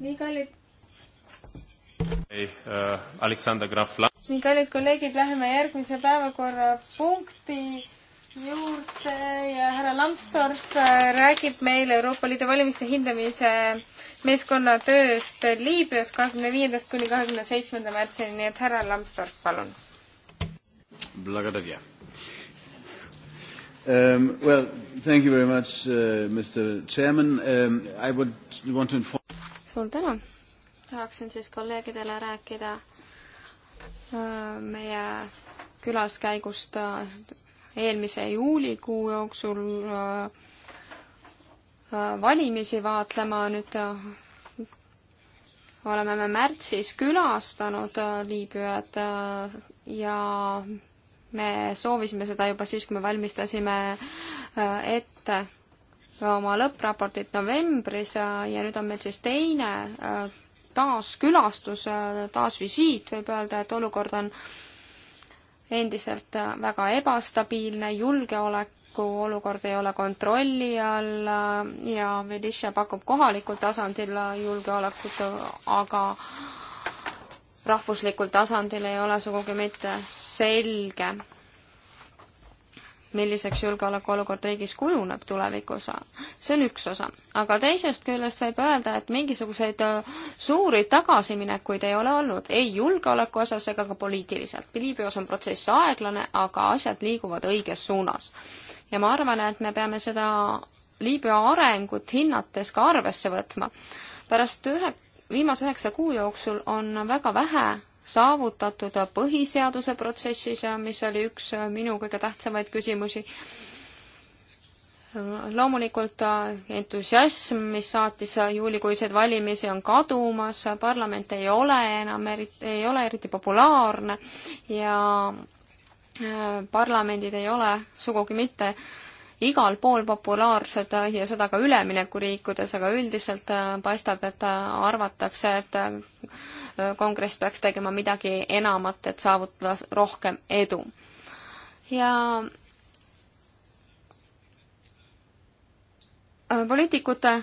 nii kallid uh, Aleksander Graf Lang. nii, kallid kolleegid, läheme järgmise päevakorrapunkti juurde ja härra Lambsdorff äh, räägib meile Euroopa Liidu valimiste hindamise meeskonna tööst Liibüas kahekümne viiendast kuni kahekümne seitsmenda märtsini, nii et härra Lambsdorff, palun. Um, well, thank you very much, uh, Mr. Chairman. Um, I would want to inform suur tänu! tahaksin siis kolleegidele rääkida äh, meie külaskäigust äh, eelmise juulikuu jooksul äh, valimisi vaatlema, nüüd oleme me märtsis külastanud Liibüat ja me soovisime seda juba siis, kui me valmistasime ette oma lõppraportit novembris äh, ja nüüd on meil siis teine äh, taaskülastus, äh, taasvisiit, võib öelda, et olukord on endiselt väga ebastabiilne, julgeoleku olukord ei ole kontrolli all ja Felicia pakub kohalikul tasandil julgeolekut, aga rahvuslikul tasandil ei ole sugugi mitte selge milliseks julgeolekuolukord riigis kujuneb tulevikus, see on üks osa. aga teisest küljest võib öelda, et mingisuguseid äh, suuri tagasiminekuid ei ole olnud, ei julgeoleku osas ega ka poliitiliselt. Liibüas on protsess aeglane, aga asjad liiguvad õiges suunas. ja ma arvan, et me peame seda Liibüa arengut hinnates ka arvesse võtma. pärast ühe, viimase üheksa kuu jooksul on väga vähe saavutatud põhiseaduse protsessis, mis oli üks minu kõige tähtsamaid küsimusi. loomulikult entusiasm, mis saatis juulikuiseid valimisi, on kadumas, parlament ei ole enam eriti, ei ole eriti populaarne ja äh, parlamendid ei ole sugugi mitte äh, igal pool populaarsed ja seda ka üleminekuriikides, aga üldiselt äh, paistab, et äh, arvatakse, et äh, kongress peaks tegema midagi enamat, et saavutada rohkem edu. ja poliitikute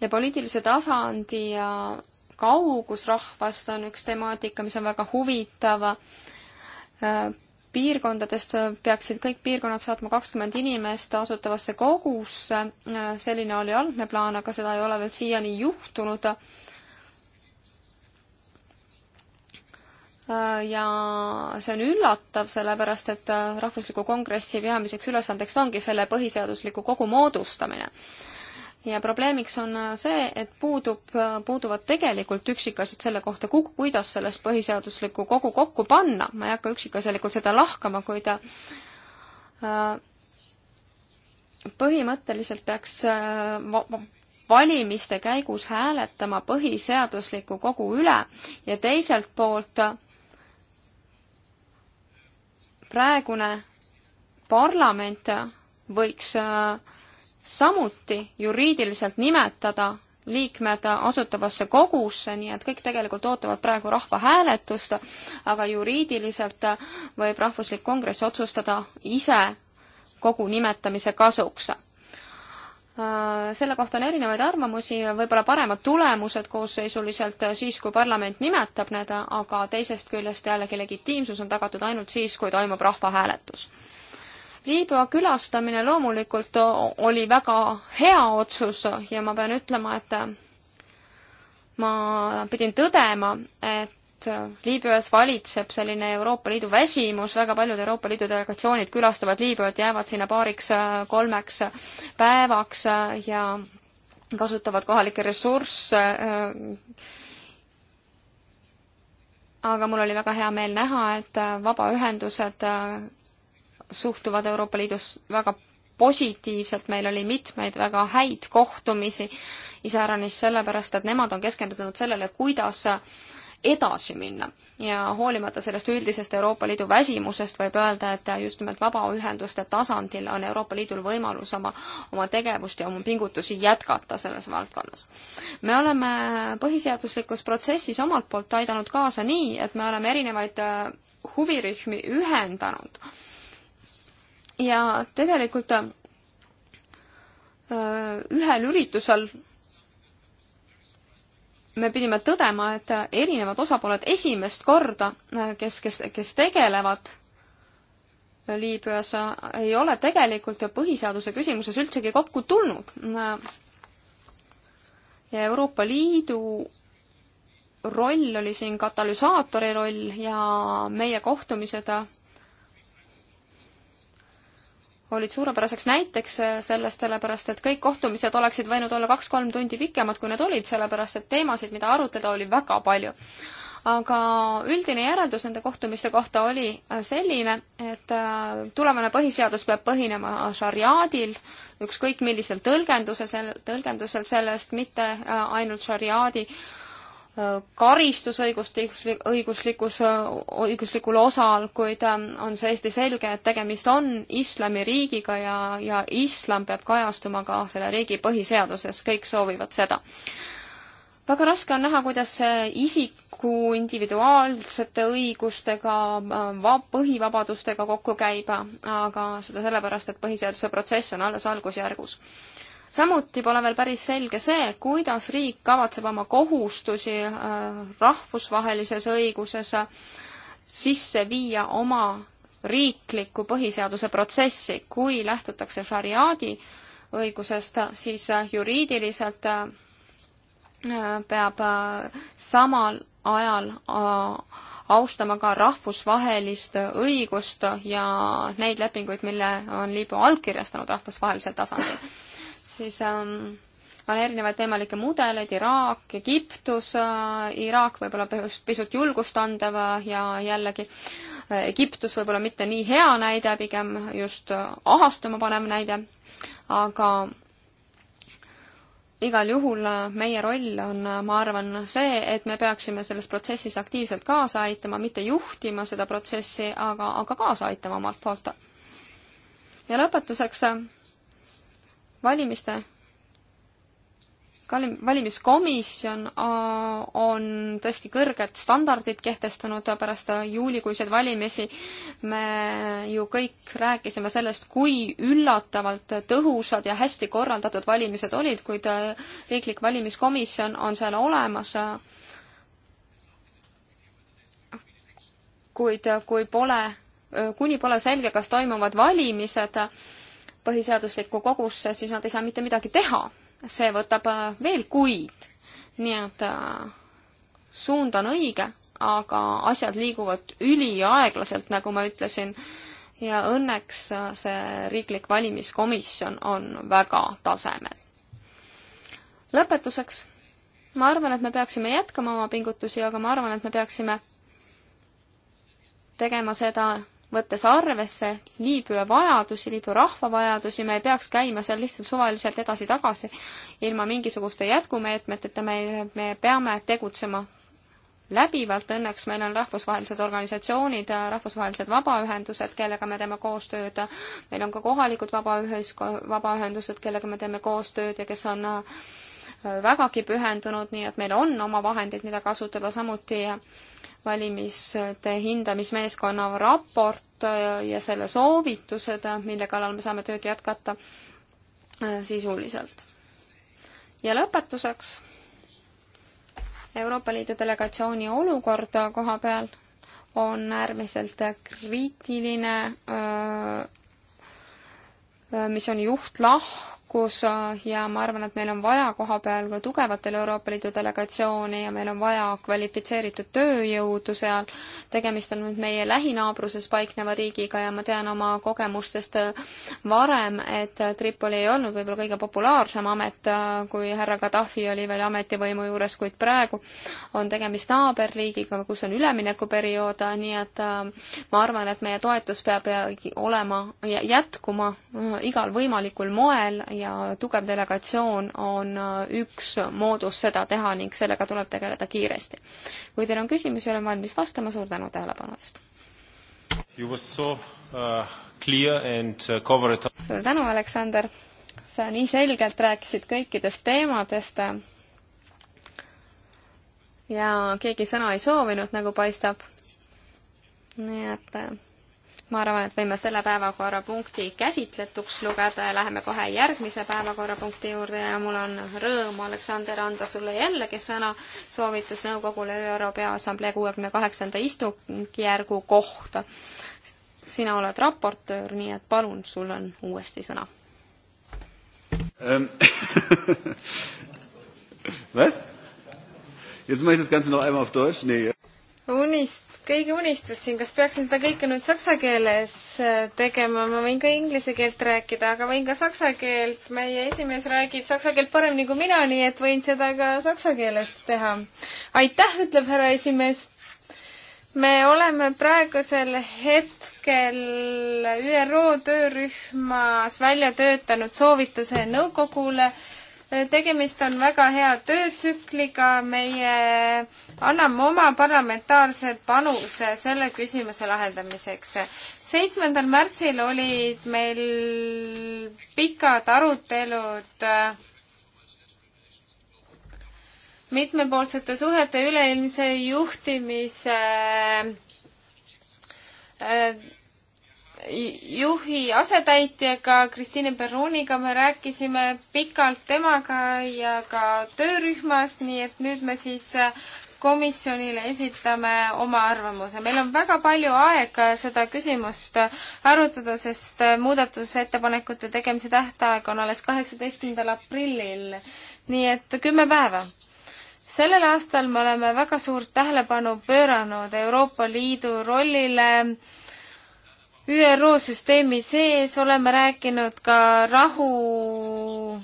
ja poliitilise tasandi ja kaugus rahvast on üks temaatika, mis on väga huvitav piirkondadest peaksid kõik piirkonnad saatma kakskümmend inimest asutavasse kogusse, selline oli algne plaan, aga seda ei ole veel siiani juhtunud. ja see on üllatav, sellepärast et Rahvusliku Kongressi peamiseks ülesandeks ongi selle põhiseadusliku kogu moodustamine ja probleemiks on äh, see, et puudub, äh, puuduvad tegelikult üksikasjad selle kohta, kuidas sellest põhiseaduslikku kogu kokku panna, ma ei hakka üksikasjalikult seda lahkama, kuid äh, põhimõtteliselt peaks valimiste käigus hääletama põhiseadusliku kogu üle ja teiselt poolt praegune parlament võiks äh, samuti juriidiliselt nimetada liikmed asutavasse kogusse, nii et kõik tegelikult ootavad praegu rahvahääletust, aga juriidiliselt võib Rahvuslik Kongress otsustada ise kogu nimetamise kasuks. Selle kohta on erinevaid arvamusi, võib-olla paremad tulemused koosseisuliselt siis, kui parlament nimetab need, aga teisest küljest jällegi legitiimsus on tagatud ainult siis, kui toimub rahvahääletus Liibüa külastamine loomulikult oli väga hea otsus ja ma pean ütlema, et ma pidin tõdema, et Liibüas valitseb selline Euroopa Liidu väsimus, väga paljud Euroopa Liidu delegatsioonid külastavad Liibüat, jäävad sinna paariks-kolmeks päevaks ja kasutavad kohalikke ressursse. aga mul oli väga hea meel näha, et vabaühendused suhtuvad Euroopa Liidus väga positiivselt, meil oli mitmeid väga häid kohtumisi, iseäranis sellepärast, et nemad on keskendunud sellele, kuidas edasi minna. ja hoolimata sellest üldisest Euroopa Liidu väsimusest, võib öelda, et just nimelt vabaühenduste tasandil on Euroopa Liidul võimalus oma, oma tegevust ja oma pingutusi jätkata selles valdkonnas. me oleme põhiseaduslikus protsessis omalt poolt aidanud kaasa nii, et me oleme erinevaid äh, huvirühmi ühendanud ja tegelikult äh, ühel üritusel me pidime tõdema, et äh, erinevad osapooled esimest korda, äh, kes, kes, kes tegelevad Liibüas, ei ole tegelikult põhiseaduse küsimuses üldsegi kokku tulnud. ja Euroopa Liidu roll oli siin katalüsaatori roll ja meie kohtumised olid suurepäraseks näiteks äh, sellest, sellepärast et kõik kohtumised oleksid võinud olla kaks-kolm tundi pikemad, kui need olid, sellepärast et teemasid, mida arutleda, oli väga palju. aga üldine järeldus nende kohtumiste kohta oli äh, selline, et äh, tulevane põhiseadus peab põhinema šariaadil, ükskõik millisel tõlgendusel, tõlgendusel sellest, mitte ainult šariaadi äh, karistusõiguslikus, õiguslikus, õiguslikul osal, kuid ähm, on täiesti selge, et tegemist on islamiriigiga ja, ja islam peab kajastuma ka selle riigi põhiseaduses, kõik soovivad seda. väga raske on näha, kuidas see isiku individuaalsete õigustega, ähm, põhivabadustega kokku käib, aga seda sellepärast, et põhiseaduse protsess on alles algusjärgus samuti pole veel päris selge see, kuidas riik kavatseb oma kohustusi äh, rahvusvahelises õiguses äh, sisse viia oma riikliku põhiseaduse protsessi, kui lähtutakse šariaadi õigusest, siis äh, juriidiliselt peab samal ajal austama ka rahvusvahelist õigust ja neid lepinguid, mille on Liibüa allkirjastanud rahvusvahelisel tasandil siis ähm, on erinevaid võimalikke mudeleid, Iraak, Egiptus äh,, Iraak võib-olla pisut julgust andav äh, ja jällegi äh, Egiptus võib-olla mitte nii hea näide, pigem just äh, ahastuma panev näide, aga igal juhul äh, meie roll on, äh, ma arvan, see, et me peaksime selles protsessis aktiivselt kaasa aitama, mitte juhtima seda protsessi, aga, aga kaasa aitama omalt poolt. ja lõpetuseks valimiste valimiskomisjon äh, on tõesti kõrged standardid kehtestanud pärast äh, juulikuiseid valimisi. me ju kõik rääkisime sellest, kui üllatavalt tõhusad ja hästi korraldatud valimised olid, kuid äh, riiklik valimiskomisjon on seal olemas. kuid kui pole, kuni pole selge, kas toimuvad valimised, põhiseaduslikku kogusse, siis nad ei saa mitte midagi teha. see võtab äh, veel kuid. nii et äh, suund on õige, aga asjad liiguvad üliaeglaselt, nagu ma ütlesin, ja õnneks äh, see riiklik valimiskomisjon on väga tasemel. lõpetuseks, ma arvan, et me peaksime jätkama oma pingutusi, aga ma arvan, et me peaksime tegema seda võttes arvesse Liibüa vajadusi, Liibüa rahva vajadusi, me ei peaks käima seal lihtsalt suvaliselt edasi-tagasi ilma mingisuguste jätkumeetmeteta, me, me peame tegutsema läbivalt, õnneks meil on rahvusvahelised organisatsioonid, rahvusvahelised vabaühendused, kellega me teeme koostööd, meil on ka kohalikud vabaühes-, vabaühendused, kellega me teeme koostööd ja kes on äh, vägagi pühendunud, nii et meil on oma vahendeid, mida kasutada, samuti valimiste hindamismeeskonna raport ja selle soovitused, mille kallal me saame tööd jätkata äh, sisuliselt. ja lõpetuseks Euroopa Liidu delegatsiooni olukord koha peal on äärmiselt kriitiline, äh, äh, mis on juht lahkunud fookus äh, ja ma arvan, et meil on vaja koha peal ka tugevatele Euroopa Liidu delegatsiooni ja meil on vaja kvalifitseeritud tööjõudu seal. tegemist on nüüd meie lähinaabruses paikneva riigiga ja ma tean oma kogemustest äh, varem, et äh, Tripoli ei olnud võib-olla kõige populaarsem amet, kui härra Gaddafi oli veel ametivõimu juures, kuid praegu on tegemist naaberriigiga, kus on üleminekuperiood, nii et ma arvan, et meie toetus peab olema, jätkuma igal võimalikul moel ja ja tugev delegatsioon on äh, üks moodus seda teha ning sellega tuleb tegeleda kiiresti. kui teil on küsimusi, olen valmis vastama, suur tänu tähelepanu eest! Uh, uh, suur tänu, Aleksander! sa nii selgelt rääkisid kõikidest teemadest äh, ja keegi sõna ei soovinud, nagu paistab. nii et äh, ma arvan, et võime selle päevakorrapunkti käsitletuks lugeda ja läheme kohe järgmise päevakorrapunkti juurde ja mul on rõõm, Aleksander, anda sulle jällegi sõna soovitus nõukogule ÜRO Peaassamblee kuuekümne kaheksanda istungjärgu kohta. sina oled raportöör, nii et palun, sul on uuesti sõna. Ähm, was? Jetzt mache ich das Ganze noch einmal auf Deutsch? Nee unist, kõigi unistus siin, kas peaksin seda kõike nüüd saksa keeles äh, tegema, ma võin ka inglise keelt rääkida, aga võin ka saksa keelt, meie esimees räägib saksa keelt paremini kui mina, nii et võin seda ka saksa keeles teha. aitäh, ütleb härra esimees. me oleme praegusel hetkel ÜRO töörühmas välja töötanud soovituse nõukogule tegemist on väga hea töötsükliga, meie anname oma parlamentaarse panuse selle küsimuse lahendamiseks. seitsmendal märtsil olid meil pikad arutelud äh, mitmepoolsete suhete üleilmse juhtimise äh, juhi asetäitjaga Kristiine Perroniga me rääkisime pikalt temaga ja ka töörühmas, nii et nüüd me siis komisjonile esitame oma arvamuse. meil on väga palju aega seda küsimust arutada, sest muudatusettepanekute tegemise tähtaeg on alles kaheksateistkümnendal aprillil. nii et kümme päeva sellel aastal me oleme väga suurt tähelepanu pööranud Euroopa Liidu rollile äh, ÜRO süsteemi sees, oleme rääkinud ka rahu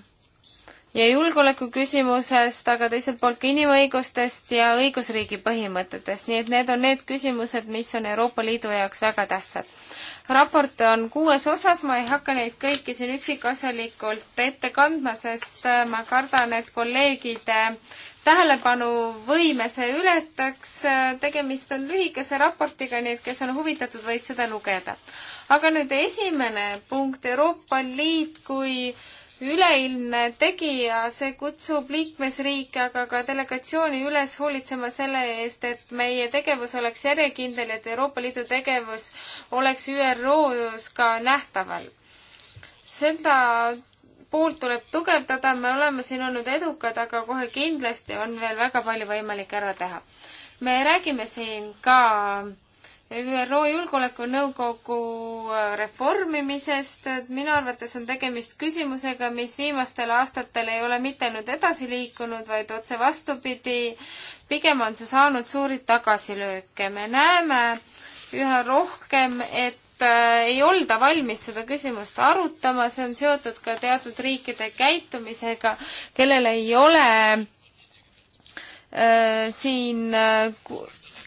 ja julgeoleku küsimusest, aga teiselt poolt ka inimõigustest ja õigusriigi põhimõtetest, nii et need on need küsimused, mis on Euroopa Liidu jaoks väga tähtsad. raport on kuues osas, ma ei hakka neid kõiki siin üksikasjalikult ette kandma, sest ma kardan, et kolleegide tähelepanuvõime see ületaks. Äh, tegemist on lühikese raportiga, nii et kes on huvitatud, võib seda lugeda. aga nüüd esimene punkt, Euroopa Liit kui üleilmne tegija, see kutsub liikmesriike, aga ka delegatsiooni üles hoolitsema selle eest, et meie tegevus oleks järjekindel, et Euroopa Liidu tegevus oleks ÜRO-s ka nähtaval. seda poolt tuleb tugevdada, me oleme siin olnud edukad, aga kohe kindlasti on veel väga palju võimalik ära teha. me räägime siin ka ÜRO Julgeolekunõukogu äh, reformimisest, et minu arvates on tegemist küsimusega, mis viimastel aastatel ei ole mitte ainult edasi liikunud, vaid otse vastupidi, pigem on see saanud suuri tagasilööke. me näeme üha rohkem, et Äh, ei olda valmis seda küsimust arutama, see on seotud ka teatud riikide käitumisega, kellel ei ole äh, siin äh,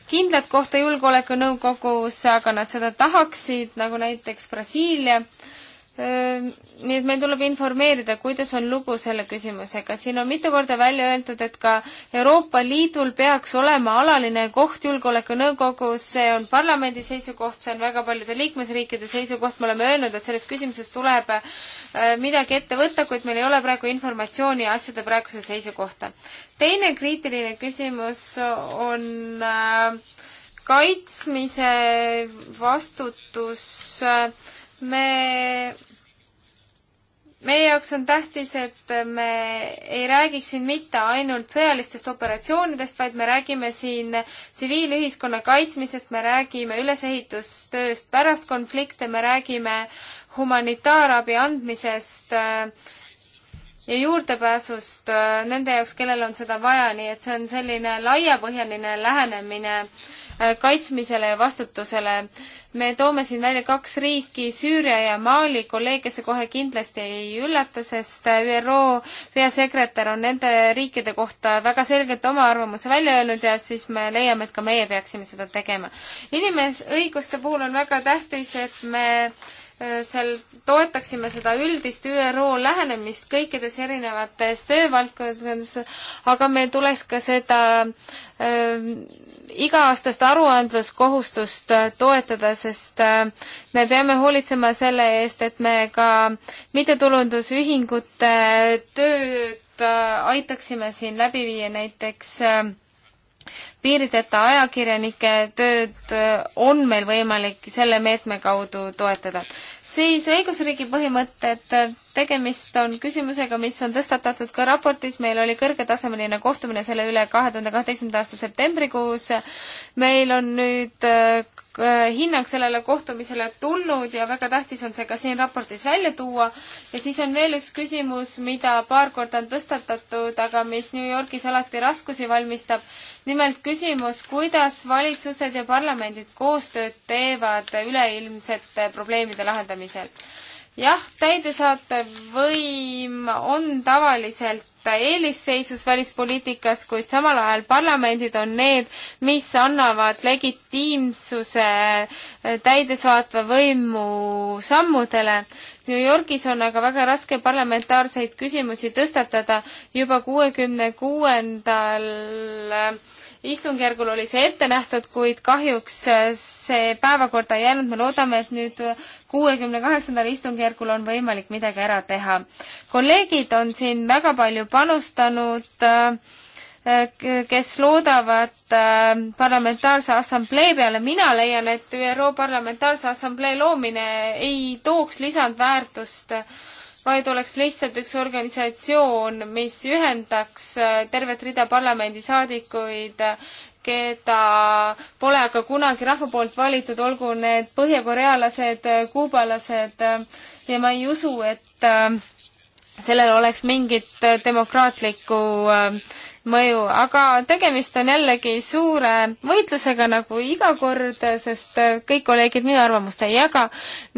kindlat kohta Julgeolekunõukogus, aga nad seda tahaksid, nagu näiteks Brasiilia äh,, nii et meil tuleb informeerida, kuidas on lugu selle küsimusega. siin on mitu korda välja öeldud, et ka Euroopa Liidul peaks olema alaline koht Julgeolekunõukogus, see on parlamendi seisukoht, see on väga paljude liikmesriikide seisukoht, me oleme öelnud, et selles küsimuses tuleb midagi ette võtta, kuid meil ei ole praegu informatsiooni asjade praeguse seisu kohta. teine kriitiline küsimus on kaitsmise vastutus äh, me, meie jaoks on tähtis, et me ei räägiks siin mitte ainult sõjalistest operatsioonidest, vaid me räägime siin tsiviilühiskonna kaitsmisest, me räägime ülesehitustööst pärast konflikte, me räägime humanitaarabi andmisest äh, ja juurdepääsust äh, nende jaoks, kellel on seda vaja, nii et see on selline laiapõhjaline lähenemine äh, kaitsmisele ja vastutusele me toome siin välja kaks riiki, Süüria ja Mali, kolleege see kohe kindlasti ei üllata, sest ÜRO peasekretär on nende riikide kohta väga selgelt oma arvamuse välja öelnud ja siis me leiame, et ka meie peaksime seda tegema. inimesõiguste puhul on väga tähtis, et me äh, seal toetaksime seda üldist ÜRO lähenemist kõikides erinevates töövaldkondades, aga meil tuleks ka seda äh, iga-aastast aruandluskohustust toetada, sest äh, me peame hoolitsema selle eest, et me ka mittetulundusühingute tööd äh, aitaksime siin läbi viia, näiteks äh, piirideta ajakirjanike tööd äh, on meil võimalik selle meetme kaudu toetada. siis õigusriigi põhimõtted, tegemist on küsimusega, mis on tõstatatud ka raportis, meil oli kõrgetasemeline kohtumine selle üle kahe tuhande kaheteistkümnenda aasta septembrikuus, meil on nüüd äh, Äh, hinnang sellele kohtumisele tulnud ja väga tähtis on see ka siin raportis välja tuua. ja siis on veel üks küsimus, mida paar korda on tõstatatud, aga mis New Yorgis alati raskusi valmistab. nimelt küsimus, kuidas valitsused ja parlamendid koostööd teevad üleilmsete probleemide lahendamisel jah, täidesaatev võim on tavaliselt eelisseisus välispoliitikas, kuid samal ajal parlamendid on need, mis annavad legitiimsuse täidesaatva võimu sammudele. New Yorgis on aga väga raske parlamentaarseid küsimusi tõstatada juba kuuekümne kuuendal istungjärgul oli see ette nähtud, kuid kahjuks äh, see päevakorda ei jäänud, me loodame, et nüüd kuuekümne kaheksandal istungjärgul on võimalik midagi ära teha. kolleegid on siin väga palju panustanud, äh, kes loodavad äh, parlamentaarse assamblee peale, mina leian, et ÜRO Parlamentaarse Assamblee loomine ei tooks lisandväärtust vaid oleks lihtsalt üks organisatsioon, mis ühendaks äh, tervet rida parlamendisaadikuid, keda pole aga kunagi rahva poolt valitud, olgu need põhjakorealased, äh, kuubalased äh, ja ma ei usu, et sellel oleks mingit demokraatlikku äh, mõju, aga tegemist on jällegi suure võitlusega nagu iga kord, sest äh, kõik kolleegid minu arvamust ei jaga,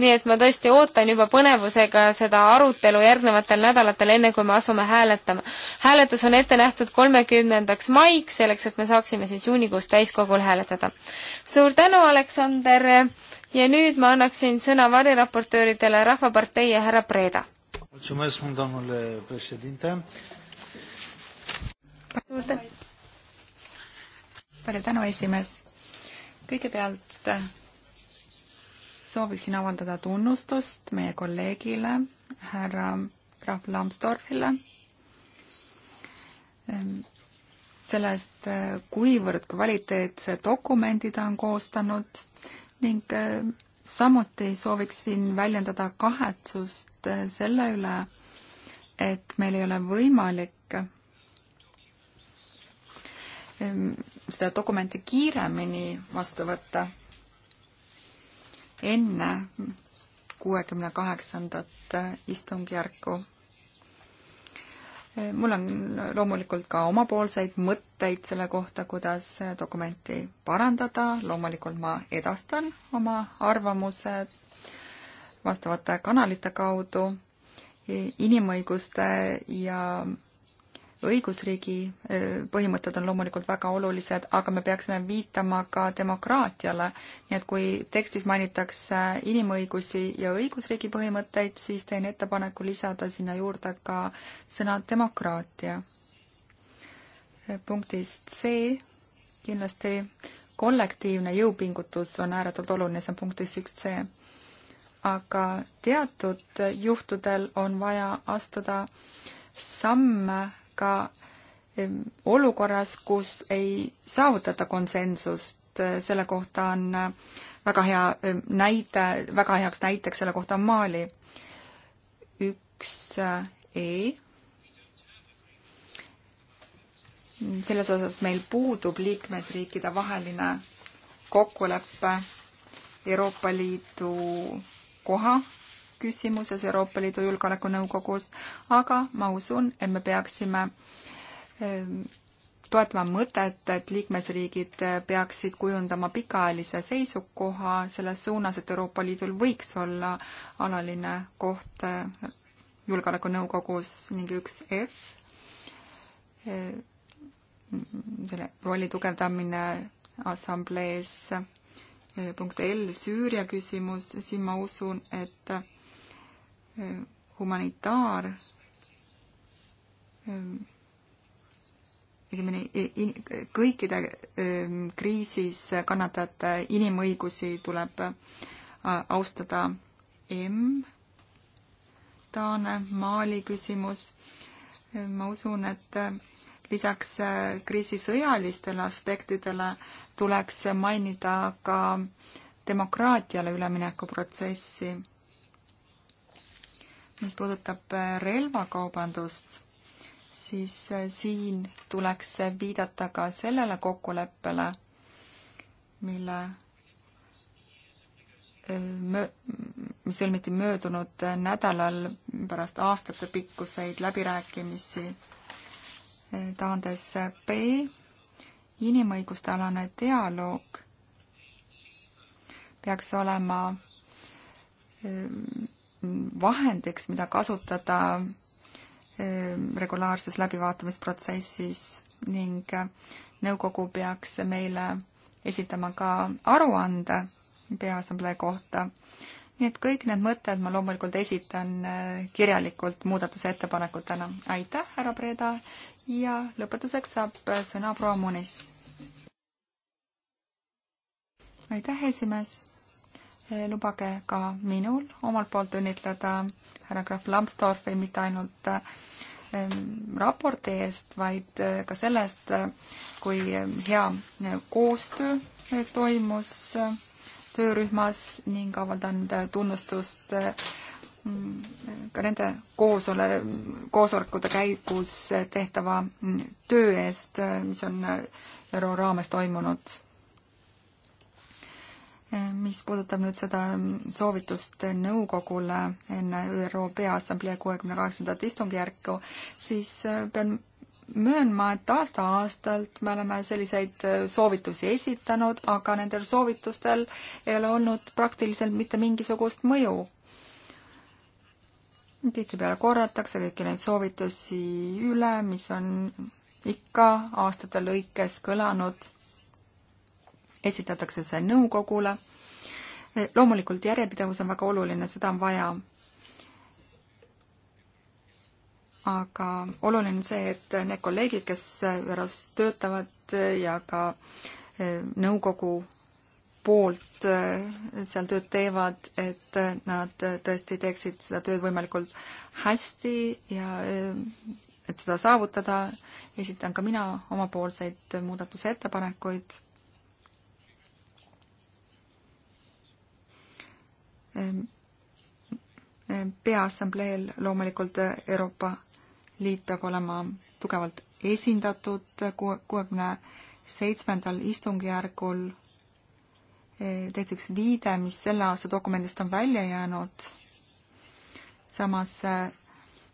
nii et ma tõesti ootan juba põnevusega seda arutelu järgnevatel nädalatel, enne kui me asume hääletama. hääletus on ette nähtud kolmekümnendaks maiks, selleks et me saaksime siis juunikuus täiskogul hääletada. suur tänu, Aleksander, ja nüüd ma annaksin sõna variraportööridele Rahvapartei ja härra Preeda. mulțumesc, domnule președinte palju tänu, esimees. kõigepealt äh, sooviksin avaldada tunnustust meie kolleegile, härra Graf Lambsdorffile ähm, sellest, äh, kuivõrd kvaliteetse dokumendi ta on koostanud ning äh, samuti sooviksin väljendada kahetsust selle üle, et meil ei ole võimalik seda dokumenti kiiremini vastu võtta enne kuuekümne kaheksandat istungjärku. mul on loomulikult ka omapoolseid mõtteid selle kohta, kuidas dokumenti parandada, loomulikult ma edastan oma arvamused vastavate kanalite kaudu inimõiguste ja õigusriigi äh, põhimõtted on loomulikult väga olulised, aga me peaksime viitama ka demokraatiale. nii et kui tekstis mainitakse inimõigusi ja õigusriigi põhimõtteid, siis teen ettepaneku lisada sinna juurde ka sõna demokraatia. Äh, punktis C kindlasti kollektiivne jõupingutus on ääretult oluline, see on punktis üks C. aga teatud juhtudel on vaja astuda samme ka olukorras, kus ei saavutata konsensust, eh, selle kohta on eh, väga hea näide, väga heaks näiteks selle kohta on Mali. üks eh, E selles osas meil puudub liikmesriikide vaheline kokkulepe Euroopa Liidu koha küsimuses Euroopa Liidu Julgeolekunõukogus, aga ma usun, et me peaksime ehm, toetama mõtet, et liikmesriigid peaksid kujundama pikaajalise seisukoha selles suunas, et Euroopa Liidul võiks olla alaline koht eh, julgeolekunõukogus ning üks F, eh, selle rolli tugevdamine assamblees eh, punkt L, Süüria küsimus, siin ma usun, et humanitaar ütleme ehm, nii, kõikide ehm, kriisis kannatajate inimõigusi tuleb austada. M. Taane, Mali küsimus. Ehm, ma usun, et eh, lisaks eh, kriisi sõjalistele aspektidele tuleks mainida ka demokraatiale ülemineku protsessi mis puudutab äh, relvakaubandust, siis äh, siin tuleks äh, viidata ka sellele kokkuleppele, mille möö-, mis sõlmiti möödunud nädalal pärast aastatepikkuseid läbirääkimisi taandes B inimõiguste alane dialoog peaks olema vahendiks, mida kasutada ehm, regulaarses läbivaatamisprotsessis ning eh, nõukogu peaks meile esitama ka aruande Peaassamblee kohta. nii et kõik need mõtted ma loomulikult esitan eh, kirjalikult muudatusettepanekutena. aitäh, härra Breda ja lõpetuseks saab eh, sõna proua Munis. aitäh, esimees Eh, lubage ka minul omalt poolt õnnitleda härra Graf Lambsdorfi mitte ainult eh, raporti eest, vaid eh, ka sellest, kui hea koostöö toimus töörühmas ning avaldan tunnustust mm, ka nende koosole-, koosolekute käigus tehtava mm, töö eest, mis on ÜRO raames toimunud mis puudutab nüüd seda soovitust nõukogule enne ÜRO Peaassamblee kuuekümne kaheksandat istungjärku, siis äh, pean möönma, et aasta-aastalt me oleme selliseid äh, soovitusi esitanud, aga nendel soovitustel ei ole olnud praktiliselt mitte mingisugust mõju. tihtipeale korratakse kõiki neid soovitusi üle, mis on ikka aastate lõikes kõlanud esitatakse see nõukogule. loomulikult järjepidevus on väga oluline, seda on vaja. aga oluline on see, et need kolleegid, kes ÜRO-s töötavad ja ka eh, nõukogu poolt eh, seal tööd teevad, et nad tõesti teeksid seda tööd võimalikult hästi ja eh, et seda saavutada, esitan ka mina omapoolseid muudatusettepanekuid. Ehm, ehm, peaassambleel loomulikult eh, Euroopa Liit peab olema tugevalt esindatud eh, kuuekümne seitsmendal istungjärgul eh, tehti üks viide, mis selle aasta dokumendist on välja jäänud. samas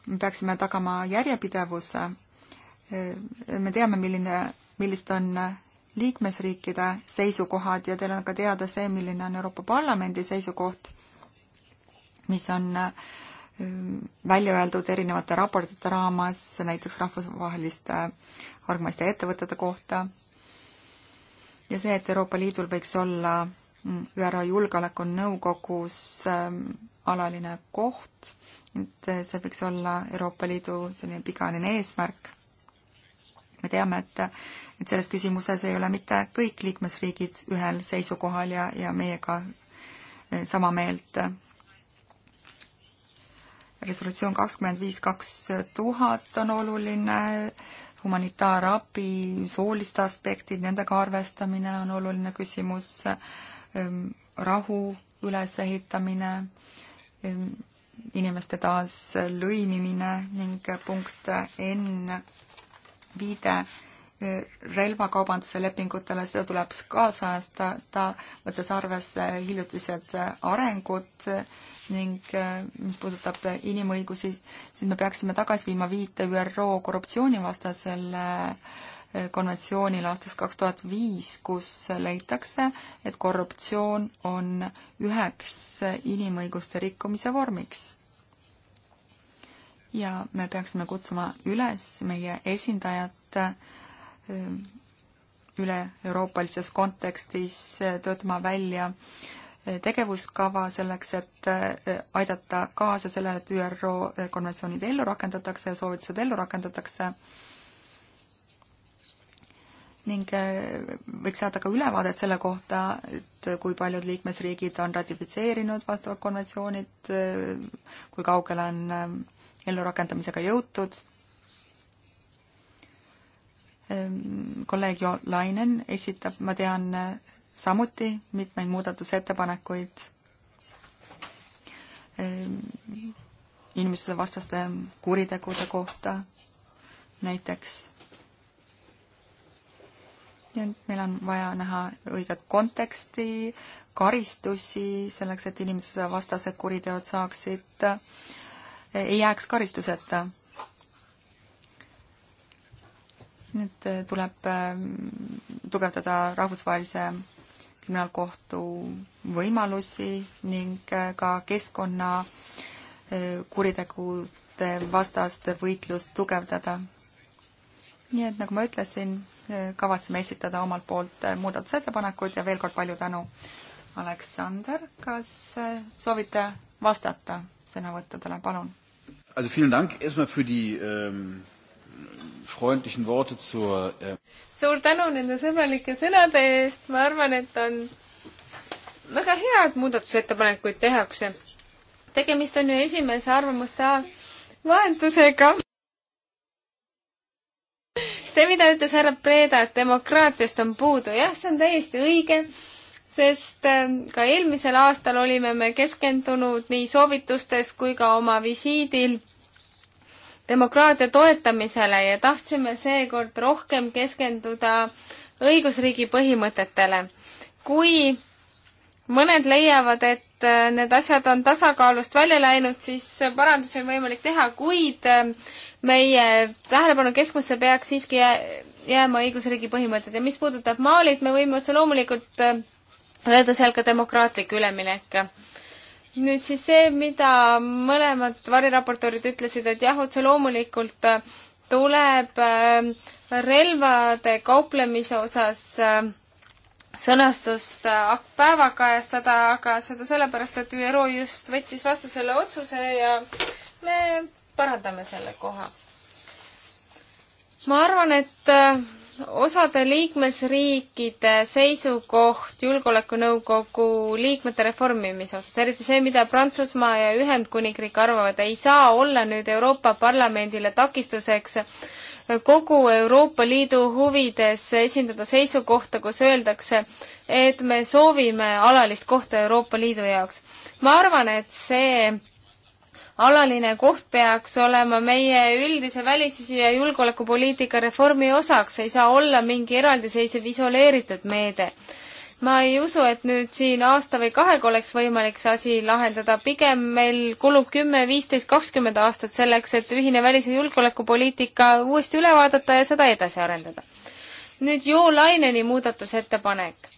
me peaksime tagama järjepidevuse. me teame, milline, millised on liikmesriikide seisukohad ja teil on ka teada see, milline on Euroopa Parlamendi seisukoht mis on äh, välja öeldud erinevate raportite raames, näiteks rahvusvaheliste hargmaiste ettevõtete kohta. ja see, et Euroopa Liidul võiks olla mm, ÜRO Julgeolekunõukogus ähm, alaline koht, et see võiks olla Euroopa Liidu selline pikaajaline eesmärk. me teame, et, et selles küsimuses ei ole mitte kõik liikmesriigid ühel seisukohal ja, ja meiega äh, sama meelt resolutsioon kakskümmend viis kaks tuhat on oluline, humanitaarabi, soolist aspektid, nendega arvestamine on oluline küsimus, ehm, rahu ülesehitamine, ehm, inimeste taas lõimimine ning punkt N viide ehm, relvakaubanduse lepingutele, seda tuleb kaasajastada, võttes arvesse hiljutised arengud ning äh, mis puudutab inimõigusi, siis me peaksime tagasi viima viite ÜRO korruptsioonivastasele äh, konventsioonile aastast kaks tuhat viis, kus leitakse, et korruptsioon on üheks inimõiguste rikkumise vormiks. ja me peaksime kutsuma üles meie esindajat äh, üle-euroopalises kontekstis töötama välja äh, tegevuskava selleks, et äh, aidata kaasa sellele, et ÜRO konventsioonid ellu rakendatakse ja soovitused ellu rakendatakse. ning äh, võiks saada ka ülevaadet selle kohta, et kui paljud liikmesriigid on ratifitseerinud vastavad konventsioonid, äh, kui kaugele on ellurakendamisega jõutud kolleeg Jo Lainen esitab, ma tean, samuti mitmeid muudatusettepanekuid ehm, inimeste vastaste kuritegude kohta näiteks. nii et meil on vaja näha õiget konteksti, karistusi selleks, et inimsuse vastased kuriteod saaksid, eh, ei jääks karistuseta. nüüd eh, tuleb ehm, tugevdada rahvusvahelise kriminaalkohtu võimalusi ning äh, ka keskkonna äh, kuritegude vastast võitlust tugevdada. nii et nagu ma ütlesin, äh, kavatseme esitada omalt poolt muudatusettepanekud ja veel kord palju tänu. Aleksander, kas soovite vastata sõnavõttudele, palun? Also vielen Dank erstmal für die ähm, freundlichen Worte zur äh... suur tänu nende sõbralike sõnade eest, ma arvan, et on väga hea, et muudatusettepanekuid tehakse. tegemist on ju esimese arvamuste vahetusega. see, mida ütles härra Breda, et demokraatiast on puudu, jah, see on täiesti õige sest ähm, ka eelmisel aastal olime me keskendunud nii soovitustes kui ka oma visiidil demokraatia toetamisele ja tahtsime seekord rohkem keskenduda õigusriigi põhimõtetele. kui mõned leiavad, et äh, need asjad on tasakaalust välja läinud, siis äh, parandusi on võimalik teha, kuid äh, meie tähelepanu keskmesse peaks siiski jääma õigusriigi põhimõtted ja mis puudutab Malit, me võime otse loomulikult öelda seal ka demokraatlik üleminek nüüd siis see, mida mõlemad variraportöörid ütlesid, et jah, otse loomulikult äh, tuleb äh, relvade kauplemise osas äh, sõnastust päevakajastada, aga seda sellepärast, et ÜRO just võttis vastu selle otsuse ja me parandame selle koha. ma arvan, et osade liikmesriikide seisukoht Julgeolekunõukogu liikmete reformimise osas, eriti see, mida Prantsusmaa ja Ühendkuningriik arvavad, ei saa olla nüüd Euroopa Parlamendile takistuseks kogu Euroopa Liidu huvides esindada seisukohta, kus öeldakse, et me soovime alalist kohta Euroopa Liidu jaoks. ma arvan, et see alaline koht peaks olema meie üldise välis- ja julgeolekupoliitika reformi osaks, ei saa olla mingi eraldiseisev isoleeritud meede. ma ei usu, et nüüd siin aasta või kahega oleks võimalik see asi lahendada, pigem meil kulub kümme, viisteist, kakskümmend aastat selleks, et ühine välis- ja julgeolekupoliitika uuesti üle vaadata ja seda edasi arendada. nüüd Joe Laineni muudatusettepanek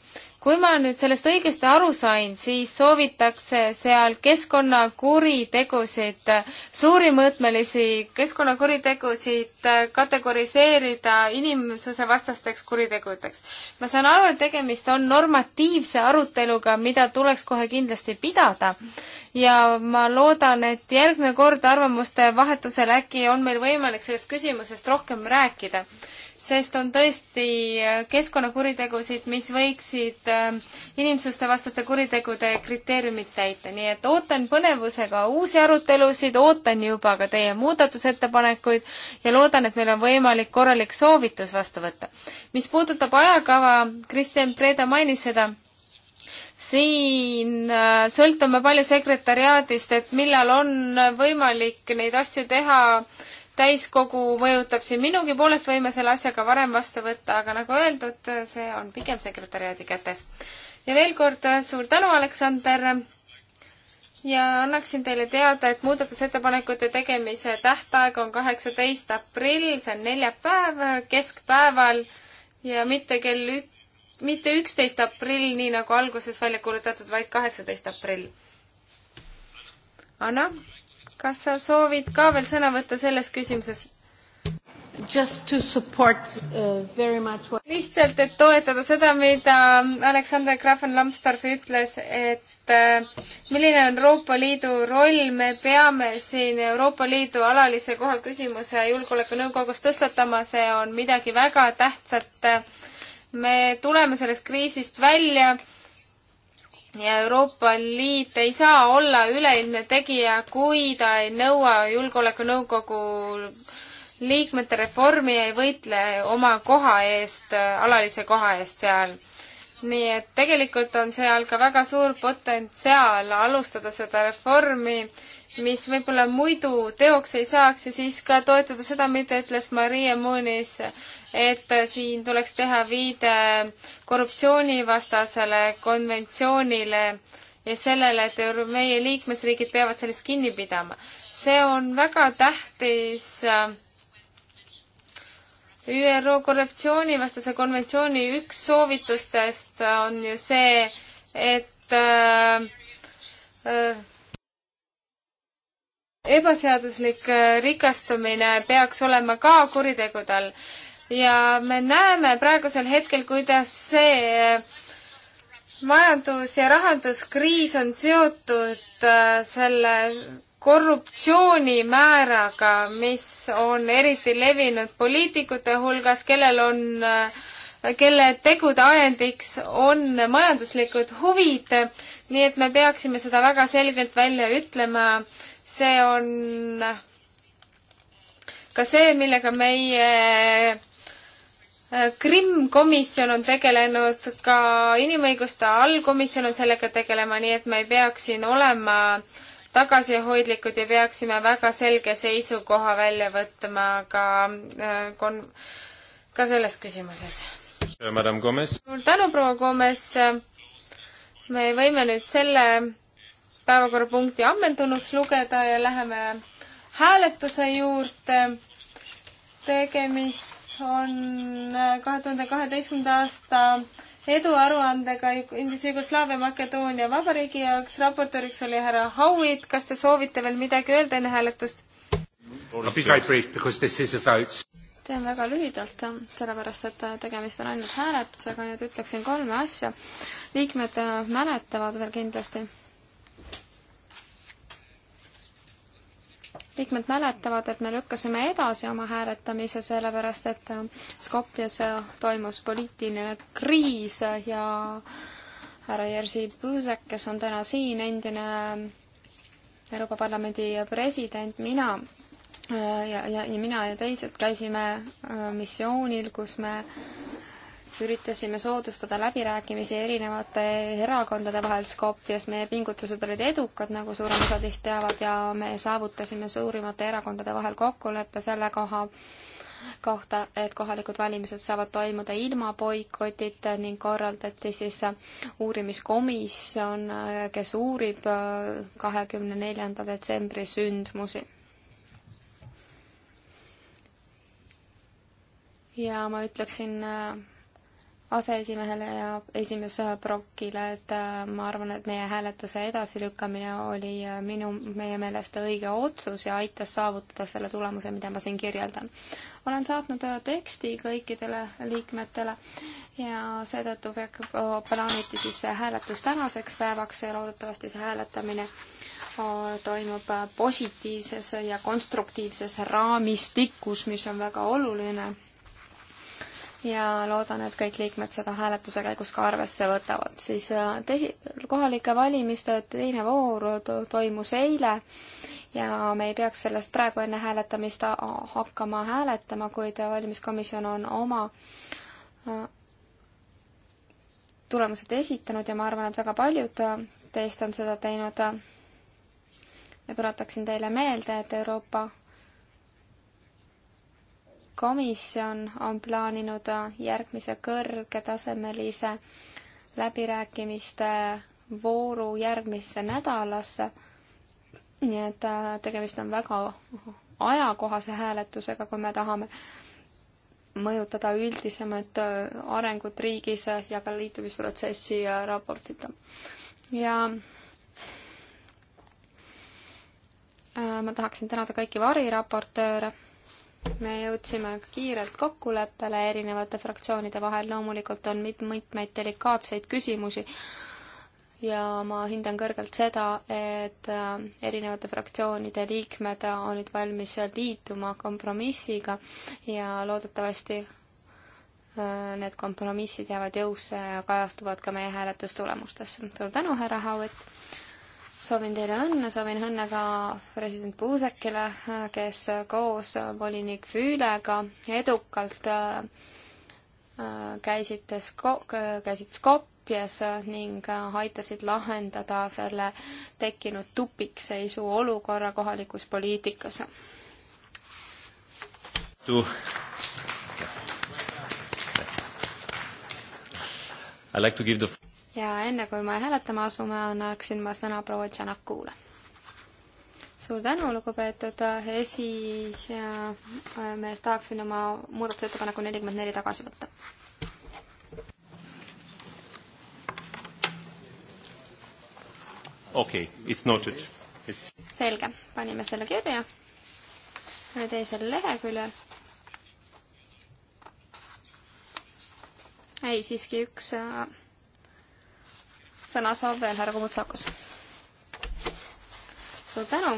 kui ma nüüd sellest õigesti aru sain, siis soovitakse seal keskkonnakuritegusid, suurimõõtmelisi keskkonnakuritegusid kategoriseerida inimsusevastasteks kuritegudeks. ma saan aru, et tegemist on normatiivse aruteluga, mida tuleks kohe kindlasti pidada ja ma loodan, et järgmine kord arvamuste vahetusel äkki on meil võimalik sellest küsimusest rohkem rääkida sest on tõesti äh, keskkonnakuritegusid, mis võiksid äh, inimsustevastaste kuritegude kriteeriumid täita, nii et ootan põnevusega uusi arutelusid, ootan juba ka teie muudatusettepanekuid ja loodan, et meil on võimalik korralik soovitus vastu võtta. mis puudutab ajakava, Kristjan Preda mainis seda siin äh, sõltume palju sekretariaadist, et millal on võimalik neid asju teha täiskogu mõjutab siin minugi poolest, võime selle asja ka varem vastu võtta, aga nagu öeldud, see on pigem sekretäriaadi kätes. ja veel kord suur tänu, Aleksander! ja annaksin teile teada, et muudatusettepanekute tegemise tähtaeg on kaheksateist aprill, see on neljapäev keskpäeval ja mitte kell ük-, mitte üksteist aprill, nii nagu alguses välja kuulutatud, vaid kaheksateist aprill. Anna? kas sa soovid ka veel sõna võtta selles küsimuses? Just to support uh, very much what lihtsalt, et toetada seda, mida Aleksander Grafen-Lambsdorff ütles, et uh, milline on Euroopa Liidu roll, me peame siin Euroopa Liidu alalise koha küsimuse Julgeolekunõukogus tõstatama, see on midagi väga tähtsat. me tuleme sellest kriisist välja ja Euroopa Liit ei saa olla üleilmne tegija, kui ta ei nõua Julgeolekunõukogu liikmete reformi ja ei võitle oma koha eest, alalise koha eest seal. nii et tegelikult on seal ka väga suur potentsiaal alustada seda reformi, mis võib-olla muidu teoks ei saaks ja siis ka toetada seda, mida ütles Maria Moonis et siin tuleks teha viide korruptsioonivastasele konventsioonile ja sellele, et meie liikmesriigid peavad sellest kinni pidama. see on väga tähtis äh, ÜRO korruptsioonivastase konventsiooni üks soovitustest on ju see, et äh, äh, ebaseaduslik äh, rikastumine peaks olema ka kuritegude all ja me näeme praegusel hetkel, kuidas see eh, majandus- ja rahanduskriis on seotud eh, selle korruptsioonimääraga, mis on eriti levinud poliitikute hulgas, kellel on, eh, kelle tegude ajendiks on majanduslikud huvid, nii et me peaksime seda väga selgelt välja ütlema, see on ka see, millega meie Krimm komisjon on tegelenud, ka inimõiguste allkomisjon on sellega tegelema, nii et me ei peaks siin olema tagasihoidlikud ja peaksime väga selge seisukoha välja võtma ka äh, kon-, ka selles küsimuses. Äh, suur tänu, proua Gomes! me võime nüüd selle päevakorrapunkti ammendunuks lugeda ja läheme hääletuse juurde. tegemist on äh, kahe tuhande kaheteistkümnenda aasta eduaruandega endise Jugoslaavia Makedoonia Vabariigi jaoks. raportööriks oli härra Howitt. kas te soovite veel midagi öelda enne hääletust? teen väga lühidalt, sellepärast et äh, tegemist on ainult hääletusega, nüüd ütleksin kolme asja. liikmed äh, mäletavad veel kindlasti liikmed mäletavad, et me lükkasime edasi oma hääletamise, sellepärast et äh, Skopjas äh, toimus poliitiline kriis ja härra Jerzy Buzek, kes on täna siin, endine äh, Euroopa Parlamendi president, mina ja, ja, ja mina ja teised käisime missioonil, kus me üritasime soodustada läbirääkimisi erinevate erakondade vahel Skopjas, meie pingutused olid edukad, nagu suurem osa teist teavad, ja me saavutasime suurimate erakondade vahel kokkuleppe selle koha, kohta, et kohalikud valimised saavad toimuda ilma boikotita ning korraldati siis uurimiskomisjon, kes uurib äh, kahekümne neljanda detsembri sündmusi. ja ma ütleksin äh, aseesimehele ja esimees Brokile, et äh, ma arvan, et meie hääletuse edasilükkamine oli äh, minu, meie meelest õige otsus ja aitas saavutada selle tulemuse, mida ma siin kirjeldan. olen saatnud äh, teksti kõikidele liikmetele ja seetõttu plaaniti siis see hääletus tänaseks päevaks ja loodetavasti see hääletamine toimub positiivses ja konstruktiivses raamistikus, mis on väga oluline ja loodan, et kõik liikmed seda hääletuse käigus ka arvesse võtavad. siis äh, tehi-, kohalike valimiste teine voor toimus eile ja me ei peaks sellest praegu enne hääletamist hakkama hääletama, kuid valimiskomisjon on oma äh, tulemused esitanud ja ma arvan, et väga paljud teist on seda teinud. ja tuletaksin teile meelde, et Euroopa komisjon on plaaninud järgmise kõrgetasemelise läbirääkimiste vooru järgmisse nädalasse. nii et äh, tegemist on väga ajakohase hääletusega, kui me tahame mõjutada üldisemat äh, arengut riigis äh, ja ka liitumisprotsessi raportit. ja ma tahaksin tänada kõiki variraportööre me jõudsime kiirelt kokkuleppele erinevate fraktsioonide vahel, loomulikult on mit-, mitmeid delikaatseid küsimusi ja ma hindan kõrgelt seda, et äh, erinevate fraktsioonide liikmed on nüüd valmis liituma kompromissiga ja loodetavasti äh, need kompromissid jäävad jõusse ja kajastuvad ka meie hääletustulemustesse. suur tänu, härra Hauet! soovin teile õnne, soovin õnne ka president Puusekile, kes koos volinik Füülega edukalt äh, käisid Skop-, käisid Skopjas ning aitasid lahendada selle tekkinud tupikseisu olukorra kohalikus poliitikas. I like to give the ja enne kui me hääletama asume, annaksin ma sõna proua Tšanakule. suur tänu, lugupeetud esimees, tahaksin oma muudatusettepaneku nelikümmend neli tagasi võtta. okei okay,, it's noted. selge, panime selle kirja teisel leheküljel. ei, siiski üks sõna soov veel, härra Kumutsakas? suur tänu!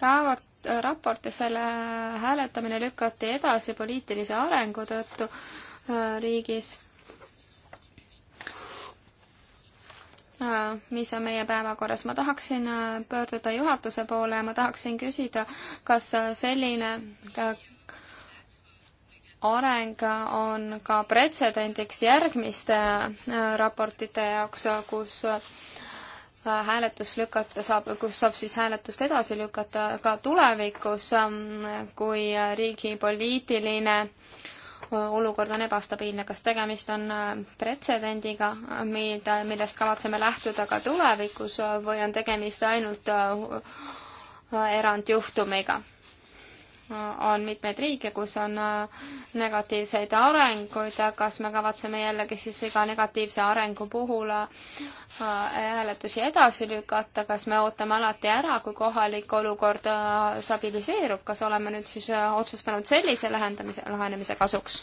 raport, raport ja selle hääletamine lükati edasi poliitilise arengu tõttu äh, riigis, äh, mis on meie päevakorras. ma tahaksin äh, pöörduda juhatuse poole ja ma tahaksin küsida, kas selline areng on ka pretsedendiks järgmiste äh, raportite jaoks, kus äh, hääletus lükata saab, kus saab siis hääletust edasi lükata ka tulevikus, ähm, kui riigi poliitiline äh, olukord on ebastabiilne. kas tegemist on pretsedendiga, mida, millest kavatseme lähtuda ka tulevikus või on tegemist ainult erandjuhtumiga? on mitmeid riike, kus on äh, negatiivseid arenguid, kas me kavatseme jällegi siis iga negatiivse arengu puhul äh, hääletusi edasi lükata, kas me ootame alati ära, kui kohalik olukord äh, stabiliseerub, kas oleme nüüd siis otsustanud sellise lähendamise, lähenemise kasuks?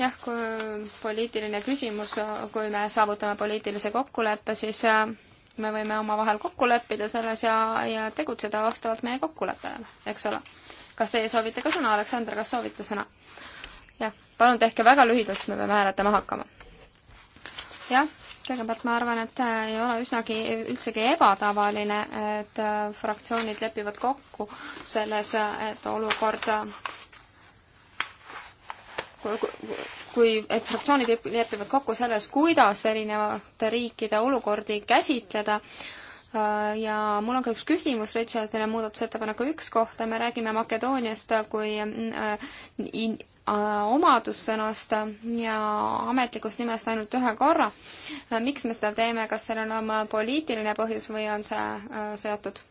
jah, kui poliitiline küsimus, kui me saavutame poliitilise kokkuleppe, siis me võime omavahel kokku leppida selles ja, ja tegutseda vastavalt meie kokkuleppele, eks ole. kas teie soovite ka sõna, Aleksandr, kas soovite sõna? jah, palun tehke väga lühidalt, siis me peame hääletama hakkama. jah, kõigepealt ma arvan, et äh, ei ole üsnagi, üldsegi ebatavaline, et äh, fraktsioonid lepivad kokku selles, äh, et olukord kui, et fraktsioonid lepivad kokku selles, kuidas erinevate riikide olukordi käsitleda ja mul on ka üks küsimus Richardile muudatusettepaneku üks kohta, me räägime Makedooniast kui äh, in, äh, omadussõnast ja ametlikust nimest ainult ühe korra. miks me seda teeme, kas seal on oma poliitiline põhjus või on see äh, seotud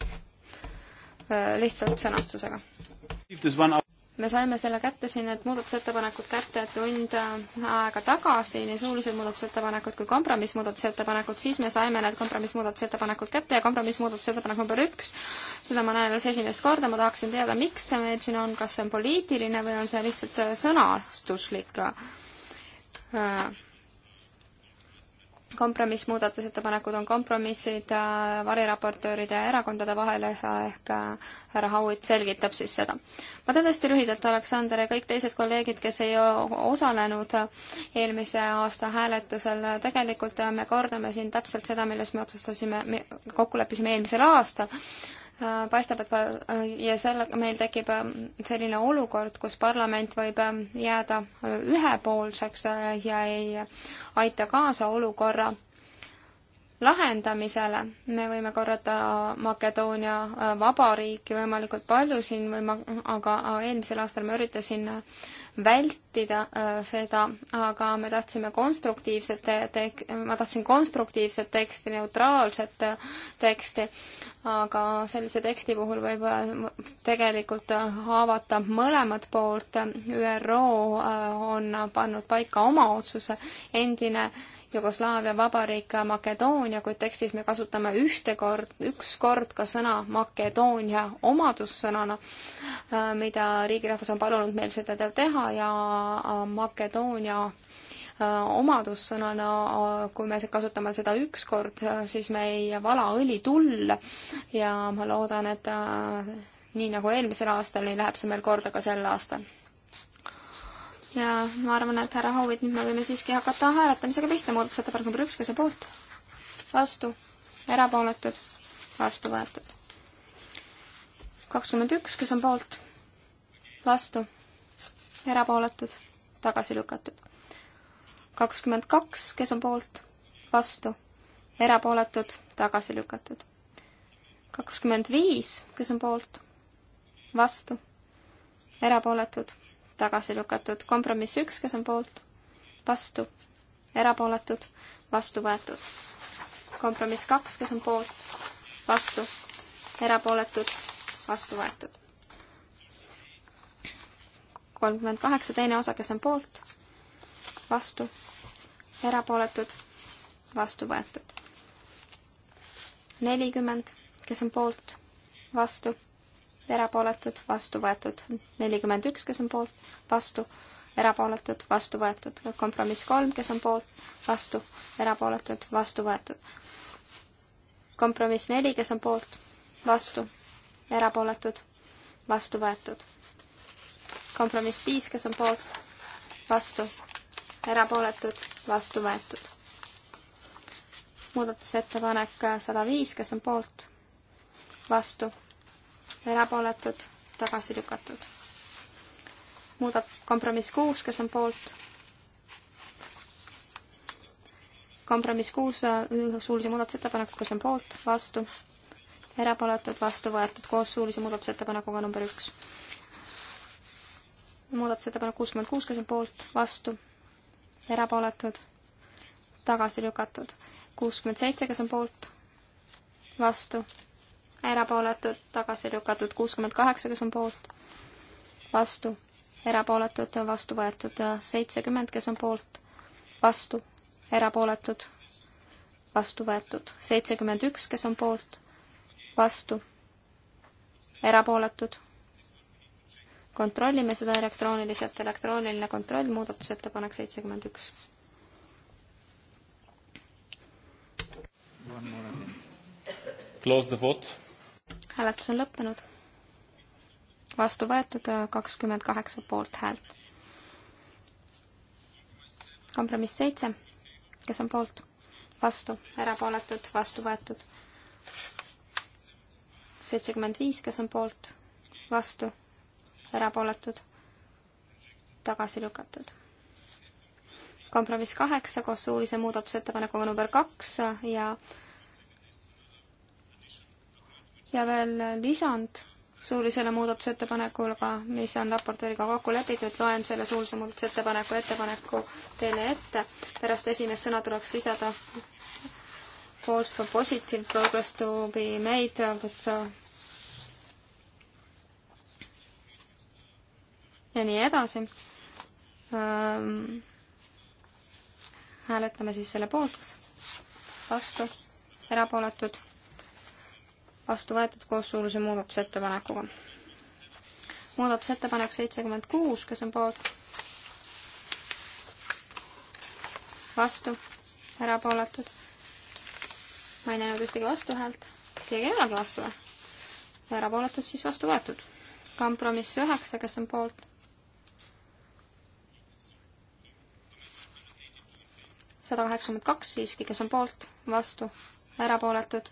lihtsalt sõnastusega? me saime selle kätte siin, need muudatusettepanekud kätte tund aega tagasi, nii suulised muudatusettepanekud kui kompromissmuudatusettepanekud, siis me saime need kompromissmuudatusettepanekud kätte ja kompromissmuudatusettepanek number üks, seda ma näen alles esimest korda, ma tahaksin teada, miks see meil siin on, kas see on poliitiline või on see lihtsalt sõnastuslik äh, kompromissmuudatusettepanekud on kompromissid äh, variraportööride ja erakondade vahel eh, ehk äh, härra Howitt selgitab siis seda. ma teen hästi lühidalt, Aleksander ja kõik teised kolleegid, kes ei osalenud eelmise aasta hääletusel, tegelikult me kordame siin täpselt seda, milles me otsustasime, kokku leppisime eelmisel aastal Äh, paistab, et äh, ja selle, meil tekib äh, selline olukord, kus parlament võib jääda ühepoolseks ja ei aita kaasa olukorra lahendamisele. me võime korrata Makedoonia vabariiki võimalikult palju siin või ma, aga eelmisel aastal ma üritasin äh, vältida äh, seda, aga me tahtsime konstruktiivset tek-, ma tahtsin konstruktiivset teksti, neutraalset äh, teksti, aga sellise teksti puhul võib äh, tegelikult haavata mõlemat poolt. ÜRO on pannud paika oma otsuse, endine Jugoslaavia vabariik Makedoonia, kuid tekstis me kasutame ühte kord, üks kord ka sõna Makedoonia omadussõnana Äh, mida riigirahvas on palunud meil seda teha ja äh, Makedoonia äh, omadussõnana, kui me kasutame seda ükskord, siis me ei vala õli tulle ja ma loodan, et nii nagu eelmisel aastal, nii läheb see meil korda ka sel aastal. ja ma arvan, et härra Hauid, nüüd me võime siiski hakata hääletamisega pihta, muudatusettepanek number üks, kes on poolt? vastu? erapooletud? vastu võetud? kakskümmend üks, kes on poolt, vastu, erapooletud, tagasi lükatud. kakskümmend kaks, kes on poolt, vastu, erapooletud, tagasi lükatud. kakskümmend viis, kes on poolt, vastu, erapooletud, tagasi lükatud. kompromiss üks, kes on poolt, vastu, erapooletud, vastu võetud. kompromiss kaks, kes on poolt, vastu, erapooletud vastu võetud. kolmkümmend kaheksa, teine osa, kes on poolt, vastu, erapooletud, vastu võetud. nelikümmend, kes on poolt, vastu, erapooletud, vastu võetud. nelikümmend üks, kes on poolt, vastu, erapooletud, vastu võetud. kompromiss kolm, kes on poolt, vastu, erapooletud, vastu võetud. kompromiss neli, kes on poolt, vastu, erapooletud, vastu võetud. kompromiss viis, kes on poolt, vastu, erapooletud, vastu võetud. muudatusettepanek sada viis, kes on poolt, vastu, erapooletud, tagasi lükatud. muudat-, kompromiss kuus, kes on poolt, kompromiss kuus äh, suulise muudatusettepanekuga, kes on poolt, vastu erapooletud, vastu võetud koos suulise muudatusettepanekuga number üks. muudatusettepanek kuuskümmend kuus, kes on poolt, vastu, erapooletud, tagasi lükatud. kuuskümmend seitse, kes on poolt, vastu, erapooletud, tagasi lükatud. kuuskümmend kaheksa, kes on poolt, vastu, erapooletud, vastu võetud. seitsekümmend, kes on poolt, vastu, erapooletud, vastu võetud. seitsekümmend üks, kes on poolt vastu, erapooletud. kontrollime seda elektrooniliselt, elektrooniline kontroll, muudatusettepanek seitsekümmend üks. Close the vote. hääletus on lõppenud. vastu võetud äh, kakskümmend kaheksa poolthäält. kompromiss seitse, kes on poolt? vastu, erapooletud, vastu võetud seitsekümmend viis, kes on poolt, vastu, erapooletud, tagasi lükatud. kompromiss kaheksa koos suulise muudatusettepanekuga number kaks ja ja veel lisand suulisele muudatusettepanekule, mis on raportööriga kokku lepitud, loen selle suulise muudatusettepaneku ettepaneku teile ette. pärast esimest sõna tuleks lisada calls for positive progress to be made with ja nii edasi. Ähm, hääletame siis selle poolt, vastu, erapooletud, vastu võetud koos suuruse muudatusettepanekuga. muudatusettepanek seitsekümmend kuus, kes on poolt? vastu, erapooletud. ma ei näinud ühtegi vastuhäält, keegi ei olegi vastu või? erapooletud siis vastu võetud. kompromiss üheksa, kes on poolt? sada kaheksakümmend kaks siiski, kes on poolt, vastu, erapooletud,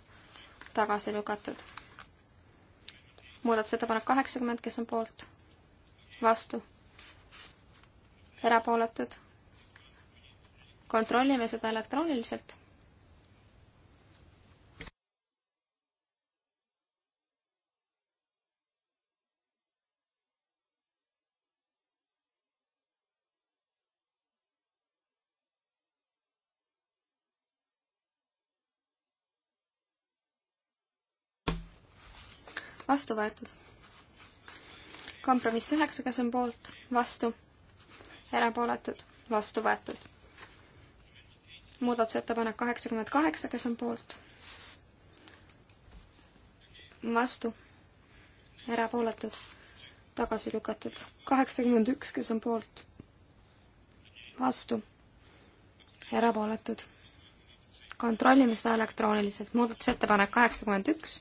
tagasi lükatud. muudatusettepanek kaheksakümmend, kes on poolt, vastu, erapooletud. kontrollime seda elektrooniliselt vastu võetud. kompromiss üheksa, kes on poolt, vastu, erapooletud, vastu võetud. muudatusettepanek kaheksakümmend kaheksa, kes on poolt, vastu, erapooletud, tagasi lükatud. kaheksakümmend üks, kes on poolt, vastu, erapooletud kontrollime seda elektrooniliselt. muudatusettepanek kaheksakümmend üks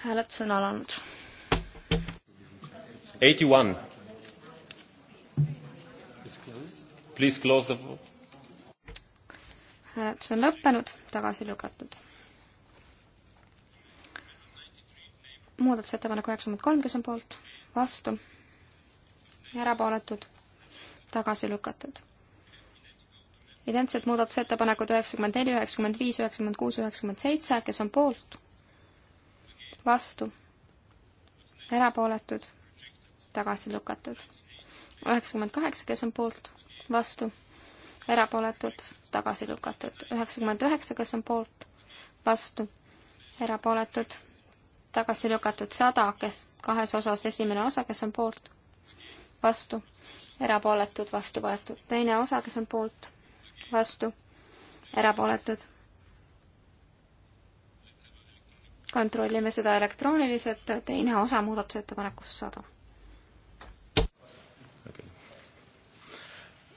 hääletus on alanud. Eighty one. Please close the vote. hääletus on lõppenud, tagasi lükatud. muudatusettepanek üheksakümmend kolm, kes on poolt, vastu, erapooletud, tagasi lükatud. identsed muudatusettepanekud üheksakümmend neli, üheksakümmend viis, üheksakümmend kuus, üheksakümmend seitse, kes on poolt vastu, erapooletud, tagasi lükatud. üheksakümmend kaheksa, kes on poolt, vastu, erapooletud, tagasi lükatud. üheksakümmend üheksa, kes on poolt, vastu, erapooletud, tagasi lükatud. sada, kes kahes osas, esimene osa, kes on poolt, vastu, erapooletud, vastu võetud. teine osa, kes on poolt, vastu, erapooletud kontrollime seda elektrooniliselt, teine osa muudatusettepanekust sada.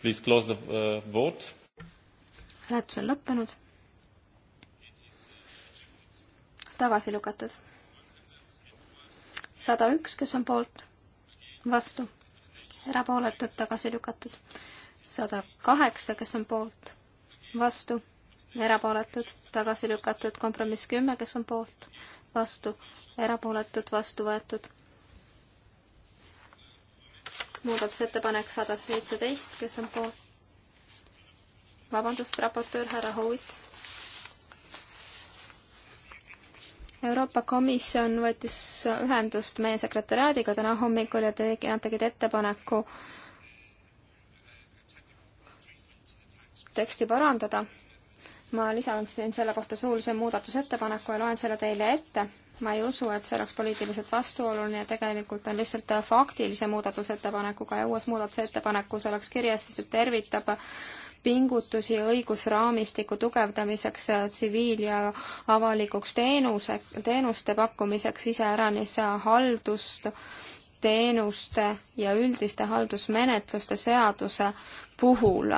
Please close the uh, vote. hääletus on lõppenud. tagasi lükatud. sada üks, kes on poolt, vastu, erapooletud, tagasi lükatud. sada kaheksa, kes on poolt, vastu erapooletud, tagasi lükatud, kompromiss kümme, kes on poolt, vastu, erapooletud, vastu võetud. muudatusettepanek sada seitseteist, kes on poolt, vabandust, raportöör härra Howitt. Euroopa Komisjon võttis ühendust meie sekretäriaadiga täna hommikul ja tegi, nad tegid ettepaneku teksti parandada ma lisaksin selle kohta suulise muudatusettepaneku ja loen selle teile ette. ma ei usu, et see oleks poliitiliselt vastuoluline, tegelikult on lihtsalt faktilise muudatusettepanekuga ja uues muudatusettepanekus oleks kirjas siis, et tervitab pingutusi õigusraamistiku tugevdamiseks tsiviil- ja avalikuks teenuse, teenuste pakkumiseks iseäranis haldust, teenuste ja üldiste haldusmenetluste seaduse puhul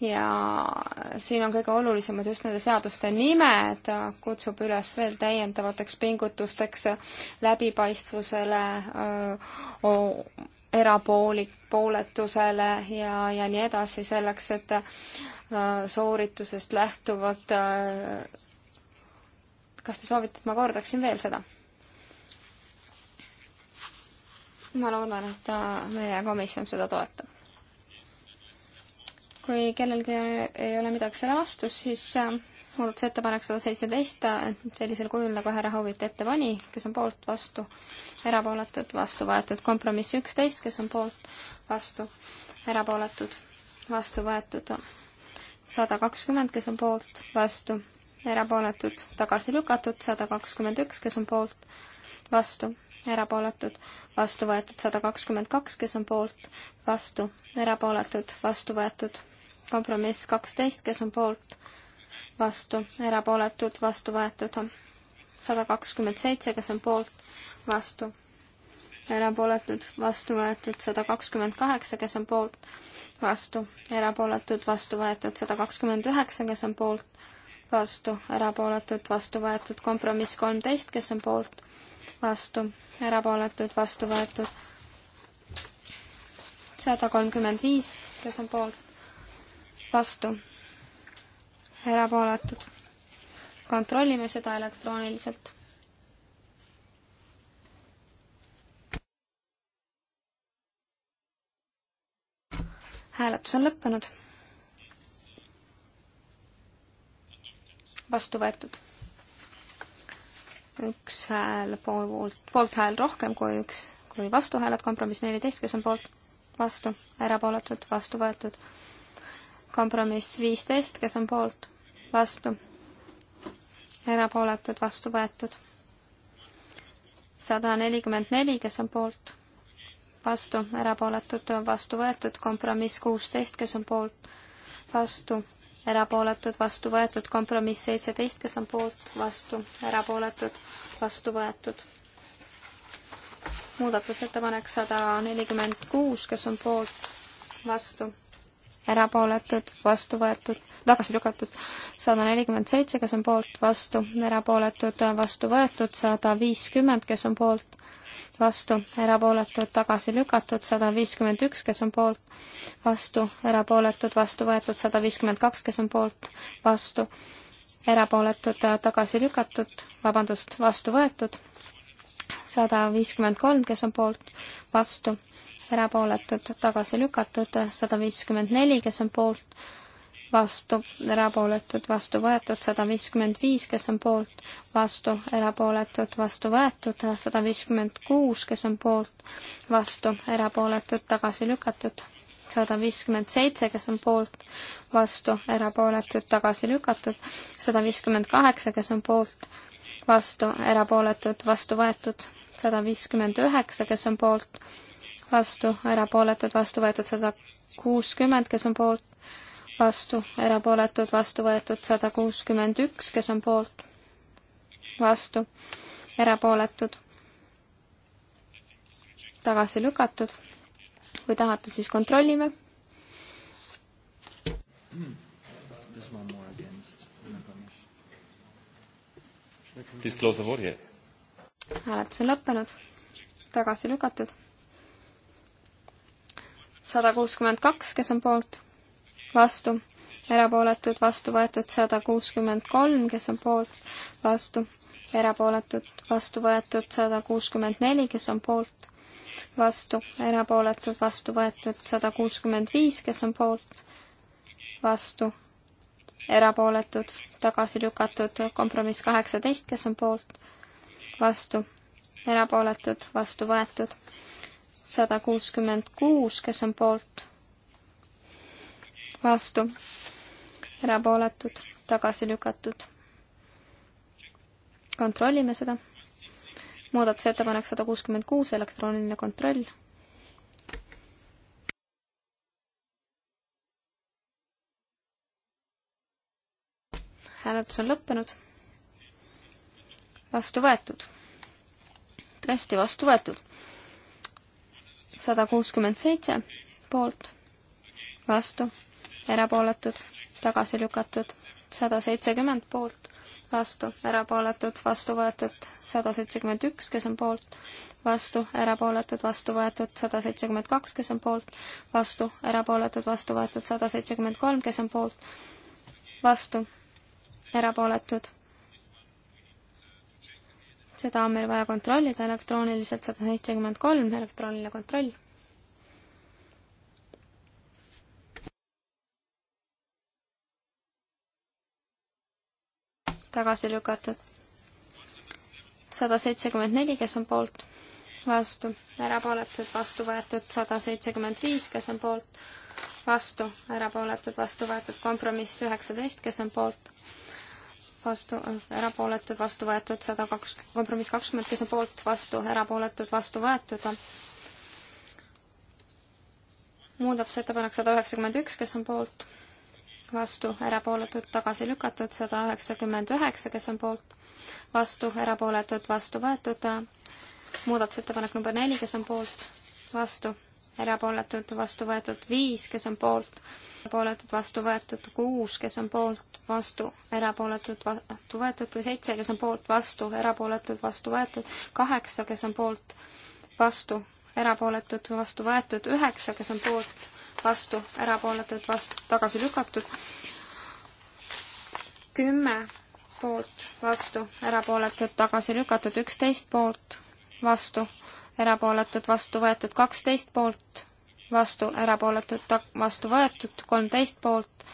ja siin on kõige olulisemad just nende seaduste nimed, kutsub üles veel täiendavateks pingutusteks läbipaistvusele, erapooletusele ja, ja nii edasi, selleks et sooritusest lähtuvalt kas te soovite, et ma kordaksin veel seda? ma loodan, et meie komisjon seda toetab kui kellelgi ei ole midagi selle vastu, siis äh, muudatusettepanek sada seitseteist äh, sellisel kujul, nagu härra Howitt ette pani, kes on poolt, vastu, erapooletud, vastu võetud. kompromiss üksteist, kes on poolt, vastu, erapooletud, vastu võetud. sada kakskümmend, kes on poolt, vastu, erapooletud, tagasi lükatud. sada kakskümmend üks, kes on poolt, vastu, erapooletud, vastu võetud sada kakskümmend kaks, kes on poolt, vastu, erapooletud, vastu võetud kompromiss kaksteist, kes on poolt, vastu, erapooletud, vastu võetud. sada kakskümmend seitse, kes on poolt, vastu, erapooletud, vastu võetud. sada kakskümmend kaheksa, kes on poolt, vastu, erapooletud, vastu võetud. sada kakskümmend üheksa, kes on poolt, vastu, erapooletud, vastu võetud. kompromiss kolmteist, kes on poolt, vastu, erapooletud, vastu võetud sada kolmkümmend viis, kes on poolt, vastu, erapooletud. kontrollime seda elektrooniliselt. hääletus on lõppenud. vastu võetud. üks hääl pool, poolt, poolthääl rohkem kui üks, kui vastuhääled, kompromiss neliteist, kes on poolt, vastu, erapooletud, vastu võetud kompromiss viisteist, kes on poolt, vastu, erapooletud, vastu võetud. sada nelikümmend neli, kes on poolt, vastu, erapooletud, vastu võetud, kompromiss kuusteist, kes on poolt, vastu, erapooletud, vastu võetud, kompromiss seitseteist, kes on poolt, vastu, erapooletud, vastu võetud. muudatusettepanek sada nelikümmend kuus, kes on poolt, vastu erapooletud, vastu võetud, tagasi lükatud, sada nelikümmend seitse, kes on poolt, vastu, erapooletud, vastu võetud, sada viiskümmend, kes on poolt, vastu, erapooletud, tagasi lükatud, sada viiskümmend üks, kes on poolt, vastu, erapooletud, vastu võetud, sada viiskümmend kaks, kes on poolt, vastu, erapooletud, tagasi lükatud, vabandust, vastu võetud, sada viiskümmend kolm, kes on poolt, vastu, erapooletud, tagasi lükatud, sada viiskümmend neli, kes on poolt, vastu, erapooletud, vastu võetud, sada viiskümmend viis, kes on poolt, vastu, erapooletud, vastu võetud, sada viiskümmend kuus, kes on poolt, vastu, erapooletud, tagasi lükatud, sada viiskümmend seitse, kes on poolt, vastu, erapooletud, tagasi lükatud, sada viiskümmend kaheksa, kes on poolt, vastu, erapooletud, vastu võetud, sada viiskümmend üheksa, kes on poolt, vastu, erapooletud, vastu võetud sada kuuskümmend, kes on poolt, vastu, erapooletud, vastu võetud sada kuuskümmend üks, kes on poolt, vastu, erapooletud, tagasi lükatud. kui tahate, siis kontrollime. hääletus on lõppenud, tagasi lükatud sada kuuskümmend kaks, kes on poolt, vastu, erapooletud, vastu võetud sada kuuskümmend kolm, kes on poolt, vastu, erapooletud, vastu võetud sada kuuskümmend neli, kes on poolt, vastu, erapooletud, vastu võetud sada kuuskümmend viis, kes on poolt, vastu, erapooletud, tagasi lükatud, kompromiss kaheksateist, kes on poolt, vastu, erapooletud, vastu võetud sada kuuskümmend kuus, kes on poolt, vastu, erapooletud, tagasi lükatud. kontrollime seda. muudatusettepanek sada kuuskümmend kuus, elektrooniline kontroll. hääletus on lõppenud. vastu võetud. tõesti vastu võetud sada kuuskümmend seitse poolt, vastu, erapooletud, tagasi lükatud, sada seitsekümmend poolt, vastu, erapooletud, vastu võetud, sada seitsekümmend üks, kes on poolt, vastu, erapooletud, vastu võetud, sada seitsekümmend kaks, kes on poolt, vastu, erapooletud, vastu võetud, sada seitsekümmend kolm, kes on poolt, vastu, erapooletud seda on meil vaja kontrollida elektrooniliselt, sada seitsekümmend kolm elektrooniline kontroll. tagasi lükatud. sada seitsekümmend neli, kes on poolt, vastu, erapooletud, vastu võetud, sada seitsekümmend viis, kes on poolt, vastu, erapooletud, vastu võetud, kompromiss üheksateist, kes on poolt vastu, erapooletud, vastu võetud sada kaks, kompromiss kakskümmend, kes on poolt, vastu, erapooletud, vastu võetud. muudatusettepanek sada üheksakümmend üks, kes on poolt, vastu, erapooletud, tagasi lükatud, sada üheksakümmend üheksa, kes on poolt, vastu, erapooletud, vastu võetud. muudatusettepanek number neli, kes on poolt, vastu, erapooletud, vastu võetud viis, kes on poolt, erapooletud, vastu võetud kuus, kes on poolt, vastu, erapooletud, vastu võetud seitse, kes on poolt, vastu, erapooletud, vastu võetud kaheksa, kes on poolt, vastu, erapooletud, vastu võetud üheksa, kes on poolt, vastu, erapooletud, vastu, tagasi lükatud kümme poolt, vastu, erapooletud, tagasi lükatud, üksteist poolt, vastu, erapooletud, vastu võetud kaksteist poolt, vastu erapooletud, vastu võetud kolmteist poolt.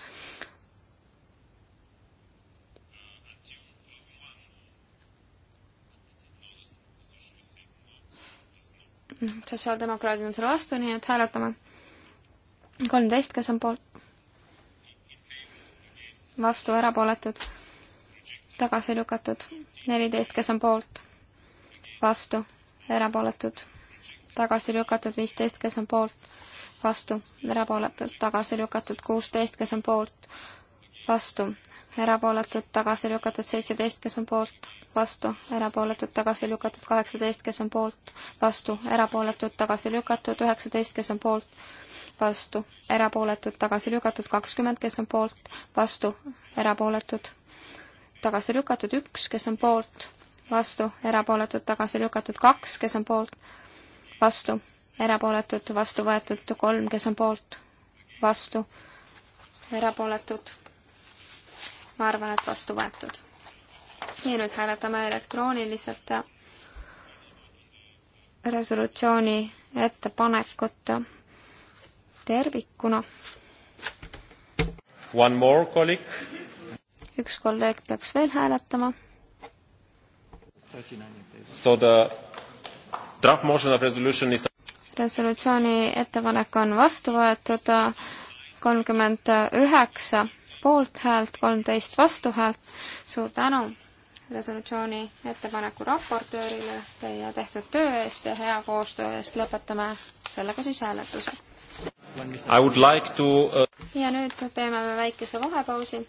sotsiaaldemokraadid on selle vastu, nii et hääletame. kolmteist, kes on poolt? vastu, erapooletud, tagasi lükatud. neliteist, kes on poolt? vastu erapooletud, tagasi lükatud viisteist, kes on poolt, vastu, erapooletud, tagasi lükatud kuusteist, kes on poolt, vastu, erapooletud, tagasi lükatud seitseteist, kes on poolt, vastu, erapooletud, tagasi lükatud kaheksateist, kes on poolt, vastu, erapooletud, tagasi lükatud üheksateist, kes on poolt, vastu, erapooletud, tagasi lükatud kakskümmend, kes on poolt, vastu, erapooletud, tagasi lükatud üks, kes on poolt, vastu, erapooletud, tagasi lükatud kaks, kes on poolt, vastu, erapooletud, vastu võetud kolm, kes on poolt, vastu, erapooletud. ma arvan, et vastu võetud. ja nüüd hääletame elektrooniliselt resolutsiooni ettepanekut tervikuna. One more, kolleeg. üks kolleeg peaks veel hääletama So the draft motion of resolution is resolutsiooni ettepanek on vastu võetud kolmkümmend üheksa poolthäält, kolmteist vastuhäält. suur tänu resolutsiooni ettepaneku raportöörile teie tehtud töö eest ja hea koostöö eest. lõpetame sellega siis hääletuse. Like to... Uh, ja nüüd teeme me väikese vahepausi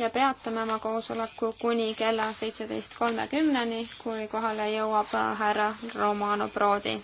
ja peatame oma koosoleku kuni kella seitseteist kolmekümneni, kui kohale jõuab härra Romano Prodi.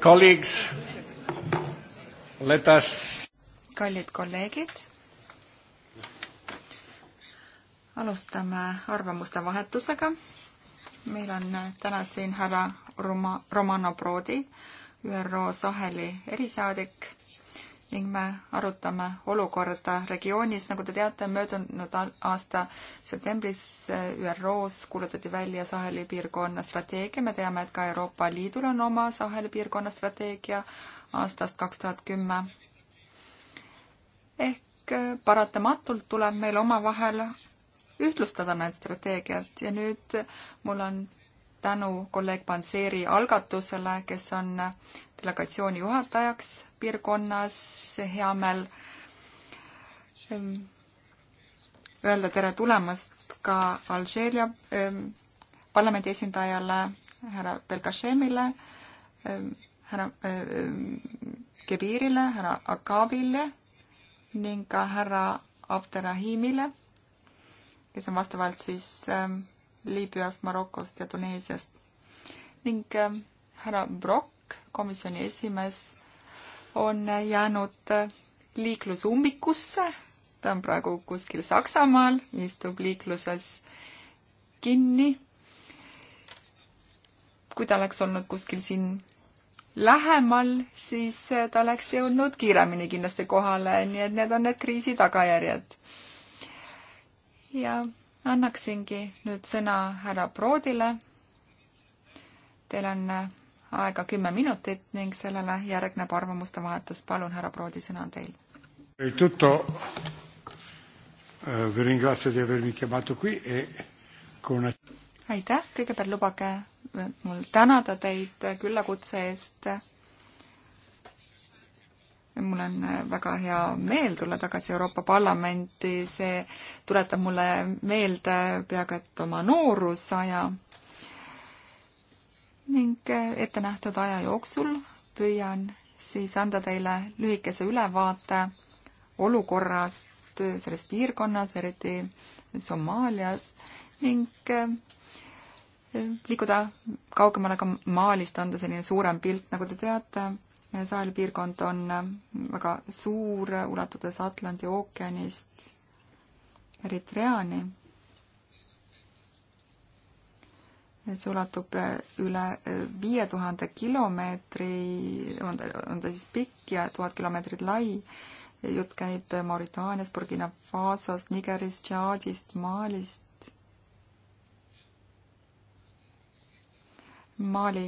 Colleagues, let us... kallid kolleegid, alustame arvamuste vahetusega. meil on täna siin härra Roma, Romano Prodi, ÜRO Saheli erisaadik, ning me arutame olukorda regioonis. nagu te teate, möödunud aasta septembris eh, ÜRO-s kuulutati välja Saheli piirkonna strateegia. me teame, et ka Euroopa Liidul on oma Saheli piirkonna strateegia aastast kaks tuhat kümme. ehk eh, paratamatult tuleb meil omavahel ühtlustada need strateegiad ja nüüd mul on tänu kolleeg Panseri algatusele, kes on delegatsiooni juhatajaks piirkonnas, hea meel ehm, öelda tere tulemast ka Alžeeria ehm, parlamendi esindajale härra Belgašemile, ehm, härra Kebirile, härra Akabile ning ka härra Abderrahimile, kes on vastavalt siis Liibüast, Marokost ja Tuneesiast. ning äh, härra Brock, komisjoni esimees, on äh, jäänud äh, liiklusummikusse, ta on praegu kuskil Saksamaal, istub liikluses kinni. kui ta oleks olnud kuskil siin lähemal, siis ta oleks jõudnud kiiremini kindlasti kohale, nii et need on need kriisi tagajärjed. ja annaksingi nüüd sõna härra Proodile. Teil on aega kümme minutit ning sellele järgneb arvamuste vahetus. palun, härra Proodi, sõna on teil. Eh, e aitäh, kõigepealt lubage mul tänada teid küllakutse eest mul on äh, väga hea meel tulla tagasi Euroopa Parlamenti, see tuletab mulle meelde peaaegu et oma noorusaja ning äh, ettenähtud aja jooksul püüan siis anda teile lühikese ülevaate olukorrast selles piirkonnas, eriti Somaalias ning äh, liikuda kaugemale ka Maalist, anda selline suurem pilt, nagu te teate, Saheli piirkond on väga suur, ulatudes Atlandi ookeanist Eritreani. see ulatub üle viie tuhande kilomeetri, on ta, on ta siis pikk ja tuhat kilomeetrit lai. jutt käib Mauritaaniast, Burkina Fasost, Nigerist, Tšaadist, Malist. Mali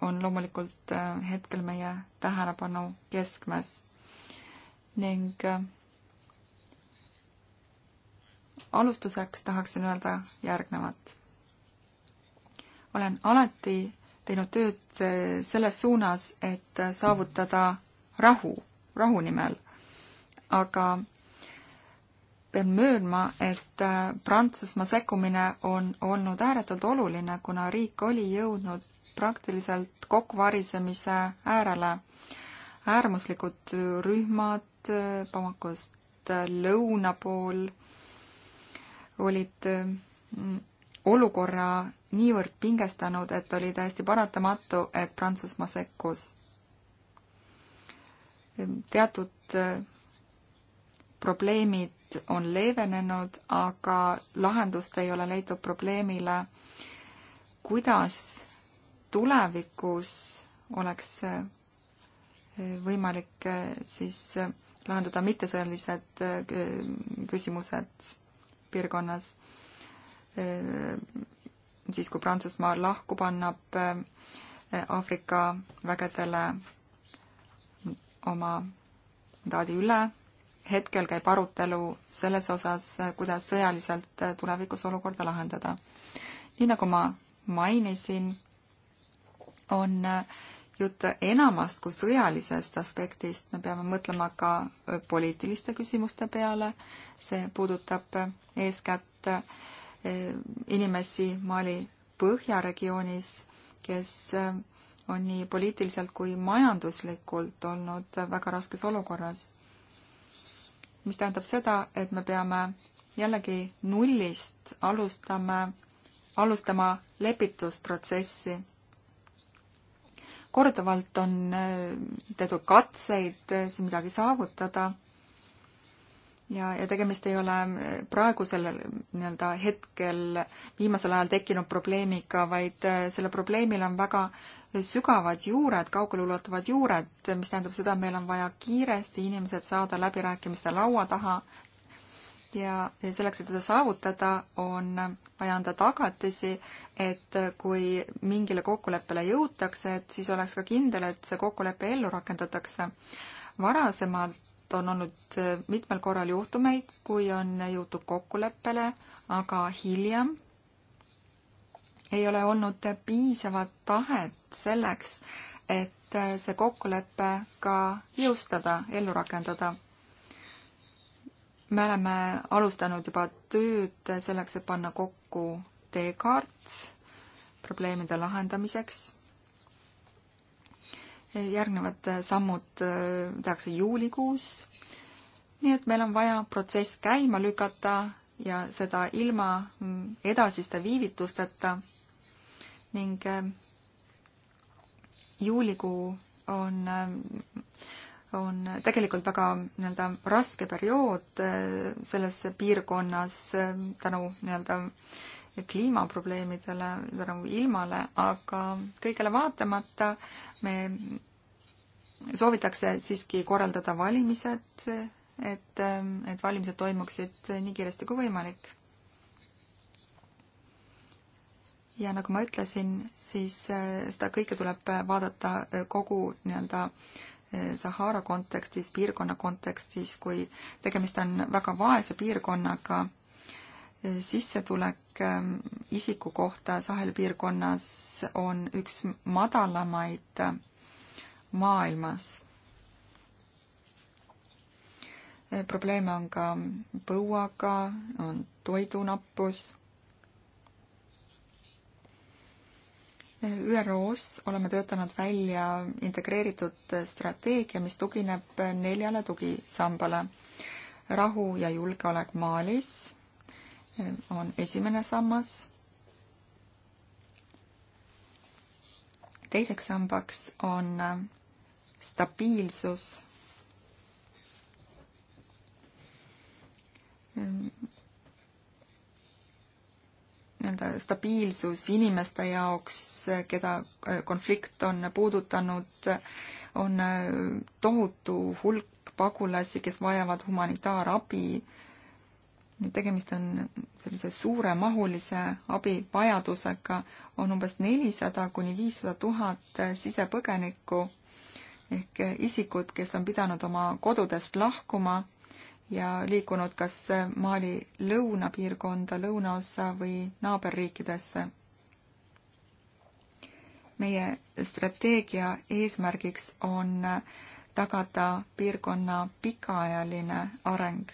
on loomulikult äh, hetkel meie tähelepanu keskmes ning äh, alustuseks tahaksin öelda järgnevat. olen alati teinud tööd äh, selles suunas, et saavutada rahu, rahu nimel. aga pean möönma, et Prantsusmaa sekkumine on olnud ääretult oluline, kuna riik oli jõudnud praktiliselt kokkuvarisemise äärele. äärmuslikud rühmad Bamakust lõuna pool olid mm, olukorra niivõrd pingestanud, et oli täiesti paratamatu, et Prantsusmaa sekkus. teatud probleemid on leevenenud, aga lahendust ei ole leitud probleemile, kuidas tulevikus oleks eh, võimalik eh, siis eh, lahendada mittesõjalised küsimused piirkonnas. siis, kui Prantsusmaa lahkub, annab Aafrika vägedele oma mandaadi üle. hetkel käib arutelu selles osas, kuidas sõjaliselt tulevikus olukorda lahendada. nii nagu ma mainisin, on äh, jutt enamast kui sõjalisest aspektist, me peame mõtlema ka äh, poliitiliste küsimuste peale, see puudutab äh, eeskätt inimesi Mali põhjaregioonis, kes on nii poliitiliselt kui majanduslikult olnud väga raskes olukorras. mis tähendab seda, et me peame jällegi nullist alustame, alustama lepitusprotsessi korduvalt on äh, tehtud katseid äh, siin midagi saavutada ja, ja tegemist ei ole äh, praegusel nii-öelda hetkel viimasel ajal tekkinud probleemiga, vaid sellel probleemil on väga sügavad juured, kaugeleulatuvad juured, mis tähendab seda, et meil on vaja kiiresti inimesed saada läbirääkimiste laua taha, ja selleks, et seda saavutada, on vaja anda tagatisi, et kui mingile kokkuleppele jõutakse, et siis oleks ka kindel, et see kokkulepe ellu rakendatakse. varasemalt on olnud mitmel korral juhtumeid, kui on jõutud kokkuleppele, aga hiljem ei ole olnud piisavat tahet selleks, et see kokkulepe ka jõustada, ellu rakendada me oleme alustanud juba tööd selleks, et panna kokku teekaart probleemide lahendamiseks. järgnevad sammud tehakse juulikuus. nii et meil on vaja protsess käima lükata ja seda ilma edasiste viivitusteta ning eh, juulikuu on eh, on tegelikult väga nii-öelda raske periood äh, selles piirkonnas äh, tänu nii-öelda kliimaprobleemidele, tänu ilmale, aga kõigele vaatamata me soovitakse siiski korraldada valimised, et, äh, et valimised toimuksid nii kiiresti kui võimalik. ja nagu ma ütlesin, siis seda kõike tuleb vaadata kogu nii-öelda Sahara kontekstis, piirkonna kontekstis, kui tegemist on väga vaese piirkonnaga, eh, sissetulek eh, isiku kohta Saheli piirkonnas on üks madalamaid eh, maailmas probleeme on ka põuaga, on toidunappus. ÜRO-s oleme töötanud välja integreeritud strateegia, mis tugineb neljale tugisambale. rahu ja julgeolek Malis eh, on esimene sammas. teiseks sambaks on eh, stabiilsus nii-öelda stabiilsus inimeste jaoks, keda äh, konflikt on puudutanud, on äh, tohutu hulk pagulasi, kes vajavad humanitaarabi. tegemist on sellise suuremahulise abivajadusega, on umbes nelisada kuni viissada tuhat sisepõgenikku ehk isikud, kes on pidanud oma kodudest lahkuma ja liikunud kas Mali lõunapiirkonda, lõunaossa või naaberriikidesse. meie strateegia eesmärgiks on tagada piirkonna pikaajaline areng.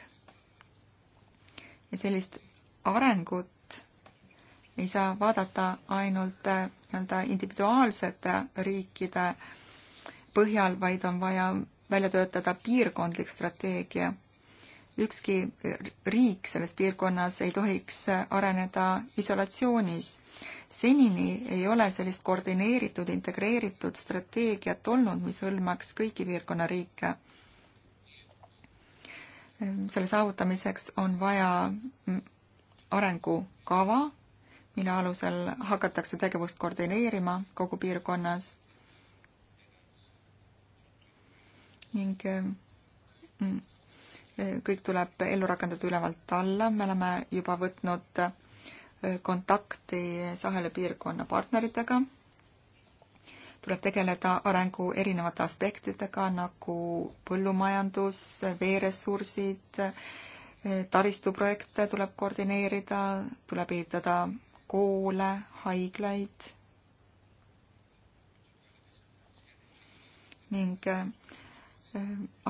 ja sellist arengut ei saa vaadata ainult äh, nii-öelda individuaalsete riikide põhjal, vaid on vaja välja töötada piirkondlik strateegia ükski riik selles piirkonnas ei tohiks areneda isolatsioonis. senini ei ole sellist koordineeritud, integreeritud strateegiat olnud, mis hõlmaks kõiki piirkonna riike. selle saavutamiseks on vaja arengukava, mille alusel hakatakse tegevust koordineerima kogu piirkonnas ning mm, kõik tuleb ellu rakendada ülevalt alla, me oleme juba võtnud äh, kontakti Saheli piirkonna partneritega, tuleb tegeleda arengu erinevate aspektidega, nagu põllumajandus, veeressursid, äh, taristuprojekte tuleb koordineerida, tuleb ehitada koole, haiglaid ning äh,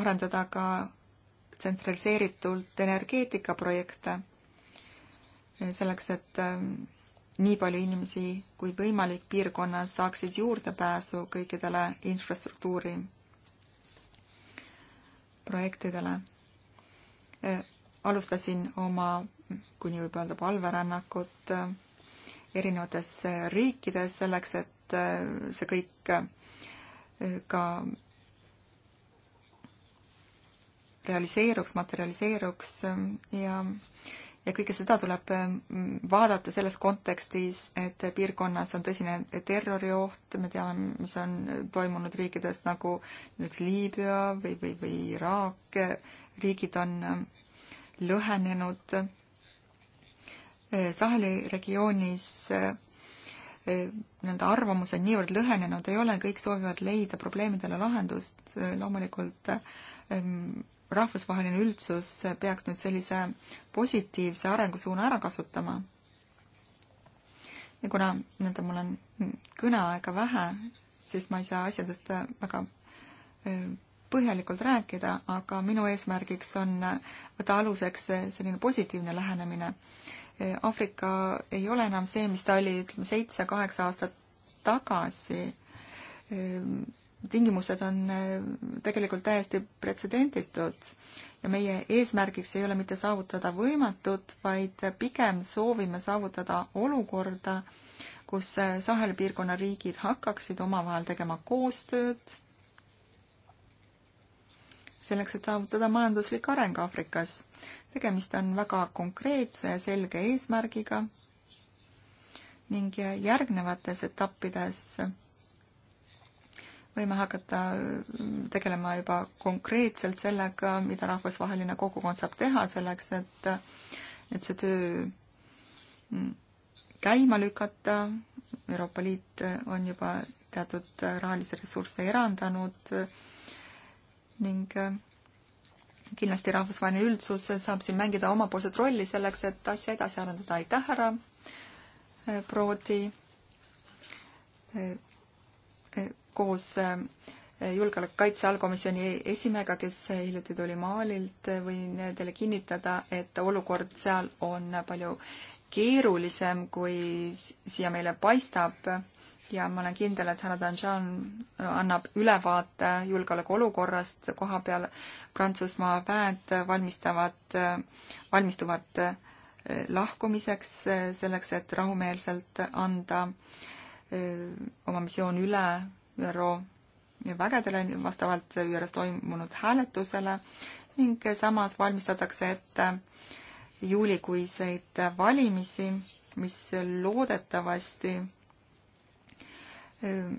arendada ka tsentraliseeritult energeetikaprojekte, eh, selleks et eh, nii palju inimesi kui võimalik piirkonnas saaksid juurdepääsu kõikidele infrastruktuuri projektidele. Eh, alustasin oma, kui nii võib öelda, palverännakut erinevates riikides selleks, et see kõik ka realiseeruks, materialiseeruks ähm, ja, ja kõike seda tuleb ähm, vaadata selles kontekstis, et piirkonnas on tõsine terrorioht, me teame, mis on toimunud riikides nagu näiteks Liibüa või, või, või Iraak, riigid on ähm, lõhenenud. Äh, Saheli regioonis äh, äh, nii-öelda arvamus on niivõrd lõhenenud, ei ole, kõik soovivad leida probleemidele lahendust, loomulikult ähm, rahvusvaheline üldsus peaks nüüd sellise positiivse arengusuuna ära kasutama. ja kuna nii-öelda mul on kõneaega vähe, siis ma ei saa asjadest väga äh, põhjalikult rääkida, aga minu eesmärgiks on võtta aluseks selline positiivne lähenemine. Äh, Aafrika ei ole enam see, mis ta oli, ütleme, seitse-kaheksa aastat tagasi äh, tingimused on äh, tegelikult täiesti pretsedenditud ja meie eesmärgiks ei ole mitte saavutada võimatut, vaid pigem soovime saavutada olukorda, kus äh, Saheli piirkonna riigid hakkaksid omavahel tegema koostööd, selleks, et saavutada majanduslik areng Aafrikas. tegemist on väga konkreetse ja selge eesmärgiga ning äh, järgnevates etappides võime hakata mm, tegelema juba konkreetselt sellega, mida rahvusvaheline kogukond saab teha selleks, et, et see töö mm, käima lükata. Euroopa Liit on juba teatud rahalisi ressursse erandanud ning kindlasti rahvusvaheline üldsus saab siin mängida omapoolset rolli selleks, et asja edasi arendada. aitäh, härra Proodi! koos eh, julgeoleku kaitse allkomisjoni esimehega, kes hiljuti tuli Maalilt, eh, võin teile kinnitada, et olukord seal on palju keerulisem, kui siia meile paistab ja ma olen kindel, et härra Danjan annab ülevaate julgeolekuolukorrast koha peal. Prantsusmaa väed valmistavad, valmistuvad eh, lahkumiseks, selleks et rahumeelselt anda oma missioon üle ÜRO vägedele vastavalt ÜRO-s toimunud hääletusele ning samas valmistatakse ette juulikuiseid valimisi, mis loodetavasti ähm,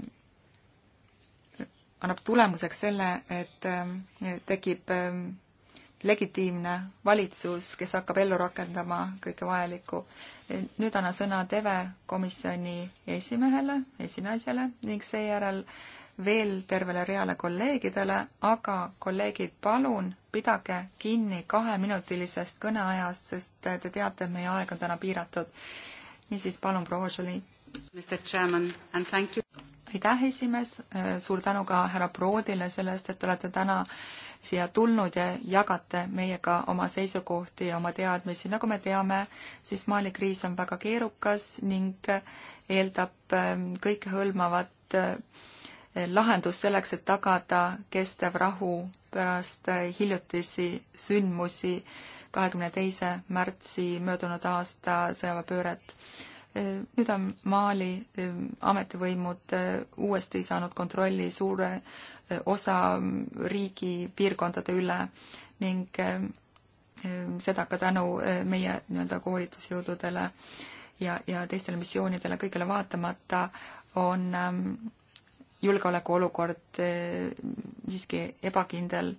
annab tulemuseks selle, et äh, tekib ähm, legitiimne valitsus, kes hakkab ellu rakendama kõike vajalikku. nüüd annan sõna TV komisjoni esimehele, esinaisele ning seejärel veel tervele reale kolleegidele, aga kolleegid, palun pidage kinni kaheminutilisest kõneajast, sest te teate, et meie aeg on täna piiratud. niisiis, palun, proua Jolie. aitäh, esimees, suur tänu ka härra Proodile selle eest, et olete täna äh, siia tulnud ja jagate meiega oma seisukohti ja oma teadmisi. nagu me teame, siis Mali kriis on väga keerukas ning eeldab ähm, kõikehõlmavat äh, lahendust selleks, et tagada kestev rahu pärast äh, hiljutisi sündmusi, kahekümne teise märtsi möödunud aasta sõjaväepööret äh, nüüd on Mali ametivõimud uuesti saanud kontrolli suure osa riigi piirkondade üle ning eh, seda ka tänu eh, meie nii-öelda koolitusjõududele ja, ja teistele missioonidele, kõigele vaatamata on ehm, julgeolekuolukord eh, siiski ebakindel.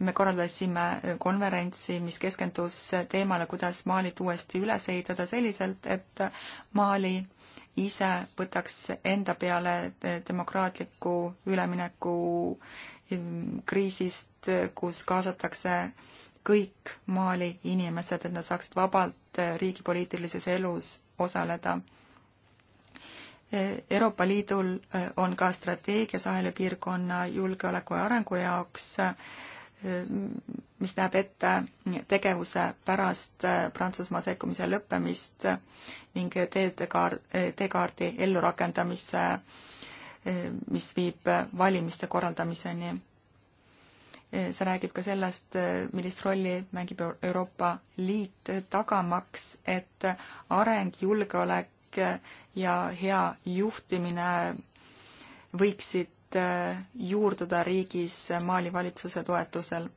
me korraldasime konverentsi, mis keskendus teemale, kuidas Maalit uuesti üles ehitada selliselt, et Mali ise võtaks enda peale demokraatliku ülemineku ehm, kriisist, kus kaasatakse kõik Mali inimesed, et nad saaksid vabalt eh, riigi poliitilises elus osaleda. E, Euroopa Liidul eh, on ka strateegia Saheli piirkonna julgeoleku ja arengu jaoks mis näeb ette tegevuse pärast äh, Prantsusmaa sekkumise lõppemist ning teekaardi ellurakendamise, äh, mis viib valimiste korraldamiseni. Äh, see räägib ka sellest, millist rolli mängib Euroopa Liit, tagamaks, et areng, julgeolek ja hea juhtimine võiksid Äh, juurduda riigis äh, Mali valitsuse toetusel.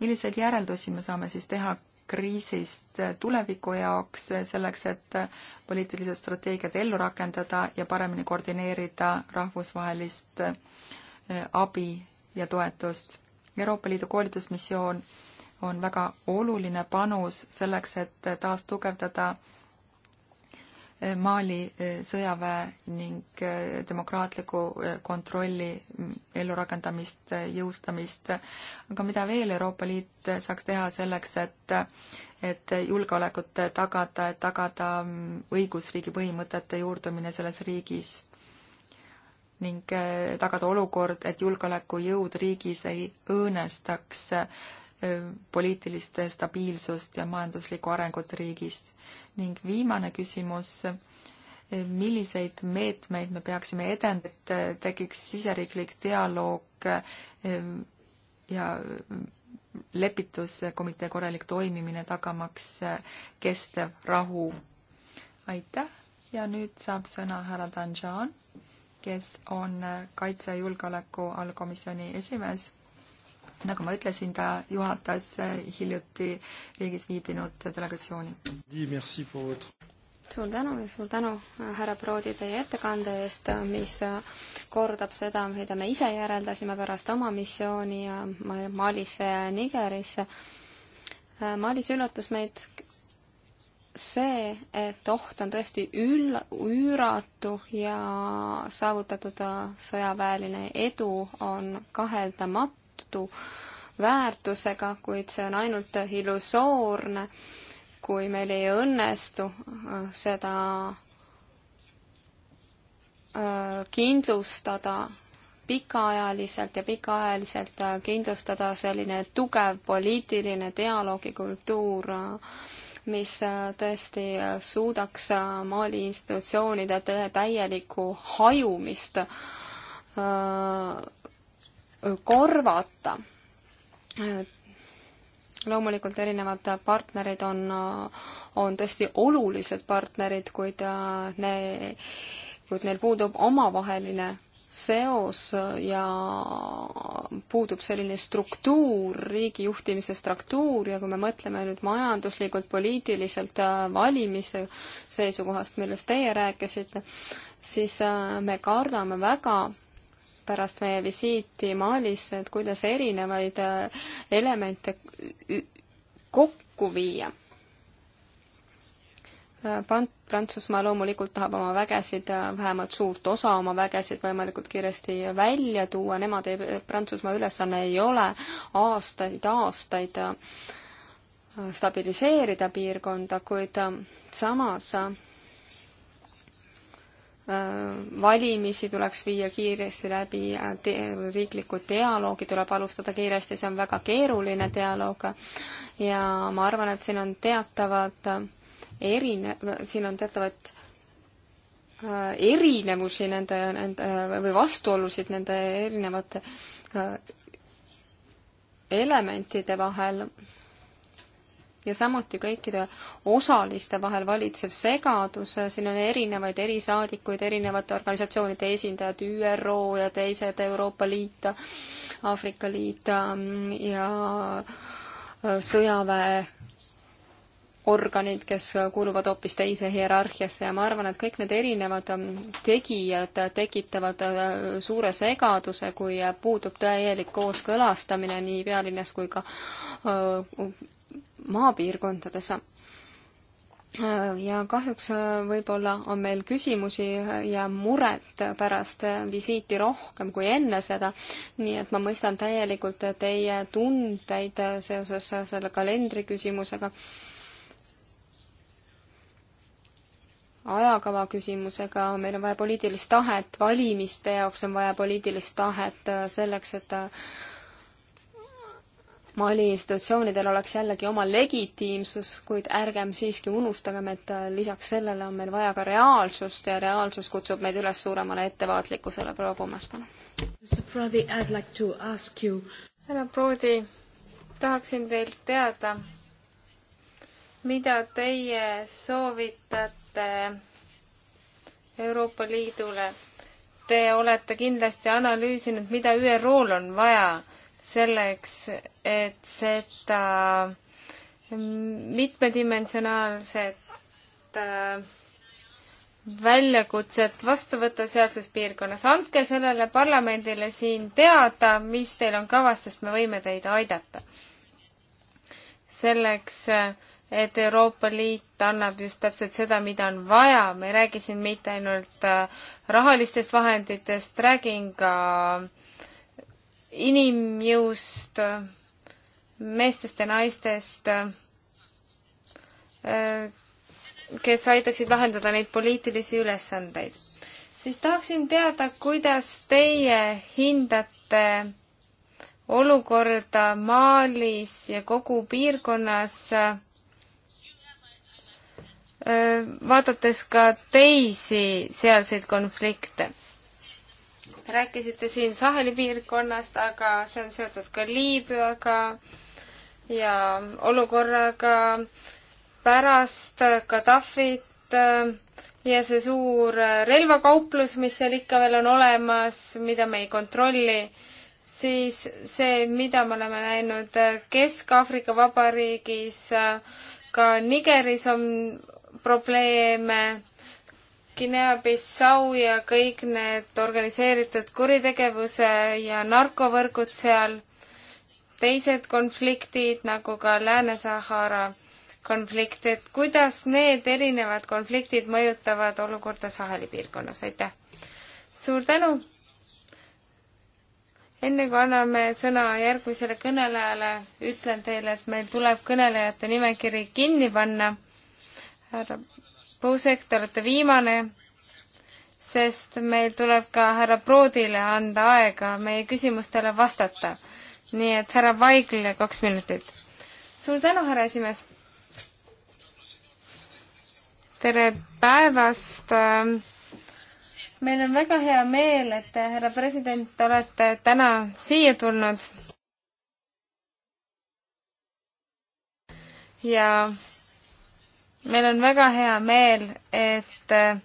milliseid järeldusi me saame siis teha kriisist äh, tuleviku jaoks, selleks et poliitilised strateegiad ellu rakendada ja paremini koordineerida rahvusvahelist abi ja toetust. Euroopa Liidu koolitusmissioon on väga oluline panus selleks, et taas tugevdada Mali eh, sõjaväe ning eh, demokraatliku eh, kontrolli mm, ellurakendamist, jõustamist, aga mida veel Euroopa Liit saaks teha selleks, et et julgeolekut tagada, et tagada mm, õigusriigi põhimõtete juurdumine selles riigis ning tagada olukord, et julgeolekujõud riigis ei õõnestaks Äh, poliitilist stabiilsust ja majanduslikku arengut riigis. ning viimane küsimus, äh, milliseid meetmeid me peaksime edendama, et äh, tekiks siseriiklik dialoog ja lepituskomitee korralik toimimine, tagamaks kestev rahu. aitäh ja nüüd saab sõna härra Danjan, kes on kaitse- ja julgeoleku allkomisjoni esimees nagu ma ütlesin, ta juhatas äh, hiljuti riigis viibinud delegatsiooni. suur tänu ja suur tänu, äh, härra Proodi, teie ettekande eest, äh, mis kordab seda, mida me ise järeldasime pärast oma missiooni Malisse ja Nigerisse. Malis üllatas meid see, et oht on tõesti üll-, üüratu ja saavutatud sõjaväeline edu on kaheldamatu tohutu väärtusega, kuid see on ainult illusoorne, kui meil ei õnnestu äh, seda äh, kindlustada pikaajaliselt ja pikaajaliselt äh, kindlustada selline tugev poliitiline dialoogikultuur, mis tõesti suudaks Mali institutsioonide täielikku hajumist korvata. loomulikult erinevad partnerid on, on tõesti olulised partnerid, kuid ne-, kuid neil puudub omavaheline seos ja puudub selline struktuur, riigi juhtimise struktuur ja kui me mõtleme nüüd majanduslikult, poliitiliselt valimise seisukohast, millest teie rääkisite, siis me kardame väga pärast meie visiiti Malisse, et kuidas erinevaid äh, elemente kokku viia. Äh, Prantsusmaa loomulikult tahab oma vägesid, äh, vähemalt suurt osa oma vägesid võimalikult kiiresti välja tuua, nemad ei, Prantsusmaa ülesanne ei ole aastaid, aastaid stabiliseerida piirkonda, kuid samas Äh, valimisi tuleks viia kiiresti läbi, äh, riiklikku dialoogi tuleb alustada kiiresti, see on väga keeruline dialoog ja ma arvan, et siin on teatavad äh, erine-, siin on teatavaid erinevusi nende, nende või vastuolusid nende erinevate elementide vahel ja samuti kõikide osaliste vahel valitsev segadus, siin on erinevaid erisaadikuid, erinevate organisatsioonide esindajad, ÜRO ja teised, Euroopa Liit, Aafrika Liit mm, ja äh, sõjaväe organid, kes kuuluvad hoopis teise hierarhiasse ja ma arvan, et kõik need erinevad mm, tegijad tekitavad äh, suure segaduse, kui puudub täielik kooskõlastamine nii pealinnas kui ka äh, maapiirkondades. ja kahjuks äh, võib-olla on meil küsimusi ja muret pärast äh, visiiti rohkem kui enne seda, nii et ma mõistan täielikult äh, teie tundeid seoses selle kalendri küsimusega, ajakava küsimusega, meil on vaja poliitilist tahet, valimiste jaoks on vaja poliitilist tahet selleks, et Mali institutsioonidel oleks jällegi oma legitiimsus, kuid ärgem siiski unustagem, et äh, lisaks sellele on meil vaja ka reaalsust ja reaalsus kutsub meid üles suuremale ettevaatlikkusele. proua Kummas, palun. härra Proodi, tahaksin teilt teada, mida teie soovitate Euroopa Liidule? Te olete kindlasti analüüsinud, mida ÜRO-l on vaja selleks, et seda mitmedimensionaalset äh, väljakutset vastu võtta sealses piirkonnas. andke sellele parlamendile siin teada, mis teil on kavas, sest me võime teid aidata. selleks, äh, et Euroopa Liit annab just täpselt seda, mida on vaja, me ei räägi siin mitte ainult äh, rahalistest vahenditest, räägin ka äh, inimjõust, meestest ja naistest, kes aitaksid lahendada neid poliitilisi ülesandeid. siis tahaksin teada, kuidas teie hindate olukorda Malis ja kogu piirkonnas, vaadates ka teisi sealseid konflikte Te rääkisite siin Saheli piirkonnast, aga see on seotud ka Liibüaga ja olukorraga pärast Gaddafit ja see suur relvakauplus, mis seal ikka veel on olemas, mida me ei kontrolli, siis see, mida me oleme näinud Kesk-Aafrika Vabariigis, ka Nigeris on probleeme Guinea-Bissau ja kõik need organiseeritud kuritegevuse ja narkovõrgud seal, teised konfliktid nagu ka Lääne-Sahara konflikt, et kuidas need erinevad konfliktid mõjutavad olukorda Saheli piirkonnas, aitäh! suur tänu! enne kui anname sõna järgmisele kõnelejale, ütlen teile, et meil tuleb kõnelejate nimekiri kinni panna. härra Puusek, te olete viimane, sest meil tuleb ka härra Proodile anda aega meie küsimustele vastata. nii et härra Vaiglile kaks minutit. suur tänu, härra esimees! tere päevast! meil on väga hea meel, et härra president, olete täna siia tulnud. ja meil on väga hea meel, et äh,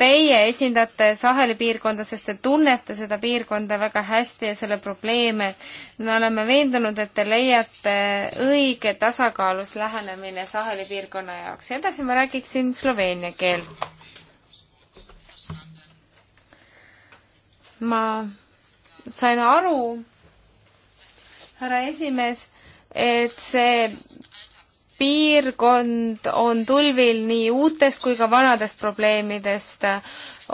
teie esindate Saheli piirkonda, sest te tunnete seda piirkonda väga hästi ja selle probleeme. me oleme veendunud, et te leiate õige tasakaalus lähenemine Saheli piirkonna jaoks. edasi ma räägiksin sloveenia keelt. ma sain aru, härra esimees, et see piirkond on tulvil nii uutest kui ka vanadest probleemidest.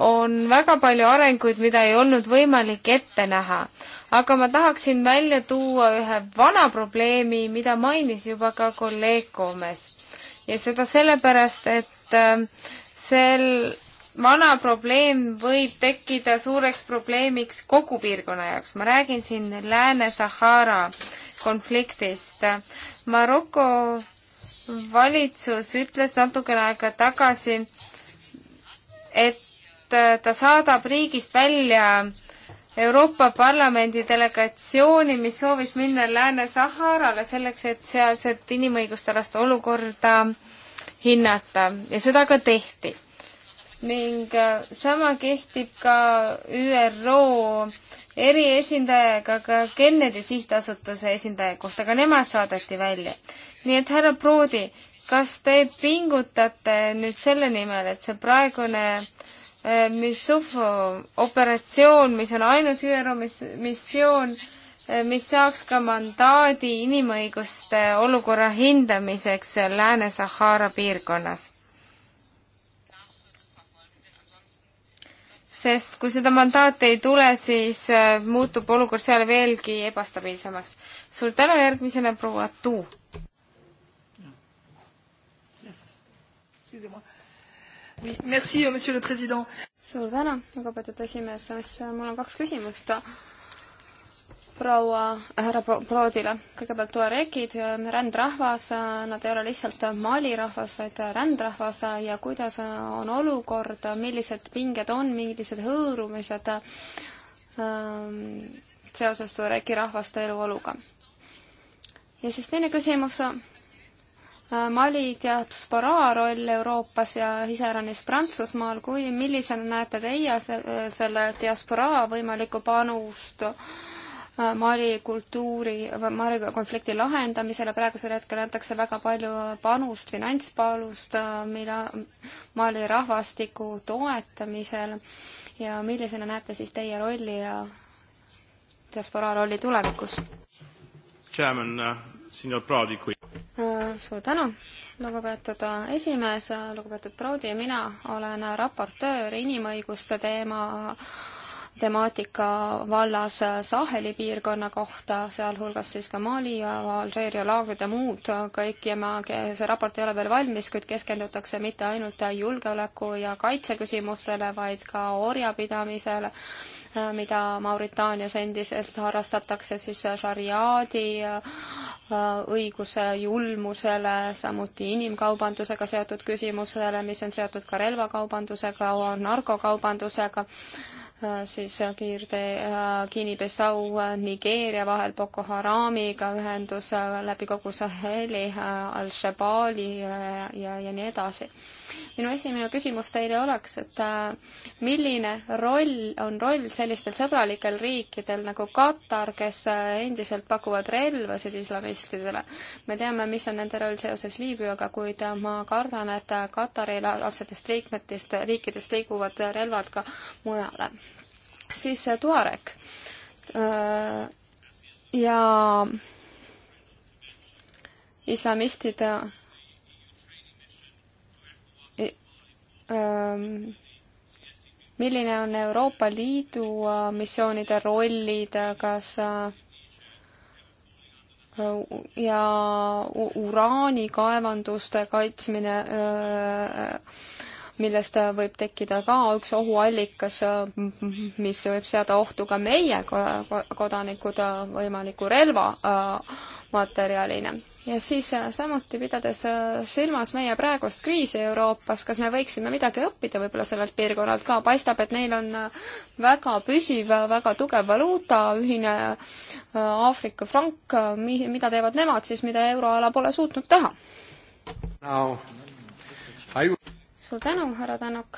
on väga palju arenguid, mida ei olnud võimalik ette näha. aga ma tahaksin välja tuua ühe vana probleemi, mida mainis juba ka kolleeg Koomes. ja seda sellepärast, et ähm, sel vana probleem võib tekkida suureks probleemiks kogu piirkonna jaoks. ma räägin siin Lääne-Sahara konfliktist. Maroko valitsus ütles natukene aega tagasi, et äh, ta saadab riigist välja Euroopa Parlamendi delegatsiooni, mis soovis minna Lääne-Saharale selleks, et sealset inimõiguste alast olukorda hinnata ja seda ka tehti. ning äh, sama kehtib ka ÜRO eriesindajaga ka Kennedy sihtasutuse esindaja kohta, ka nemad saadeti välja. nii et härra Proodi, kas te pingutate nüüd selle nimel, et see praegune äh, Missufo operatsioon, mis on ainus ÜRO mis-, missioon, äh, mis saaks ka mandaadi inimõiguste olukorra hindamiseks Lääne-Sahara piirkonnas? sest kui seda mandaati ei tule, siis äh, muutub olukord seal veelgi ebastabiilsemaks. suur tänu, järgmisena proua Tuu. Euh, suur tänu, lugupeetud esimees, mul on kaks küsimust proua, härra Proodile. kõigepealt tuareegid, äh, rändrahvas, äh, nad ei ole lihtsalt Mali rahvas, vaid rändrahvas äh, ja kuidas on olukord, millised pinged on, millised hõõrumised ähm, seoses tuareegi rahvaste eluoluga. ja siis teine küsimus äh,. Mali diasporaa roll Euroopas ja iseäranis Prantsusmaal, kui, millisena näete teie selle diasporaa võimalikku panust äh, Mali kultuuri, Mali konflikti lahendamisele, praegusel hetkel antakse väga palju panust, finantspalust, äh, mida Mali rahvastiku toetamisel ja millisena näete siis teie rolli ja diasporaa rolli tulevikus? Chairman uh,, äh, senior Prodi, kui uh,. suur tänu, lugupeetud esimees, lugupeetud Prodi, mina olen raportöör inimõiguste teema uh, temaatika vallas Saheli piirkonna kohta, sealhulgas siis ka Mali ja Alžeeria laagrid ja muud kõik ja ma, see raport ei ole veel valmis, kuid keskendutakse mitte ainult julgeoleku ja kaitse küsimustele, vaid ka orjapidamisele, mida Mauritaanias endiselt harrastatakse siis šariaadi õiguse julmusele, samuti inimkaubandusega seotud küsimustele, mis on seotud ka relvakaubandusega, narkokaubandusega Äh, siis äh, kiirtee äh, Guinea-Bissau Nigeeria vahel Boko Haramiga ühendus läbi kogu Saheli, Al-Shabaali ja, ja, ja nii edasi. minu esimene küsimus teile oleks, et milline roll, on roll sellistel sõbralikel riikidel nagu Katar, kes endiselt pakuvad relvasid islamistidele? me teame, mis on nende roll seoses Liibüaga, kuid ma kardan, et Katari laadsetest liikmetest, riikidest liiguvad relvad ka mujale siis Tuareg. Äh, ja islamistid äh, ähm, milline on Euroopa Liidu äh, missioonide rollid, kas ja uraanikaevanduste kaitsmine öö, millest äh, võib tekkida ka üks ohuallikas, äh, mis võib seada ohtu ka meie kodanikud äh, võimaliku relvamaterjalina. ja siis samuti pidades silmas meie praegust kriisi Euroopas, kas me võiksime midagi õppida võib-olla sellelt piirkonnalt ka, paistab, et neil on väga püsiv, väga tugev valuuta, ühine Aafrika frank, mida teevad nemad siis, mida euroala pole suutnud teha? Now, I suur tänu, härra Tänak.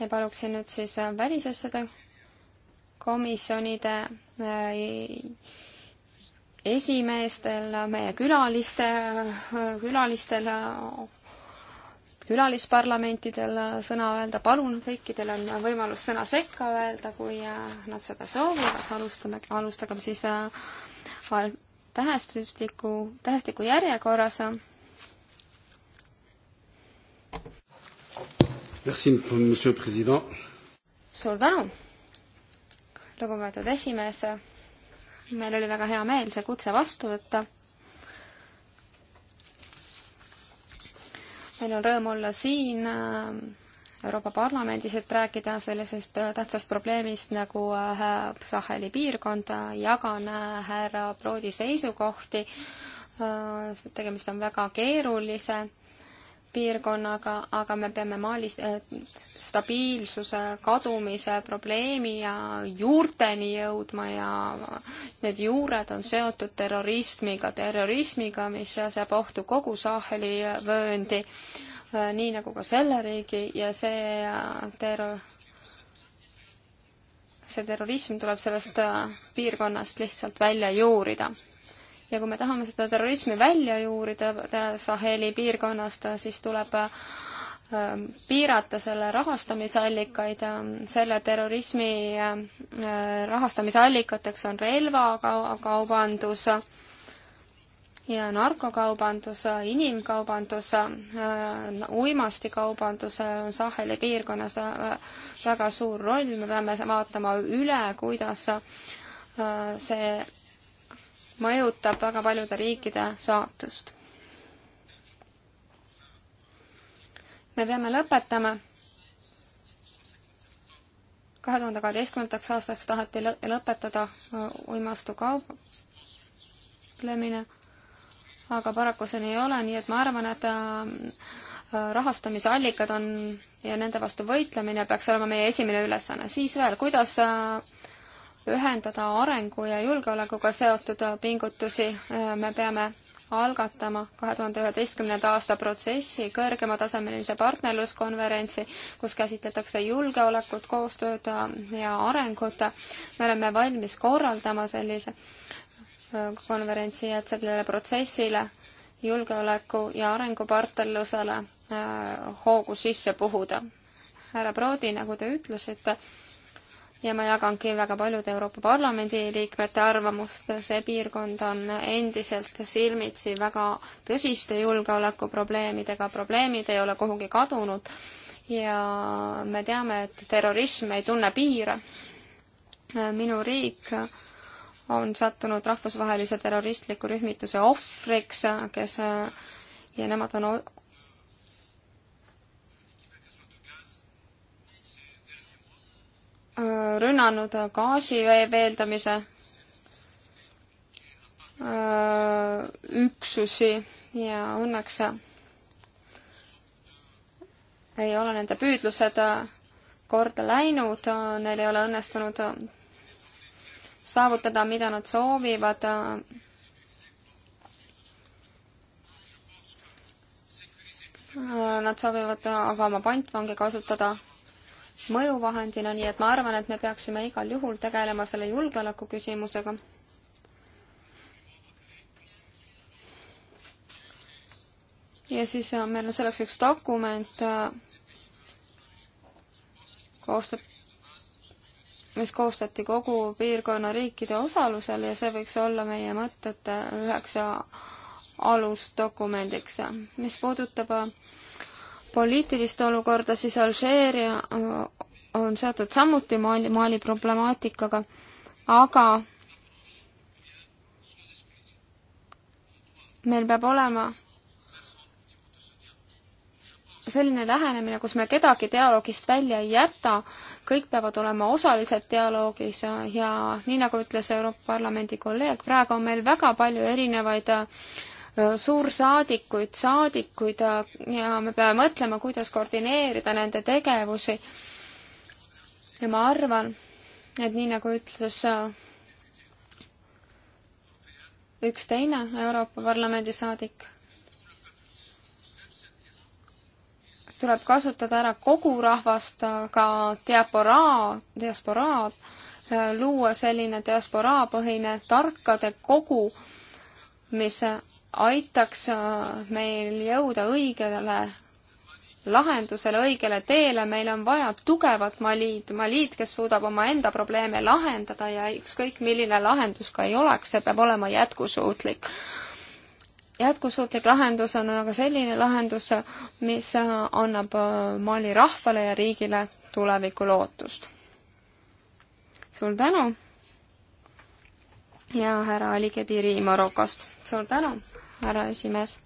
ja paluksin nüüd siis äh, välisasjade komisjonide äh, esimeestel, äh, meie külaliste, külalistel, külalisparlamentidel sõna öelda, palun, kõikidel on võimalus sõna sekka öelda, kui nad seda soovivad, alustame, alustagem siis tähestusliku, tähestiku järjekorras suur tänu, lugupeetud esimees. meil oli väga hea meel see kutse vastu võtta. meil on rõõm olla siin äh, Euroopa Parlamendis, et rääkida sellisest äh, tähtsast probleemist nagu äh, Saheli piirkond, jagan härra Proodi seisukohti. tegemist on väga keerulise piirkonnaga, aga me peame Malis äh, stabiilsuse kadumise probleemi ja juurteni jõudma ja need juured on seotud terrorismiga, terrorismiga, mis seab ohtu kogu Saheli vööndi, äh, nii nagu ka selle riigi ja see äh, terror, see terrorism tuleb sellest piirkonnast lihtsalt välja juurida ja kui me tahame seda terrorismi välja juurida Saheli piirkonnast, siis tuleb ähm, piirata selle rahastamisallikaid, selle terrorismi äh, rahastamisallikateks on relvakaubandus ja narkokaubandus, inimkaubandus, äh, uimastikaubandus on Saheli piirkonnas äh, väga suur roll, me peame vaatama üle, kuidas see mõjutab väga paljude riikide saatust. me peame lõpetama. kahe tuhande kaheteistkümnendaks aastaks taheti lõpetada äh, uimastu kauplemine, aga paraku see nii ei ole, nii et ma arvan, et äh, äh, rahastamise allikad on ja nende vastu võitlemine peaks olema meie esimene ülesanne. siis veel, kuidas ühendada arengu ja julgeolekuga seotud pingutusi, me peame algatama kahe tuhande üheteistkümnenda aasta protsessi, kõrgematasemelise partnerluskonverentsi, kus käsitletakse julgeolekut, koostööd ja arengut. me oleme valmis korraldama sellise äh, konverentsi, et sellele protsessile, julgeoleku ja arengupartnerlusele äh, hoogu sisse puhuda. härra Proodi, nagu te ütlesite, ja ma jagangi väga paljude Euroopa Parlamendi liikmete arvamust, see piirkond on endiselt silmitsi väga tõsiste julgeolekuprobleemidega, probleemid ei ole kuhugi kadunud ja me teame, et terrorism ei tunne piire. minu riik on sattunud rahvusvahelise terroristliku rühmituse ohvriks, kes ja nemad on Äh, rünnanud gaasi veeldamise äh, üksusi ja õnneks ei ole nende püüdlused korda läinud, neil ei ole õnnestunud saavutada, mida nad soovivad. Nad soovivad aga oma pantvange kasutada mõjuvahendina, nii et ma arvan, et me peaksime igal juhul tegelema selle julgeoleku küsimusega. ja siis on äh, meil on selleks üks dokument äh, koostab, mis koostati kogu piirkonna riikide osalusel ja see võiks olla meie mõtete üheks äh, alusdokumendiks. mis puudutab poliitilist olukorda, siis Alžeeria äh, on seotud samuti Mali, Mali problemaatikaga, aga meil peab olema selline lähenemine, kus me kedagi dialoogist välja ei jäta, kõik peavad olema osalised dialoogis ja, ja nii, nagu ütles Euroopa Parlamendi kolleeg, praegu on meil väga palju erinevaid äh, Äh, suursaadikuid, saadikuid ja me peame mõtlema, kuidas koordineerida nende tegevusi. ja ma arvan, et nii nagu ütles äh, üks teine Euroopa Parlamendi saadik, tuleb kasutada ära kogu rahvast, ka diasporaa, diasporaad, äh, luua selline diasporaapõhine tarkade kogu, mis aitaks äh, meil jõuda õigele lahendusele, õigele teele, meil on vaja tugevat Maliid, Maliid, kes suudab omaenda probleeme lahendada ja ükskõik, milline lahendus ka ei oleks, see peab olema jätkusuutlik. jätkusuutlik lahendus on aga selline lahendus, mis äh, annab äh, Mali rahvale ja riigile tulevikulootust. suur tänu ja härra Ali Kebiri Marokost, suur tänu! härra esimees.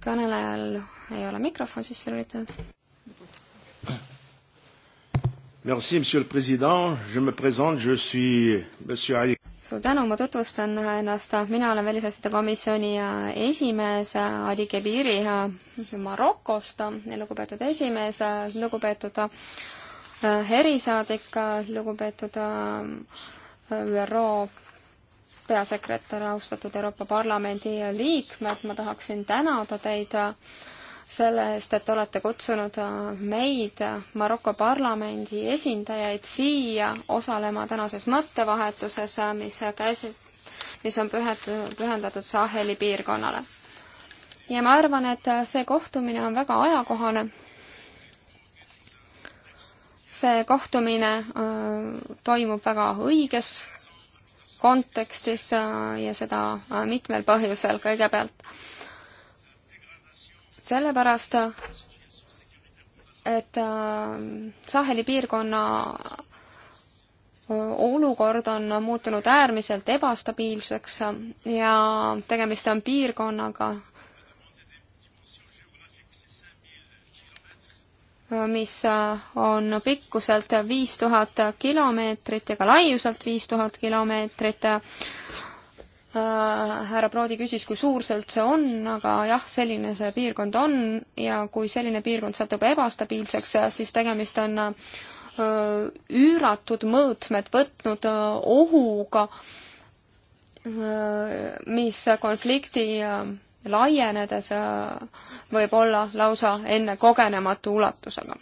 kõnelejal ei ole mikrofon sisse lülitatud. Merci, monsieur le président, je me présente, je suis monsieur Ali. suur tänu, ma tutvustan ennast, mina olen Välisasjade Komisjoni äh, esimees äh, Ali Kebiri äh, Marokost, lugupeetud esimees, lugupeetud erisaadik, lugupeetud ÜRO peasekretär, austatud Euroopa Parlamendi liikmed, ma tahaksin tänada teid äh, selle eest, et olete kutsunud äh, meid, äh, Maroko parlamendi esindajaid, siia osalema tänases mõttevahetuses, mis käis, mis on pühendatud, pühendatud Saheli piirkonnale. ja ma arvan, et see kohtumine on väga ajakohane. see kohtumine öö, toimub väga õiges kontekstis äh, ja seda äh, mitmel põhjusel kõigepealt. sellepärast, et äh, Saheli piirkonna olukord on muutunud äärmiselt ebastabiilseks ja tegemist on piirkonnaga, mis äh, on pikkuselt viis tuhat kilomeetrit ja ka laiuselt viis tuhat kilomeetrit. Äh, härra Proodi küsis, kui suur see üldse on, aga jah, selline see piirkond on ja kui selline piirkond satub ebastabiilseks, siis tegemist on äh, üüratud mõõtmed võtnud ohuga, mis konflikti laienedes võib olla lausa ennekogenematu ulatusega.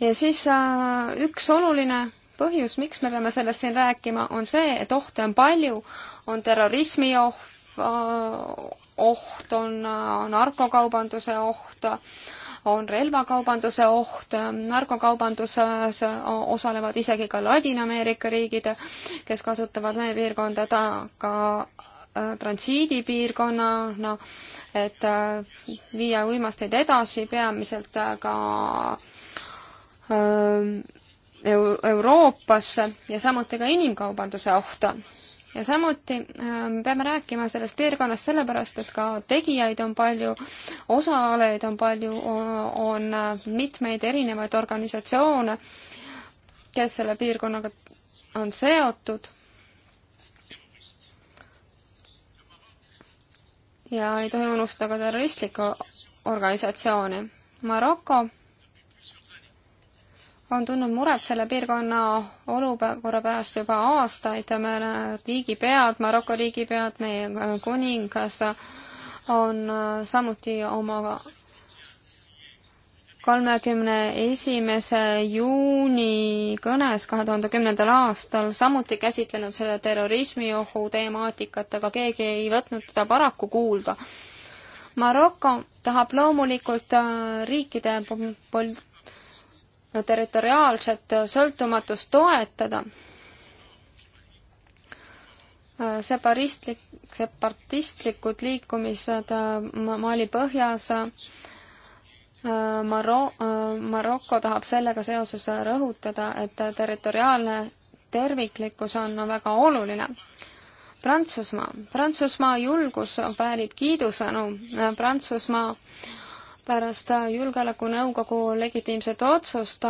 ja siis äh, üks oluline põhjus, miks me peame sellest siin rääkima, on see, et ohte on palju, on terrorismi ohv, äh, oht, on äh, narkokaubanduse oht, on relvakaubanduse oht, narkokaubanduses osalevad isegi ka Ladina-Ameerika riigid, kes kasutavad meie piirkonda ta ka Äh, transiidipiirkonnana no,, et äh, viia uimasteid edasi peamiselt ka ähm, Euroopasse ja samuti ka inimkaubanduse oht on. ja samuti me ähm, peame rääkima sellest piirkonnast sellepärast, et ka tegijaid on palju, osalejaid on palju, on äh, mitmeid erinevaid organisatsioone, kes selle piirkonnaga on seotud ja ei tohi unustada terroristlikku organisatsiooni. Maroko on tundnud muret selle piirkonna olukorra pärast juba aastaid ja meil riigipead, Maroko riigipead, meie kuningas on samuti oma kolmekümne esimese juuni kõnes kahe tuhande kümnendal aastal samuti käsitlenud selle terrorismiohu temaatikat, aga keegi ei võtnud teda paraku kuulda. Maroko tahab loomulikult äh, riikide pol-, territoriaalset sõltumatust toetada. Äh, separistlik, separatistlikud liikumised äh, Mali põhjas Maro-, Maroko tahab sellega seoses rõhutada, et territoriaalne terviklikkus on väga oluline. Prantsusmaa, Prantsusmaa julgus väärib kiidusõnu, Prantsusmaa pärast Julgeolekunõukogu legitiimset otsust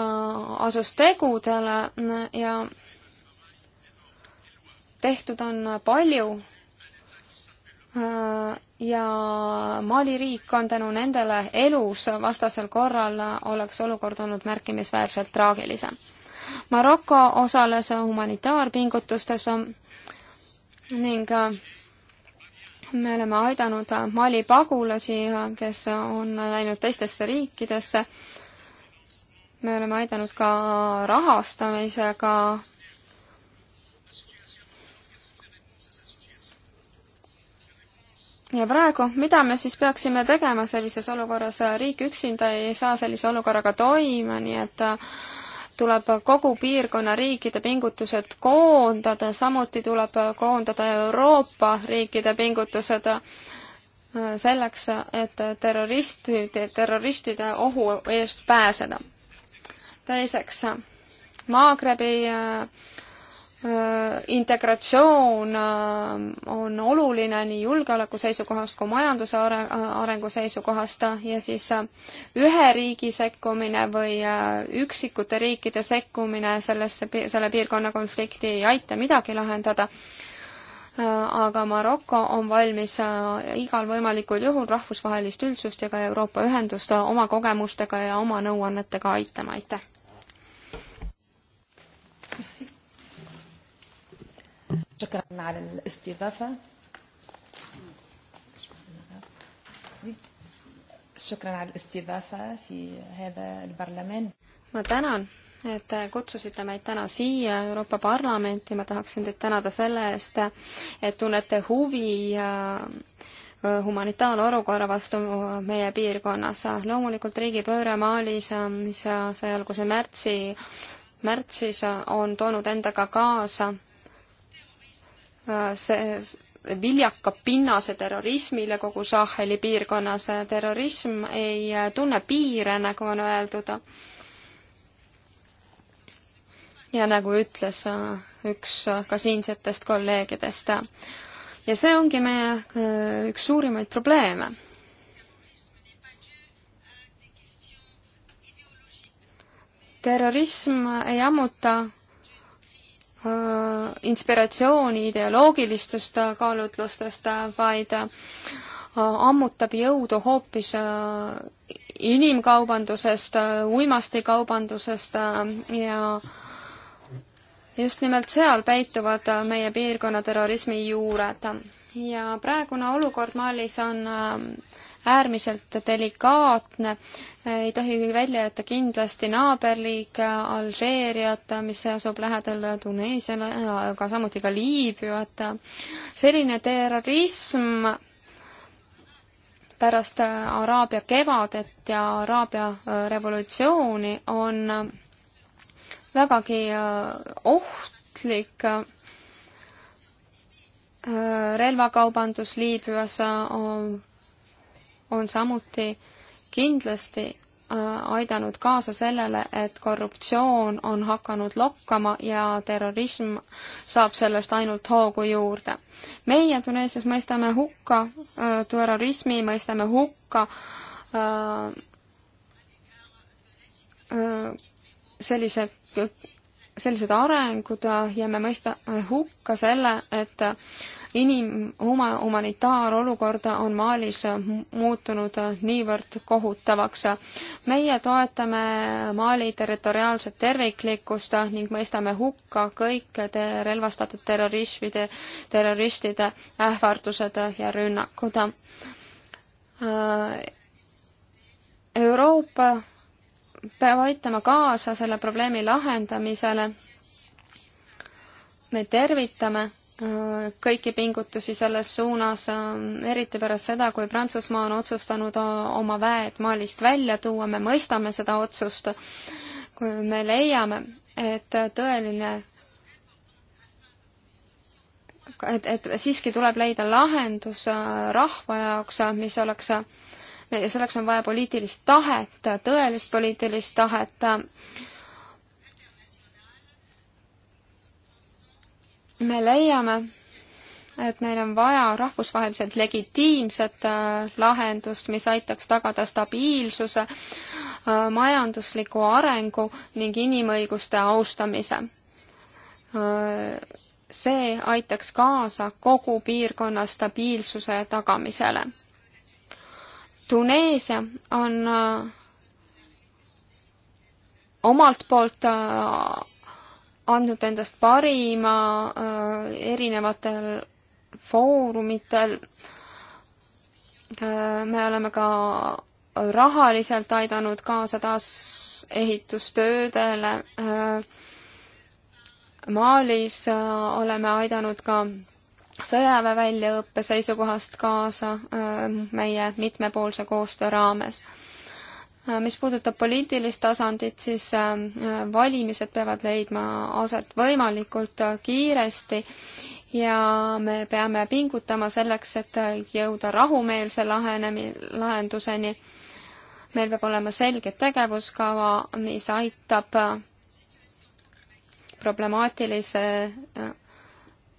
asus tegudele ja tehtud on palju Äh, ja Mali riik on tänu nendele elus, vastasel korral oleks olukord olnud märkimisväärselt traagilisem. Maroko osales humanitaarpingutustes ning äh, me oleme aidanud Mali pagulasi, kes on läinud teistesse riikidesse. me oleme aidanud ka rahastamisega ja praegu, mida me siis peaksime tegema sellises olukorras, riik üksinda ei saa sellise olukorraga toime, nii et äh, tuleb kogu piirkonna riikide pingutused koondada, samuti tuleb koondada Euroopa riikide pingutused äh, selleks, et terroristide, terroristide ohu eest pääseda. teiseks, Maagrebi äh, Äh, integratsioon äh, on oluline nii julgeoleku seisukohast kui majanduse äh, arengu seisukohast ja siis ühe riigi sekkumine või üksikute riikide sekkumine sellesse, selle piirkonna konflikti ei aita midagi lahendada. aga Maroko on valmis igal võimalikul juhul rahvusvahelist üldsust ja ka Euroopa ühendust oma kogemustega ja oma nõuannetega aitama, aitäh! Merci. شكرا على الاستضافة شكرا على الاستضافة في هذا البرلمان ma tänan, et kutsusite meid täna siia Euroopa Parlamenti, ma tahaksin teid tänada selle eest, et tunnete huvi humanitaarolukorra vastu meie piirkonnas. loomulikult riigipööre Malis, mis sai alguse märtsi, märtsis, on toonud endaga kaasa Äh, see viljaka pinnase terrorismile kogu Saheli piirkonnas. terrorism ei äh, tunne piire, nagu on öeldud. ja nagu ütles äh, üks ka siinsetest kolleegidest. ja see ongi meie üks suurimaid probleeme. terrorism ei ammuta Äh, inspiratsiooni ideoloogilistest kaalutlustest, äh, vaid äh, ammutab jõudu hoopis inimkaubandusest, uimastikaubandusest ja just nimelt seal peituvad meie piirkonna terrorismi juured. ja praegune olukord Malis on äärmiselt delikaatne, ei tohi välja jätta kindlasti naaberliike, Alžeeriat, mis asub lähedal Tuneesiale, aga samuti ka Liibüat. selline terrorism pärast Araabia kevadet ja Araabia revolutsiooni on vägagi äh, ohtlik äh, relvakaubandus Liibüas äh, on samuti kindlasti äh, aidanud kaasa sellele, et korruptsioon on hakanud lokkama ja terrorism saab sellest ainult hoogu juurde. meie Tuneesias mõistame hukka äh, terrorismi, mõistame hukka äh, sellised, sellised arengud ja me mõistame hukka selle, et inim-, huma-, humanitaarolukord on Malis muutunud niivõrd kohutavaks. meie toetame Mali territoriaalset terviklikkust ning mõistame hukka kõik te relvastatud terrorismide, terroristide ähvardused ja rünnakud. Euroopa peab aitama kaasa selle probleemi lahendamisele. me tervitame kõiki pingutusi selles suunas, eriti pärast seda, kui Prantsusmaa on otsustanud oma väed Malist välja tuua, me mõistame seda otsust, kui me leiame, et tõeline, et, et siiski tuleb leida lahendus äh, rahva jaoks, äh, mis oleks, äh, selleks on vaja poliitilist tahet, tõelist poliitilist tahet, me leiame, et meil on vaja rahvusvaheliselt legitiimset äh, lahendust, mis aitaks tagada stabiilsuse, äh, majandusliku arengu ning inimõiguste austamise. Äh, see aitaks kaasa kogu piirkonna stabiilsuse tagamisele. Tuneesia on omalt poolt andnud endast parima äh, erinevatel foorumitel. Äh, me oleme ka rahaliselt aidanud kaasa taasehitustöödele. Äh, Malis oleme aidanud ka sõjaväe väljaõppe seisukohast kaasa meie mitmepoolse koostöö raames Äh, mis puudutab poliitilist tasandit, siis äh, valimised peavad leidma aset võimalikult äh, kiiresti ja me peame pingutama selleks, et jõuda rahumeelse lahenemi-, lahenduseni. meil peab olema selge tegevuskava, mis aitab problemaatilise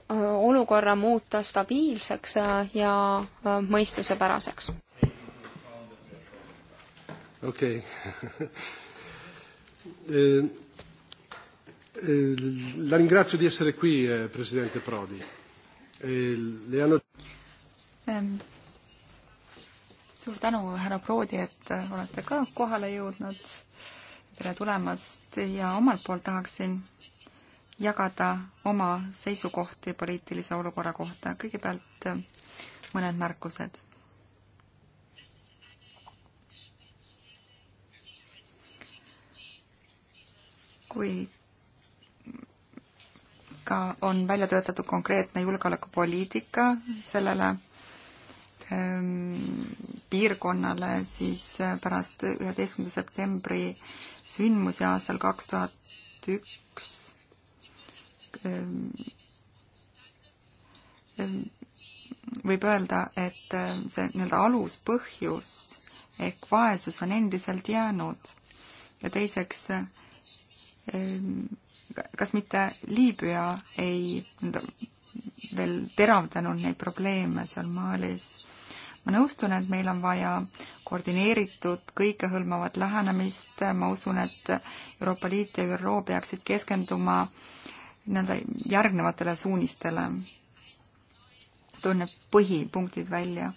olukorra muuta stabiilseks ja mõistusepäraseks. Okay. eh, eh, la ringrazio di essere qui, eh, Presidente Prodi. Eh, le hanno... ehm, suur tänu, härra Prodi, et eh, olete ka kohale jõudnud. tere tulemast ja omalt poolt tahaksin jagada oma seisukohti poliitilise olukorra kohta. kõigepealt eh, mõned märkused kui ka on välja töötatud konkreetne julgeolekupoliitika sellele ähm, piirkonnale siis äh, pärast üheteistkümnenda septembri sündmusi aastal kaks tuhat üks ähm, ähm, võib öelda, et äh, see nii-öelda aluspõhjus ehk vaesus on endiselt jäänud ja teiseks äh, Ehm, kas mitte Liibüa ei veel teravdanud neid probleeme seal Malis. ma nõustun, et meil on vaja koordineeritud, kõikehõlmavat lähenemist, ma usun, et Euroopa Liit ja ÜRO peaksid keskenduma nii-öelda järgnevatele suunistele. toon need põhipunktid välja.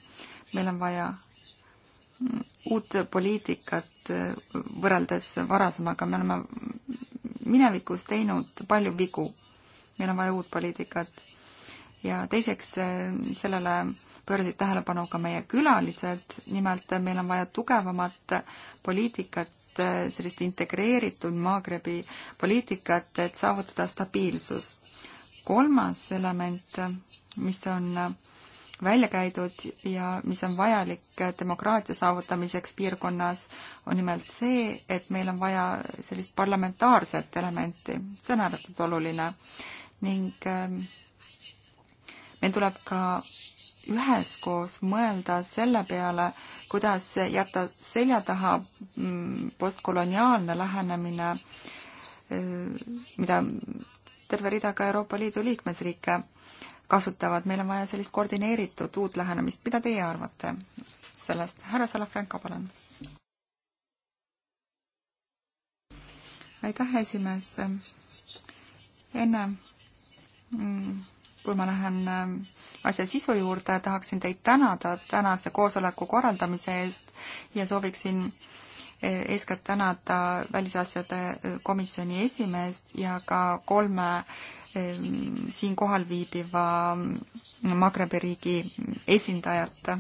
meil on vaja uut poliitikat võrreldes varasemaga, me oleme minevikus teinud palju vigu. meil on vaja uut poliitikat. ja teiseks, eh, sellele pöörasid tähelepanu ka meie külalised, nimelt eh, meil on vaja tugevamat poliitikat, eh, sellist integreeritud Maagrebi poliitikat, et saavutada stabiilsus. kolmas element, mis on välja käidud ja mis on vajalik demokraatia saavutamiseks piirkonnas, on nimelt see, et meil on vaja sellist parlamentaarset elementi, see on ääretult oluline ning ähm, meil tuleb ka üheskoos mõelda selle peale, kuidas jätta selja taha mm, postkoloniaalne lähenemine, äh, mida terve rida ka Euroopa Liidu liikmesriike kasutavad, meil on vaja sellist koordineeritud uut lähenemist, mida teie arvate sellest? härra Salafranca, palun. aitäh, esimees. enne mm, kui ma lähen äh, asja sisu juurde, tahaksin teid tänada tänase koosoleku korraldamise eest ja sooviksin e, eeskätt tänada välisasjade e, komisjoni esimeest ja ka kolme Ehm, siin kohal viibiva Magrebi riigi esindajat.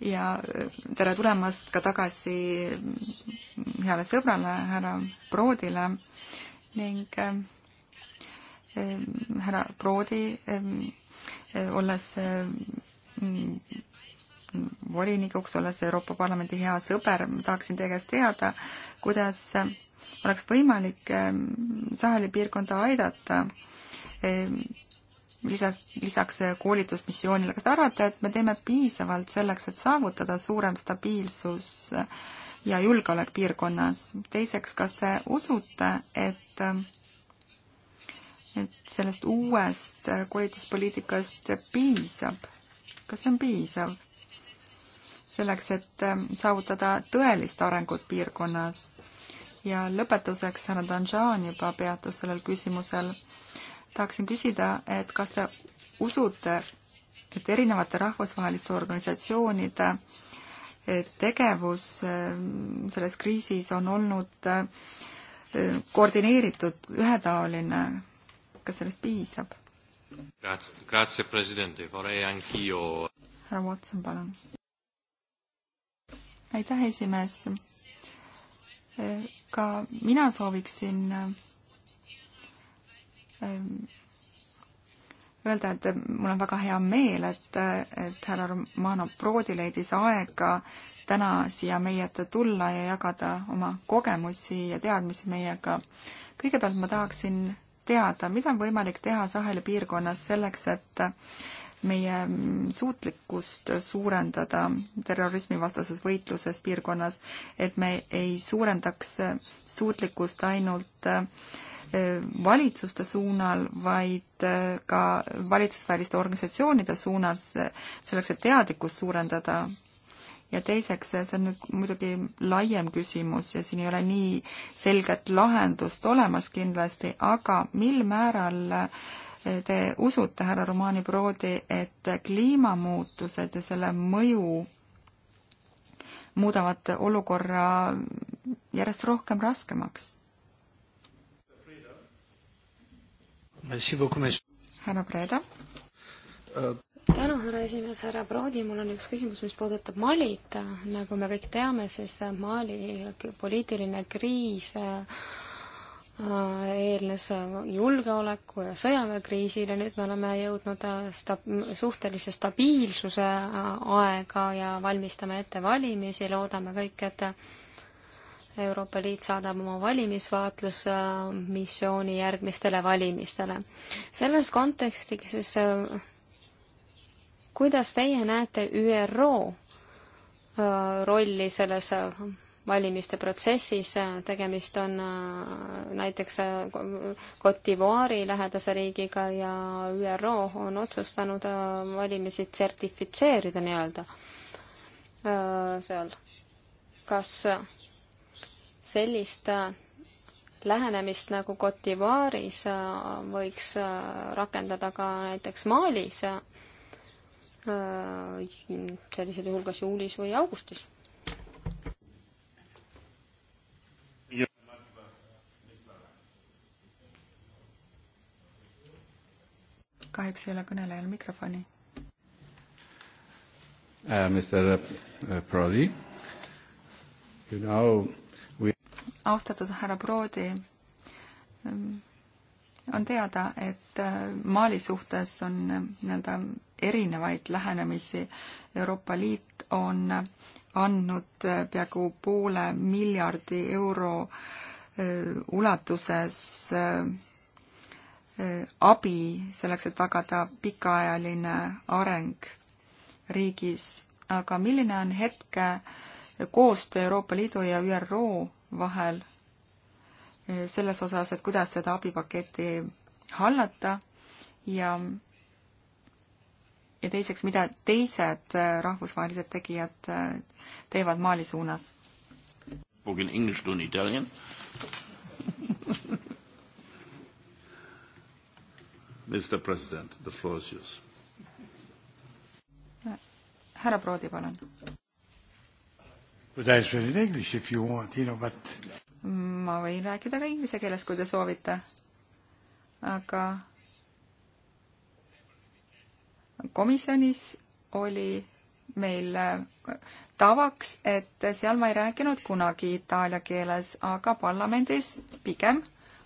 ja äh, tere tulemast ka tagasi mm, heale sõbrale, härra Broodile ning äh, ehm, härra Broodi, ehm, äh, olles mm, volinikuks, olles Euroopa Parlamendi hea sõber, tahaksin teie käest teada, kuidas oleks võimalik ehm, Saheli piirkonda aidata ehm, lisas, lisaks eh, koolitusmissioonile. kas te arvate, et me teeme piisavalt selleks, et saavutada suurem stabiilsus eh, ja julgeolek piirkonnas? teiseks, kas te usute, et ehm, et sellest uuest eh, koolituspoliitikast piisab? kas see on piisav selleks, et saavutada tõelist arengut piirkonnas? ja lõpetuseks, härra Danjan juba peatus sellel küsimusel, tahaksin küsida, et kas te usute, et erinevate rahvusvaheliste organisatsioonide eh, tegevus eh, selles kriisis on olnud eh, koordineeritud, ühetaoline, kas sellest piisab? Grazie, presidente, vorrei anch'io. härra Watson, palun. aitäh, esimees ka mina sooviksin ähm, öelda, et mul on väga hea meel, et, et härra Romano Prodi leidis aega täna siia meie ette tulla ja jagada oma kogemusi ja teadmisi meiega. kõigepealt ma tahaksin teada, mida on võimalik teha Saheli piirkonnas selleks, et meie mm, suutlikkust suurendada terrorismivastases võitluses piirkonnas, et me ei suurendaks suutlikkust ainult äh, valitsuste suunal, vaid äh, ka valitsusväliste organisatsioonide suunas, selleks et teadlikkust suurendada. ja teiseks, see on nüüd muidugi laiem küsimus ja siin ei ole nii selget lahendust olemas kindlasti, aga mil määral äh, te usute, härra Romani Prodi, et kliimamuutused ja selle mõju muudavad olukorra järjest rohkem raskemaks? härra Preda. tänu, härra esimees, härra Proodi, mul on üks küsimus, mis puudutab Malit. nagu me kõik teame, siis Mali poliitiline kriis äh, Äh, eelnes äh, julgeoleku ja sõjaväekriisile, nüüd me oleme jõudnud äh, sta-, suhtelise stabiilsuse aega ja valmistame ette valimisi, loodame kõik, et Euroopa Liit saadab oma valimisvaatlusmissiooni järgmistele valimistele. selles kontekstis siis kuidas teie näete ÜRO rolli selles valimiste protsessis, tegemist on äh, näiteks äh, Cote d'Ivoire'i lähedase riigiga ja ÜRO on otsustanud äh, valimisi sertifitseerida nii-öelda seal. kas sellist lähenemist nagu Cote d'Ivoire'is võiks rakendada ka näiteks Malis, sellisel juhul kas juulis või augustis? kahjuks ei ole kõnelejal mikrofoni uh,. Mr uh, Prodi, you know we austatud härra Prodi, um, on teada, et uh, Mali suhtes on uh, nii-öelda erinevaid lähenemisi. Euroopa Liit on andnud peaaegu poole miljardi euro ulatuses äh, Äh, abi selleks, et tagada pikaajaline areng riigis, aga milline on hetke koostöö Euroopa Liidu ja ÜRO vahel äh, selles osas, et kuidas seda abipaketti hallata ja ja teiseks, mida teised äh, rahvusvahelised tegijad teevad Mali suunas? Mr President, the floor is yours. härra Proodi, palun. But I speak in English if you want, you know, but ma võin rääkida ka inglise keeles, kui te soovite. aga komisjonis oli meil äh, tavaks, et seal ma ei rääkinud kunagi itaalia keeles, aga parlamendis pigem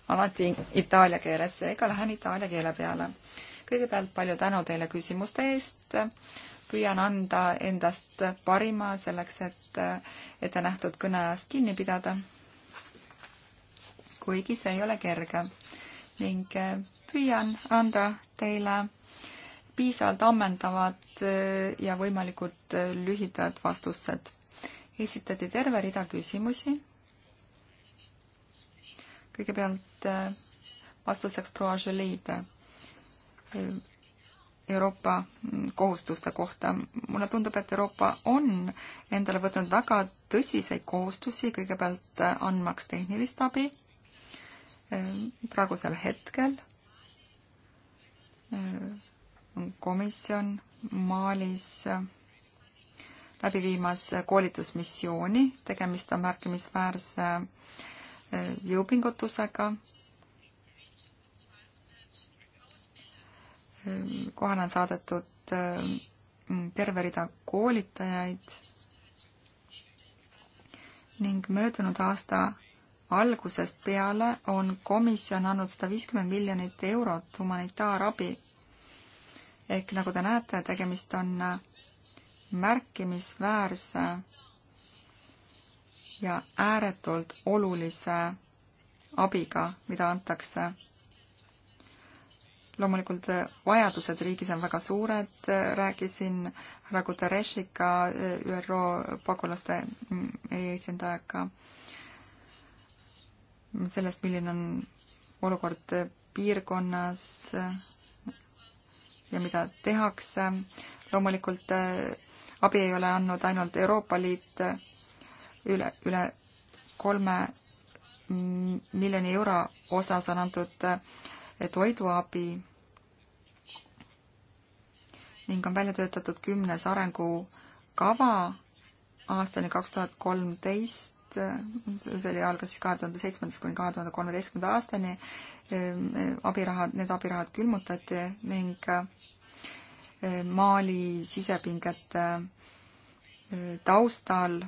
alati itaalia keeles, seega lähen itaalia keele peale. kõigepealt palju tänu teile küsimuste eest, püüan anda endast parima selleks, et ettenähtud kõneajast kinni pidada. kuigi see ei ole kerge ning püüan anda teile piisavalt ammendavad ja võimalikult lühidad vastused. esitati terve rida küsimusi kõigepealt äh, vastuseks proua Jolide äh, Euroopa mm, kohustuste kohta. mulle tundub, et Euroopa on endale võtnud väga tõsiseid kohustusi, kõigepealt äh, andmaks tehnilist abi praegusel hetkel on komisjon Maalis läbi viimas koolitusmissiooni, tegemist on märkimisväärse äh, jõupingutusega. kohale on saadetud mm, terve rida koolitajaid ning möödunud aasta algusest peale on komisjon andnud sada viiskümmend miljonit eurot humanitaarabi. ehk nagu te näete, tegemist on märkimisväärse ja ääretult olulise abiga, mida antakse. loomulikult eh, vajadused riigis on väga suured, eh, rääkisin härra Guterresiga, eh, ÜRO pagulaste mm, esindajaga, sellest, milline on olukord piirkonnas ja mida tehakse. loomulikult abi ei ole andnud ainult Euroopa Liit, üle, üle kolme miljoni euro osas on antud eh, toiduabi ning on välja töötatud kümnes arengukava aastani kaks tuhat kolmteist, see algas siis kahe tuhande seitsmendast kuni kahe tuhande kolmeteistkümnenda aastani, ehm, eh, abirahad, need abirahad külmutati ning eh, Mali sisepingete taustal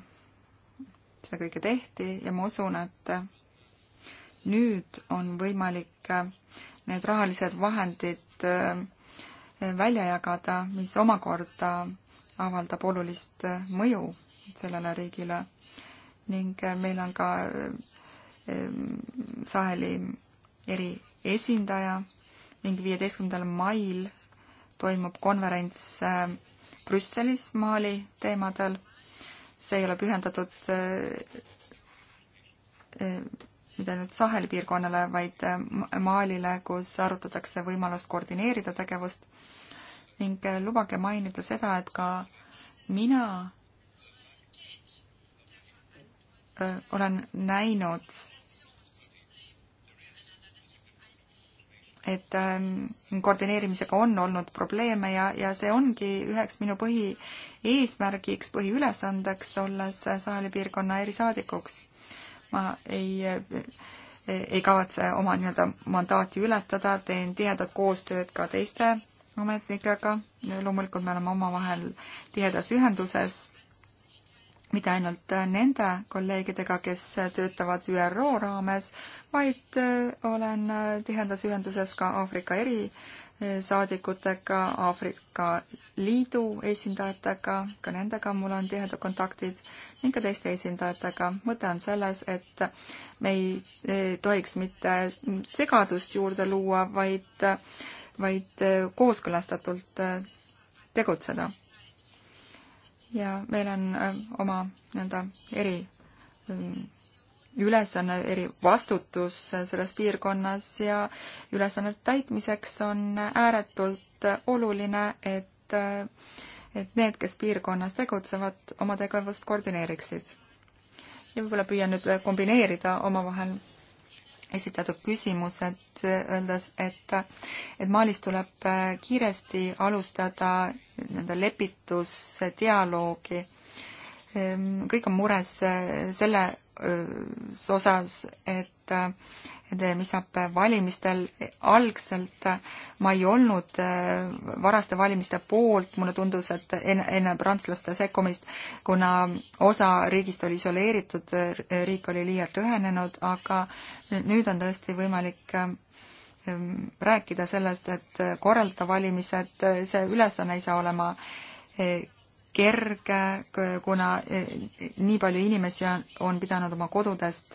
seda kõike tehti ja ma usun, et nüüd on võimalik äh, need rahalised vahendid äh, välja jagada, mis omakorda avaldab olulist äh, mõju sellele riigile ning meil on ka Saheli eriesindaja ning viieteistkümnendal mail toimub konverents Brüsselis Mali teemadel see ei ole pühendatud äh, äh, mitte ainult Saheli piirkonnale, vaid äh, Malile, kus arutatakse võimalust koordineerida tegevust ning lubage mainida seda, et ka mina olen näinud et ähm, koordineerimisega on olnud probleeme ja, ja see ongi üheks minu põhieesmärgiks, põhiülesandeks, olles Saheli piirkonna erisaadikuks. ma ei, e, ei kavatse oma nii-öelda mandaati ületada, teen tihedat koostööd ka teiste ametnikega, loomulikult me oleme omavahel tihedas ühenduses mitte ainult äh, nende kolleegidega, kes äh, töötavad ÜRO raames, vaid äh, olen tihedas ühenduses ka Aafrika erisaadikutega, Aafrika Liidu esindajatega, ka nendega mul on tihedad kontaktid ning ka teiste esindajatega. mõte on selles, et me ei tohiks mitte segadust juurde luua, vaid, vaid kooskõlastatult tegutseda ja meil on äh, oma nii-öelda eri ähm, ülesanne, eri vastutus äh, selles piirkonnas ja ülesannete täitmiseks on äh, ääretult oluline, et, et need, kes piirkonnas tegutsevad, oma tegevust koordineeriksid. ja võib-olla püüan nüüd kombineerida omavahel esitatud küsimused, öeldes, et, et Malis tuleb äh, kiiresti alustada nii-öelda lepitusdialoogi. Ehm, kõik on mures äh, selles äh, osas, et, mis saab valimistel algselt, ma ei olnud äh, varaste valimiste poolt, mulle tundus, et enne, enne prantslaste sekkumist, kuna osa riigist oli isoleeritud, riik oli liialt ühenenud, aga nüüd on tõesti võimalik äh, rääkida sellest, et korraldada valimised, see ülesanne ei saa olema e, kerge, kuna e, nii palju inimesi on, on pidanud oma kodudest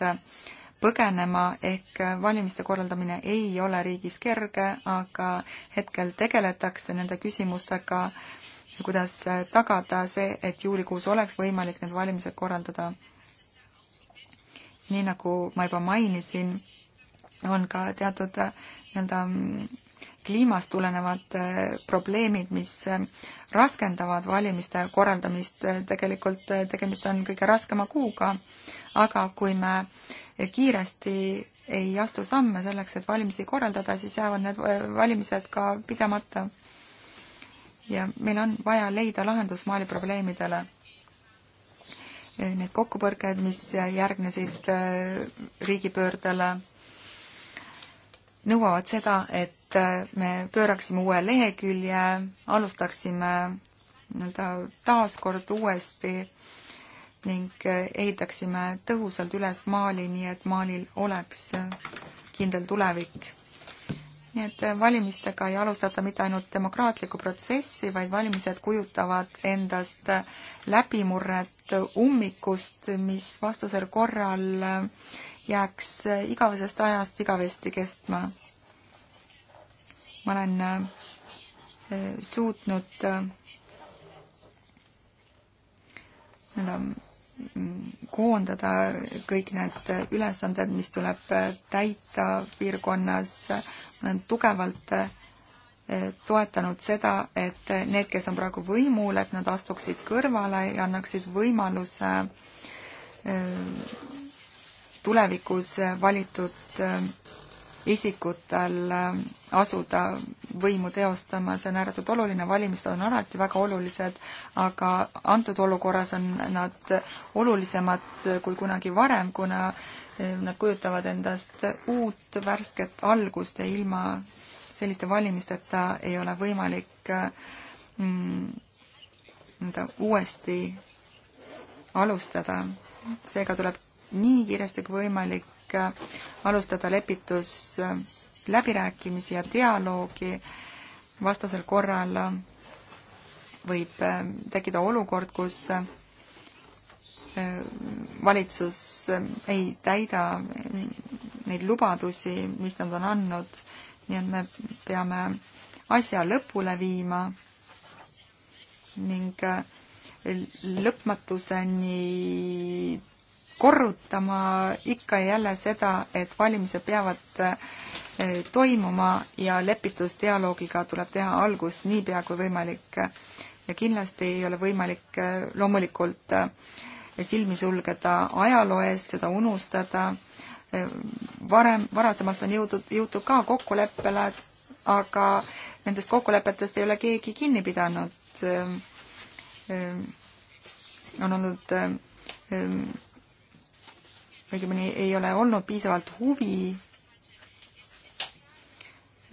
põgenema, ehk valimiste korraldamine ei ole riigis kerge, aga hetkel tegeletakse nende küsimustega, kuidas tagada see, et juulikuus oleks võimalik need valimised korraldada. nii nagu ma juba mainisin, on ka teatud nii-öelda kliimast tulenevad eh, probleemid, mis eh, raskendavad valimiste korraldamist, tegelikult eh, tegemist on kõige raskema kuuga, aga kui me kiiresti ei astu samme selleks, et valimisi korraldada, siis jäävad need äh, valimised ka pigemata. ja meil on vaja leida lahendus Mali probleemidele. Äh, need kokkupõrked, mis järgnesid äh, riigipöördele, nõuavad seda, et me pööraksime uue lehekülje, alustaksime nii-öelda taaskord uuesti ning eh, ehitaksime tõhusalt üles Mali, nii et Malil oleks eh, kindel tulevik. nii et eh, valimistega ei alustata mitte ainult demokraatlikku protsessi, vaid valimised kujutavad endast läbimurret ummikust, mis vastasel korral jääks igavesest ajast igavesti kestma. ma olen suutnud nii-öelda koondada kõik need ülesanded, mis tuleb täita piirkonnas. ma olen tugevalt eh, toetanud seda, et need, kes on praegu võimul, et nad astuksid kõrvale ja annaksid võimaluse eh, tulevikus valitud eh, isikutel äh, asuda võimu teostama, see on ääretult oluline, valimised on alati väga olulised, aga antud olukorras on nad olulisemad kui kunagi varem, kuna äh, nad kujutavad endast uut värsket algust ja ilma selliste valimisteta ei ole võimalik äh, mm, nii-öelda uuesti alustada. seega tuleb nii kiiresti kui võimalik võimalik alustada lepitusläbirääkimisi ja dialoogi, vastasel korral võib ähm, tekkida olukord, kus äh, valitsus ähm, ei täida neid lubadusi, mis nad on andnud, nii et me peame asja lõpule viima ning äh, lõpmatuseni korrutama ikka ja jälle seda, et valimised peavad eh, toimuma ja lepitusdialoogiga tuleb teha algust niipea kui võimalik. ja kindlasti ei ole võimalik eh, loomulikult eh, silmi sulgeda ajaloo eest, seda unustada. varem, varasemalt on jõudnud, jõutud ka kokkuleppele, aga nendest kokkulepetest ei ole keegi kinni pidanud. on olnud õigemini ei ole olnud piisavalt huvi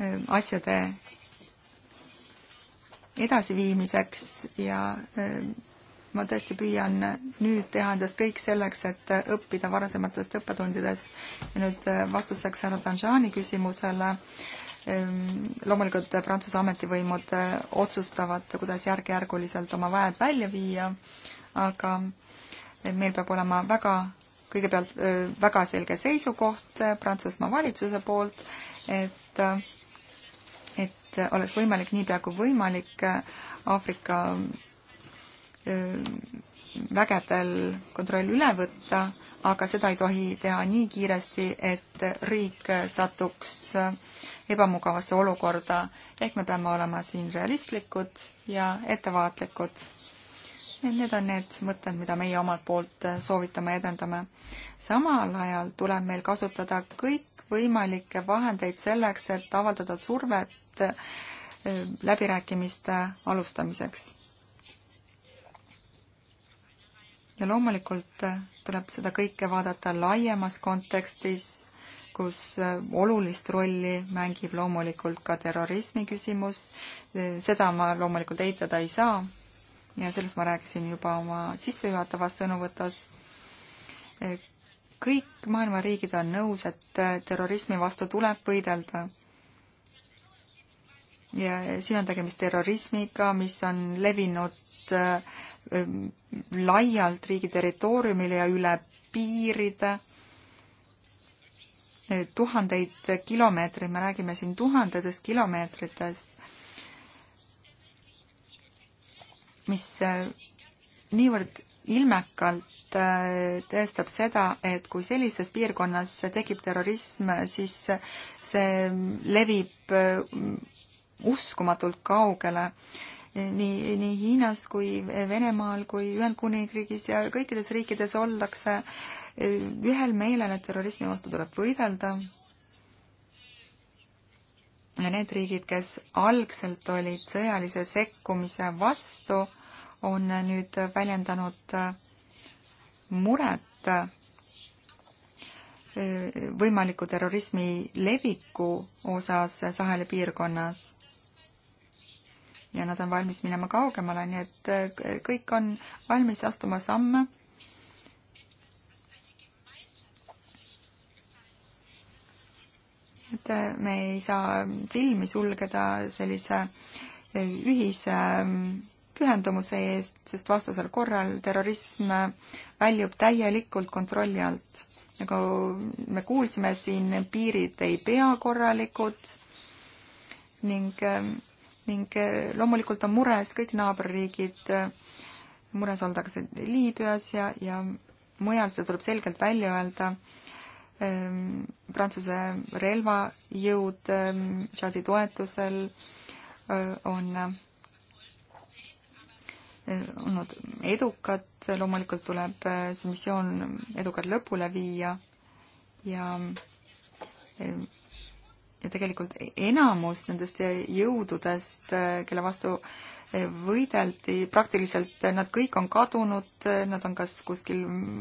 ähm, asjade edasiviimiseks ja ähm, ma tõesti püüan nüüd teha endast kõik selleks, et õppida varasematest õppetundidest ja nüüd äh, vastuseks härra Danjani küsimusele. Ähm, loomulikult äh, Prantsuse ametivõimud äh, otsustavad, kuidas järk-järguliselt oma väed välja viia, aga meil peab olema väga kõigepealt väga selge seisukoht äh, Prantsusmaa valitsuse poolt, et, äh, et oleks võimalik niipea kui võimalik äh, Aafrika vägedel kontroll üle võtta, aga seda ei tohi teha nii kiiresti, et riik satuks ebamugavasse olukorda. ehk me peame olema siin realistlikud ja ettevaatlikud Need on need mõtted, mida meie omalt poolt äh, soovitame, edendame. samal ajal tuleb meil kasutada kõikvõimalikke vahendeid selleks, et avaldada survet äh, läbirääkimiste alustamiseks. ja loomulikult äh, tuleb seda kõike vaadata laiemas kontekstis, kus olulist rolli mängib loomulikult ka terrorismi küsimus, seda ma loomulikult eitada ei saa ja sellest ma rääkisin juba oma sissejuhatavas sõnavõtas. kõik maailma riigid on nõus, et terrorismi vastu tuleb võidelda. ja siin on tegemist terrorismiga, mis on levinud äh, laialt riigi territooriumile ja üle piiride tuhandeid kilomeetreid, me räägime siin tuhandetest kilomeetritest mis äh, niivõrd ilmekalt äh, tõestab seda, et kui sellises piirkonnas tekib terrorism, siis see levib äh, uskumatult kaugele nii, nii Hiinas kui Venemaal kui Ühendkuningriigis ja kõikides riikides ollakse ühel meelel, et terrorismi vastu tuleb võidelda need riigid, kes algselt olid sõjalise sekkumise vastu, on nüüd väljendanud äh, muret äh, võimaliku terrorismi leviku osas Saheli piirkonnas. ja nad on valmis minema kaugemale, nii et äh, kõik on valmis astuma samme et me ei saa silmi sulgeda sellise ühise pühendumuse eest, sest vastasel korral terrorism väljub täielikult kontrolli alt. nagu me kuulsime siin, piirid ei pea korralikud ning, ning loomulikult on mures kõik naaberriigid, mures oldakse Liibüas ja, ja mujal, seda tuleb selgelt välja öelda Ehm, Prantsuse relvajõud ehm, Tšaadi toetusel eh, on eh, olnud edukad, loomulikult tuleb eh, see missioon edukalt lõpule viia ja ja tegelikult enamus nendest jõududest, kelle vastu võideldi, praktiliselt nad kõik on kadunud, nad on kas kuskil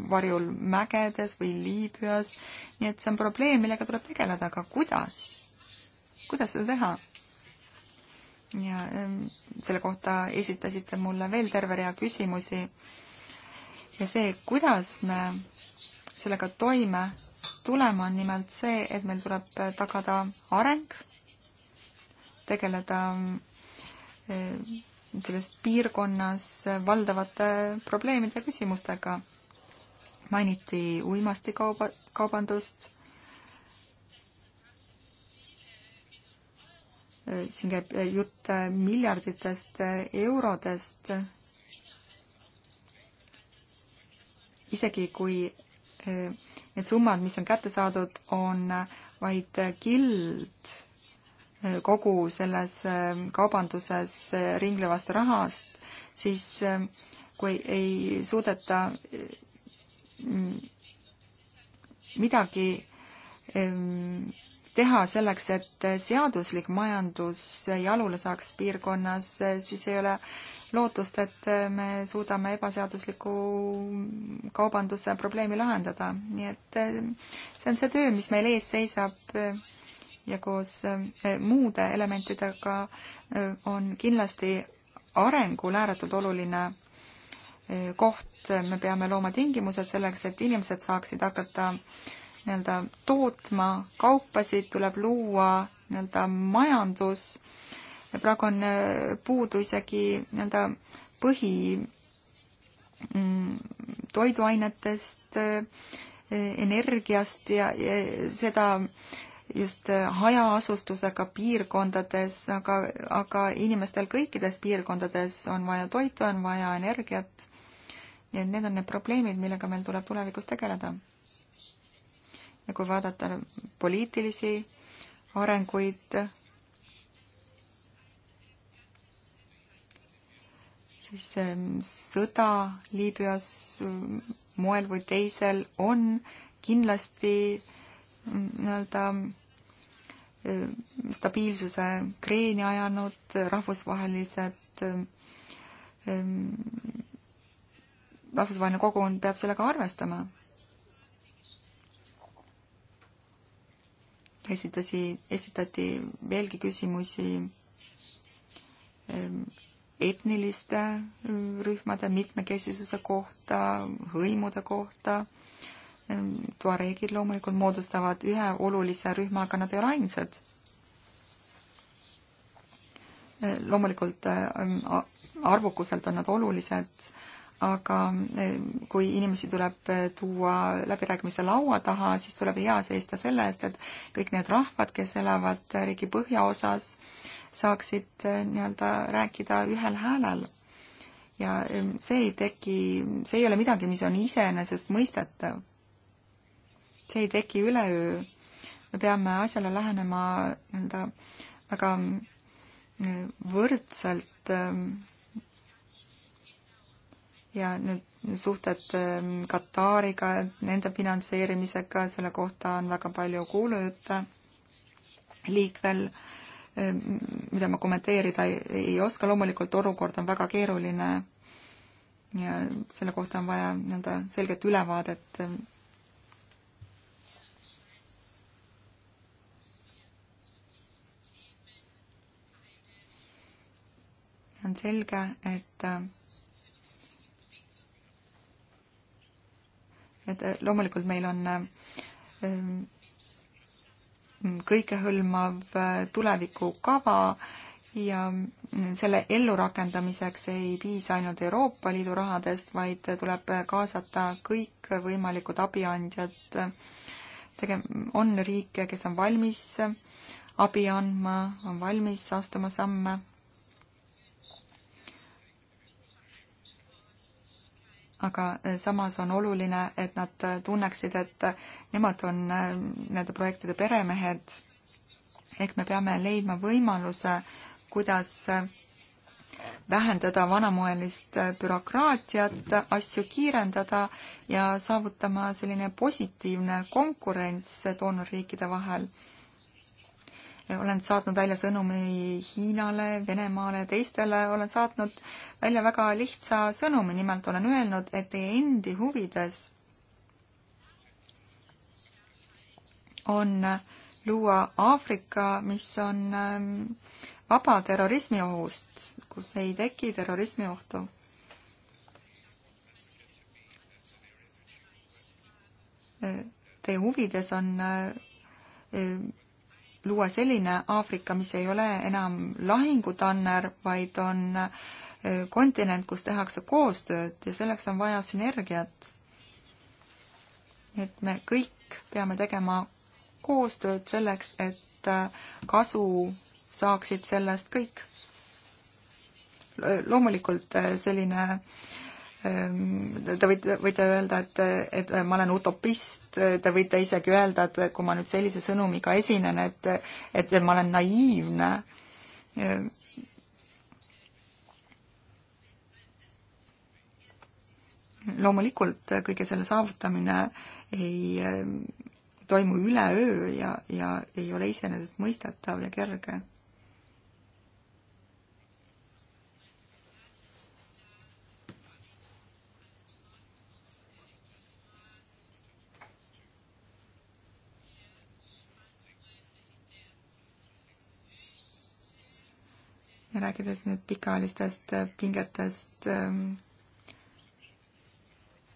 varjul mägedes või Liibüas, nii et see on probleem, millega tuleb tegeleda, aga kuidas? kuidas seda teha? ja ehm, selle kohta esitasite mulle veel terve rea küsimusi ja see, kuidas me sellega toime tulema, on nimelt see, et meil tuleb tagada areng, tegeleda ehm, selles piirkonnas valdavate probleemide ja küsimustega. mainiti uimastikauba, kaubandust. siin käib jutt miljarditest eurodest. isegi kui eh, need summad, mis on kätte saadud, on vaid kild kogu selles ähm, kaubanduses äh, ringlevast rahast, siis ähm, kui ei suudeta äh, midagi ähm, teha selleks, et seaduslik majandus jalule saaks piirkonnas, äh, siis ei ole lootust, et me suudame ebaseadusliku kaubanduse probleemi lahendada. nii et see on see töö, mis meil ees seisab ja koos eh, muude elementidega eh, on kindlasti arengul ääretult oluline eh, koht, me peame looma tingimused selleks, et inimesed saaksid hakata nii-öelda tootma kaupasid, tuleb luua nii-öelda majandus, praegu on puudu isegi nii-öelda põhi mm, toiduainetest, energiast ja, ja seda just äh, hajaasustusega piirkondades, aga, aga inimestel kõikides piirkondades on vaja toitu, on vaja energiat. nii et need on need probleemid, millega meil tuleb tulevikus tegeleda. ja kui vaadata poliitilisi arenguid, siis ähm, sõda Liibüas moel või teisel on kindlasti äh, nii-öelda äh, stabiilsuse kreeni ajanud rahvusvahelised ähm, rahvusvaheline kogukond peab sellega arvestama. esitasi, esitati veelgi küsimusi ähm, etniliste äh, rühmade mitmekesisuse kohta, hõimude kohta Ehm, tuareegid loomulikult moodustavad ühe olulise rühma, aga nad ei ole ainsad. Ehm, loomulikult ehm, arvukuselt on nad olulised, aga kui inimesi tuleb eh, tuua läbirääkimise laua taha, siis tuleb hea seista selle eest, et kõik need rahvad, kes elavad riigi põhjaosas, saaksid eh, nii-öelda rääkida ühel häälel. ja see ei teki, see ei ole midagi, mis on iseenesestmõistetav see ei teki üleöö. me peame asjale lähenema nii-öelda väga mm, võrdselt ähm, ja nüüd suhted ähm, Katariga, nende finantseerimisega, selle kohta on väga palju kuulujutte liikvel, ähm, mida ma kommenteerida ei, ei oska, loomulikult olukord on väga keeruline ja selle kohta on vaja nii-öelda selget ülevaadet on selge, et et loomulikult meil on ähm, kõikehõlmav äh, tulevikukava ja selle ellurakendamiseks ei piisa ainult Euroopa Liidu rahadest, vaid tuleb kaasata kõikvõimalikud abiandjad. tege-, on riike, kes on valmis abi andma, on valmis astuma samme aga eh, samas on oluline, et nad eh, tunneksid, et eh, nemad on nende projektide peremehed. ehk me peame leidma võimaluse, kuidas vähendada vanamoelist bürokraatiat, asju kiirendada ja saavutama selline positiivne konkurents doonorriikide vahel olen saatnud välja sõnumi Hiinale, Venemaale ja teistele, olen saatnud välja väga lihtsa sõnumi, nimelt olen öelnud, et teie endi huvides on luua Aafrika, mis on ähm, vaba terrorismi ohust, kus ei teki terrorismi ohtu. Teie huvides on äh, luua selline Aafrika, mis ei ole enam lahingutanner, vaid on äh, kontinent, kus tehakse koostööd ja selleks on vaja sünergiat. et me kõik peame tegema koostööd selleks, et äh, kasu saaksid sellest kõik. loomulikult äh, selline äh, Ehm, te võite, võite öelda, et, et ma olen utopist, te võite isegi öelda, et kui ma nüüd sellise sõnumiga esinen, et, et ma olen naiivne. Ehm, loomulikult kõige selle saavutamine ei ehm, toimu üleöö ja, ja ei ole iseenesestmõistetav ja kerge ja rääkides nüüd pikaajalistest äh, pingetest ähm,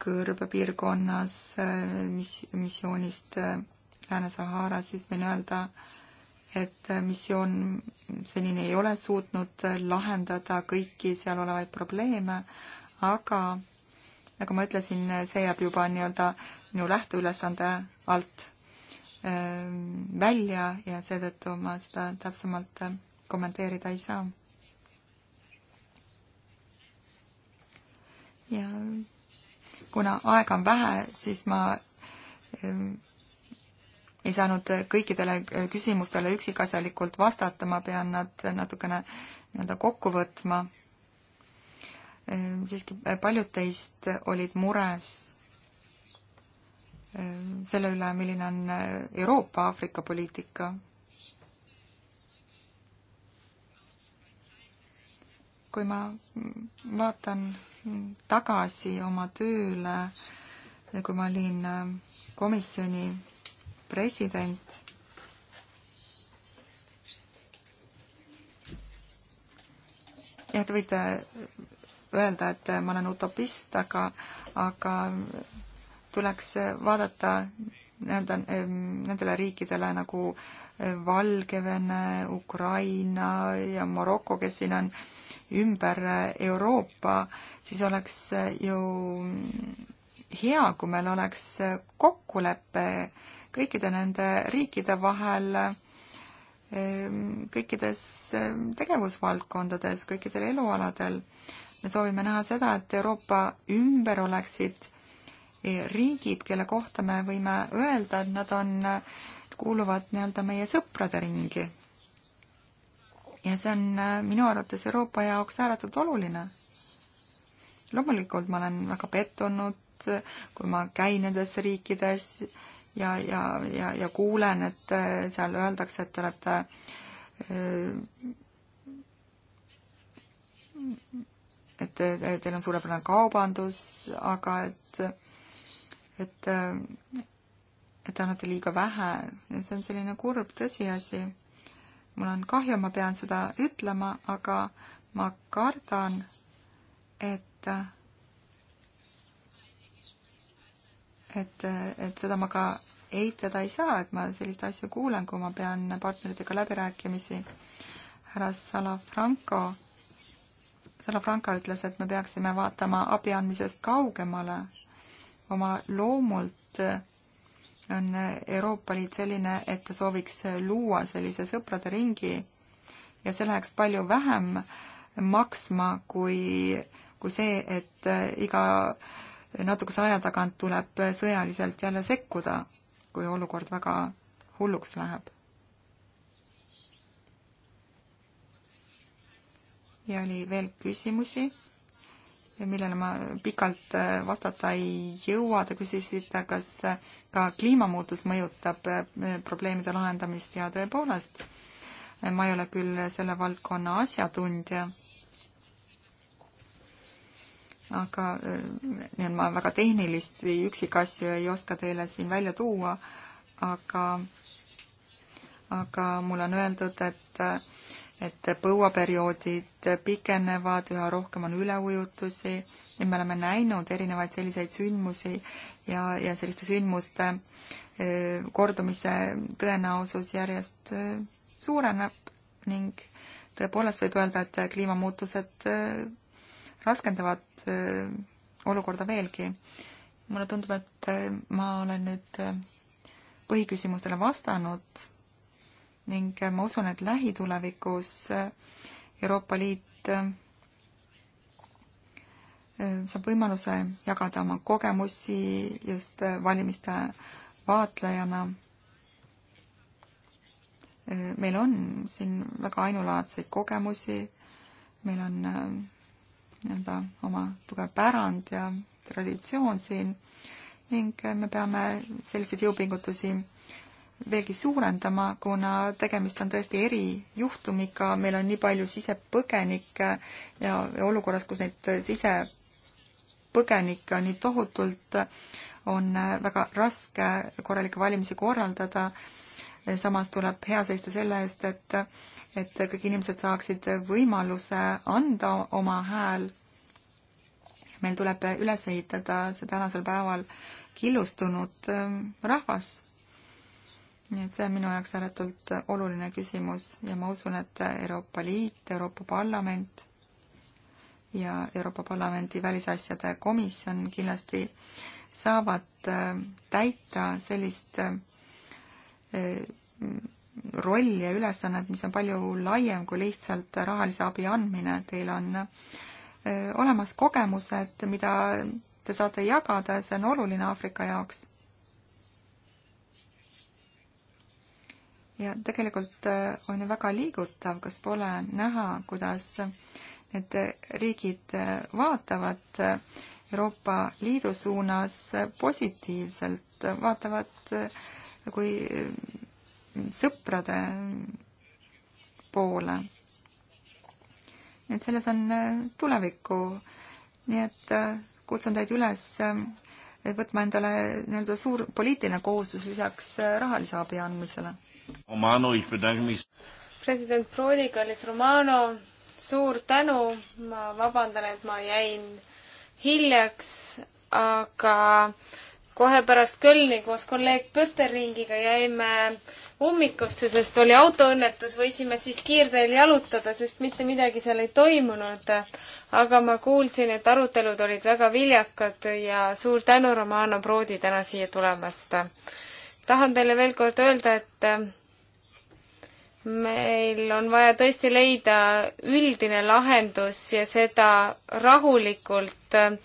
kõrbepiirkonnas äh, mis, missioonist äh, Lääne-Saharas, siis võin öelda, et missioon senini ei ole suutnud lahendada kõiki seal olevaid probleeme, aga nagu ma ütlesin, see jääb juba nii-öelda minu lähteülesande alt ähm, välja ja seetõttu ma seda täpsemalt kommenteerida ei saa. ja kuna aega on vähe, siis ma ähm, ei saanud kõikidele äh, küsimustele üksikasjalikult vastata, ma pean nad natukene nii-öelda kokku võtma. Ähm, siiski äh, paljud teist olid mures ähm, selle üle, milline on äh, Euroopa-Aafrika poliitika kui ma vaatan tagasi oma tööle, kui ma olin äh, komisjoni president, jah, te võite öelda, et äh, ma olen utopist, aga, aga tuleks äh, vaadata nii-öelda nendele riikidele nagu Valgevene, Ukraina ja Maroko, kes siin on äh, ümber Euroopa, siis oleks ju hea, kui meil oleks kokkulepe kõikide nende riikide vahel ehm, kõikides ehm, tegevusvaldkondades, kõikidel elualadel. me soovime näha seda, et Euroopa ümber oleksid e, riigid, kelle kohta me võime öelda, et nad on, kuuluvad nii-öelda meie sõprade ringi ja see on äh, minu arvates Euroopa jaoks ääretult oluline. loomulikult ma olen väga pettunud, äh, kui ma käin nendes riikides ja, ja, ja, ja kuulen, et äh, seal öeldakse, et te olete et teil on suurepärane kaubandus, aga et, et, et te annate liiga vähe ja see on selline kurb tõsiasi mul on kahju, ma pean seda ütlema, aga ma kardan, et et, et seda ma ka eitada ei saa, et ma sellist asja kuulen, kui ma pean partneritega läbirääkimisi. härra Salafranco, Salafranca ütles, et me peaksime vaatama abi andmisest kaugemale. oma loomult on Euroopa Liit selline, et ta sooviks luua sellise sõprade ringi ja see läheks palju vähem maksma kui, kui see, et iga natukese aja tagant tuleb sõjaliselt jälle sekkuda, kui olukord väga hulluks läheb. ja oli veel küsimusi millele ma pikalt äh, vastata ei jõua, te küsisite, kas äh, ka kliimamuutus mõjutab äh, probleemide lahendamist ja tõepoolest, ma ei ole küll selle valdkonna asjatundja, aga nii et ma väga tehnilist üksikasju ei oska teile siin välja tuua, aga, aga mulle on öeldud, et et põuaperioodid pikenevad, üha rohkem on üleujutusi ja me oleme näinud erinevaid selliseid sündmusi ja, ja selliste sündmuste kordumise tõenäosus järjest suureneb ning tõepoolest võib öelda, et kliimamuutused raskendavad olukorda veelgi. mulle tundub, et ma olen nüüd põhiküsimustele vastanud ning ma usun, et lähitulevikus Euroopa Liit eh, saab võimaluse jagada oma kogemusi just valimiste vaatlejana. Eh, meil on siin väga ainulaadseid kogemusi, meil on eh, nii-öelda oma tugev pärand ja traditsioon siin ning me peame selliseid jõupingutusi veelgi suurendama, kuna tegemist on tõesti erijuhtumiga, meil on nii palju sisepõgenikke ja olukorras, kus neid sisepõgenikke on nii tohutult, on väga raske korralikke valimisi korraldada. samas tuleb hea seista selle eest, et, et kõik inimesed saaksid võimaluse anda oma hääl. meil tuleb üles ehitada see tänasel päeval killustunud äh, rahvas nii et see on minu jaoks ääretult oluline küsimus ja ma usun, et Euroopa Liit, Euroopa Parlament ja Euroopa Parlamendi välisasjade komisjon kindlasti saavad äh, täita sellist äh, rolli ja ülesannet, mis on palju laiem kui lihtsalt rahalise abi andmine, teil on äh, olemas kogemused, mida te saate jagada ja see on oluline Aafrika jaoks ja tegelikult äh, on ju väga liigutav, kas pole näha, kuidas need riigid äh, vaatavad äh, Euroopa Liidu suunas positiivselt, vaatavad kui sõprade poole. et selles on tulevikku, nii et kutsun teid üles võtma endale nii-öelda suur poliitiline kohustus lisaks rahalise abi andmisele Romano, ich bedanke mich. president Proodi, kallis Romano, suur tänu, ma vabandan, et ma jäin hiljaks, aga kohe pärast Kölni koos kolleeg Pötteringiga jäime ummikusse, sest oli autoõnnetus, võisime siis kiirteel jalutada, sest mitte midagi seal ei toimunud. aga ma kuulsin, et arutelud olid väga viljakad ja suur tänu, Romano Proodi, täna siia tulemast tahan teile veel kord öelda, et äh, meil on vaja tõesti leida üldine lahendus ja seda rahulikult. Äh,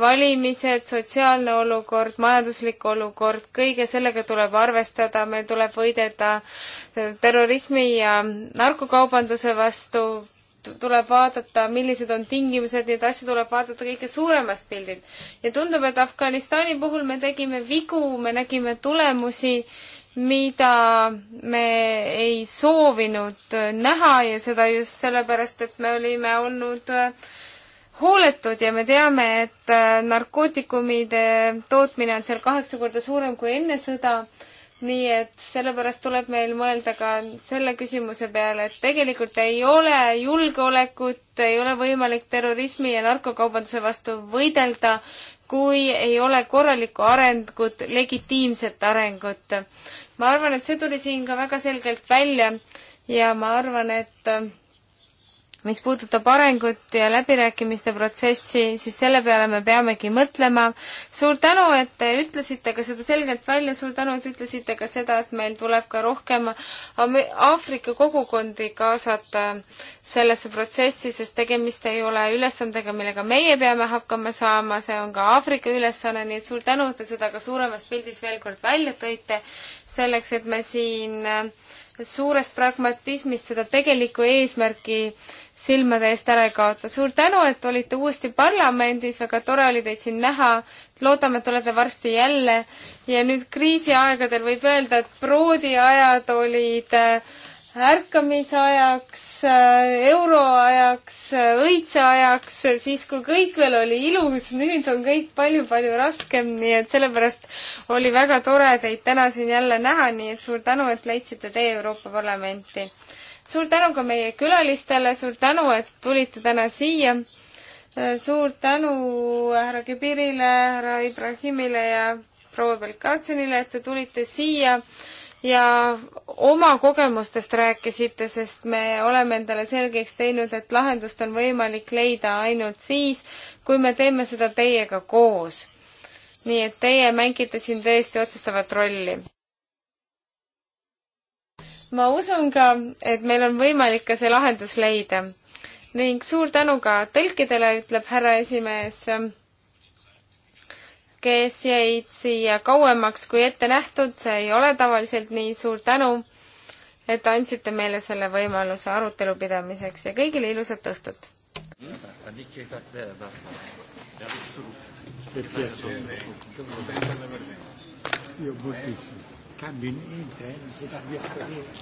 valimised, sotsiaalne olukord, majanduslik olukord, kõige sellega tuleb arvestada, meil tuleb võidelda äh, terrorismi ja narkokaubanduse vastu, tuleb vaadata, millised on tingimused, neid asju tuleb vaadata kõige suuremas pildil. ja tundub, et Afganistani puhul me tegime vigu, me nägime tulemusi, mida me ei soovinud näha ja seda just sellepärast, et me olime olnud äh, hooletud ja me teame, et äh, narkootikumide tootmine on seal kaheksa korda suurem kui enne sõda nii et sellepärast tuleb meil mõelda ka selle küsimuse peale, et tegelikult ei ole julgeolekut, ei ole võimalik terrorismi ja narkokaubanduse vastu võidelda, kui ei ole korralikku arengut, legitiimset arengut. ma arvan, et see tuli siin ka väga selgelt välja ja ma arvan, et mis puudutab arengut ja läbirääkimiste protsessi, siis selle peale me peamegi mõtlema. suur tänu, et te ütlesite ka seda selgelt välja, suur tänu, et ütlesite ka seda, et meil tuleb ka rohkem Aafrika kogukondi kaasata sellesse protsessi, sest tegemist ei ole ülesandega, millega meie peame hakkama saama, see on ka Aafrika ülesanne, nii et suur tänu, et te seda ka suuremas pildis veel kord välja tõite, selleks et me siin suurest pragmatismist seda tegelikku eesmärki silmade eest ära ei kaota. suur tänu, et olite uuesti parlamendis, väga tore oli teid siin näha. loodame, et olete varsti jälle ja nüüd kriisiaegadel võib öelda, et proodiajad olid äh, ärkamisajaks, äh, euroajaks, äh, õitseajaks, siis kui kõik veel oli ilus, nüüd on kõik palju-palju raskem, nii et sellepärast oli väga tore teid täna siin jälle näha, nii et suur tänu, et leidsite tee Euroopa Parlamenti suur tänu ka meie külalistele, suur tänu, et tulite täna siia. suur tänu härra Kibirile, härra Ibrahimile ja proua Belkatsenile, et te tulite siia ja oma kogemustest rääkisite, sest me oleme endale selgeks teinud, et lahendust on võimalik leida ainult siis, kui me teeme seda teiega koos. nii et teie mängite siin tõesti otsustavat rolli ma usun ka, et meil on võimalik ka see lahendus leida ning suur tänu ka tõlkidele, ütleb härra esimees, kes jäid siia kauemaks kui ette nähtud, see ei ole tavaliselt nii, suur tänu, et andsite meile selle võimaluse arutelu pidamiseks ja kõigile ilusat õhtut! Io moltissimo cambio niente, eh, non si cambia niente.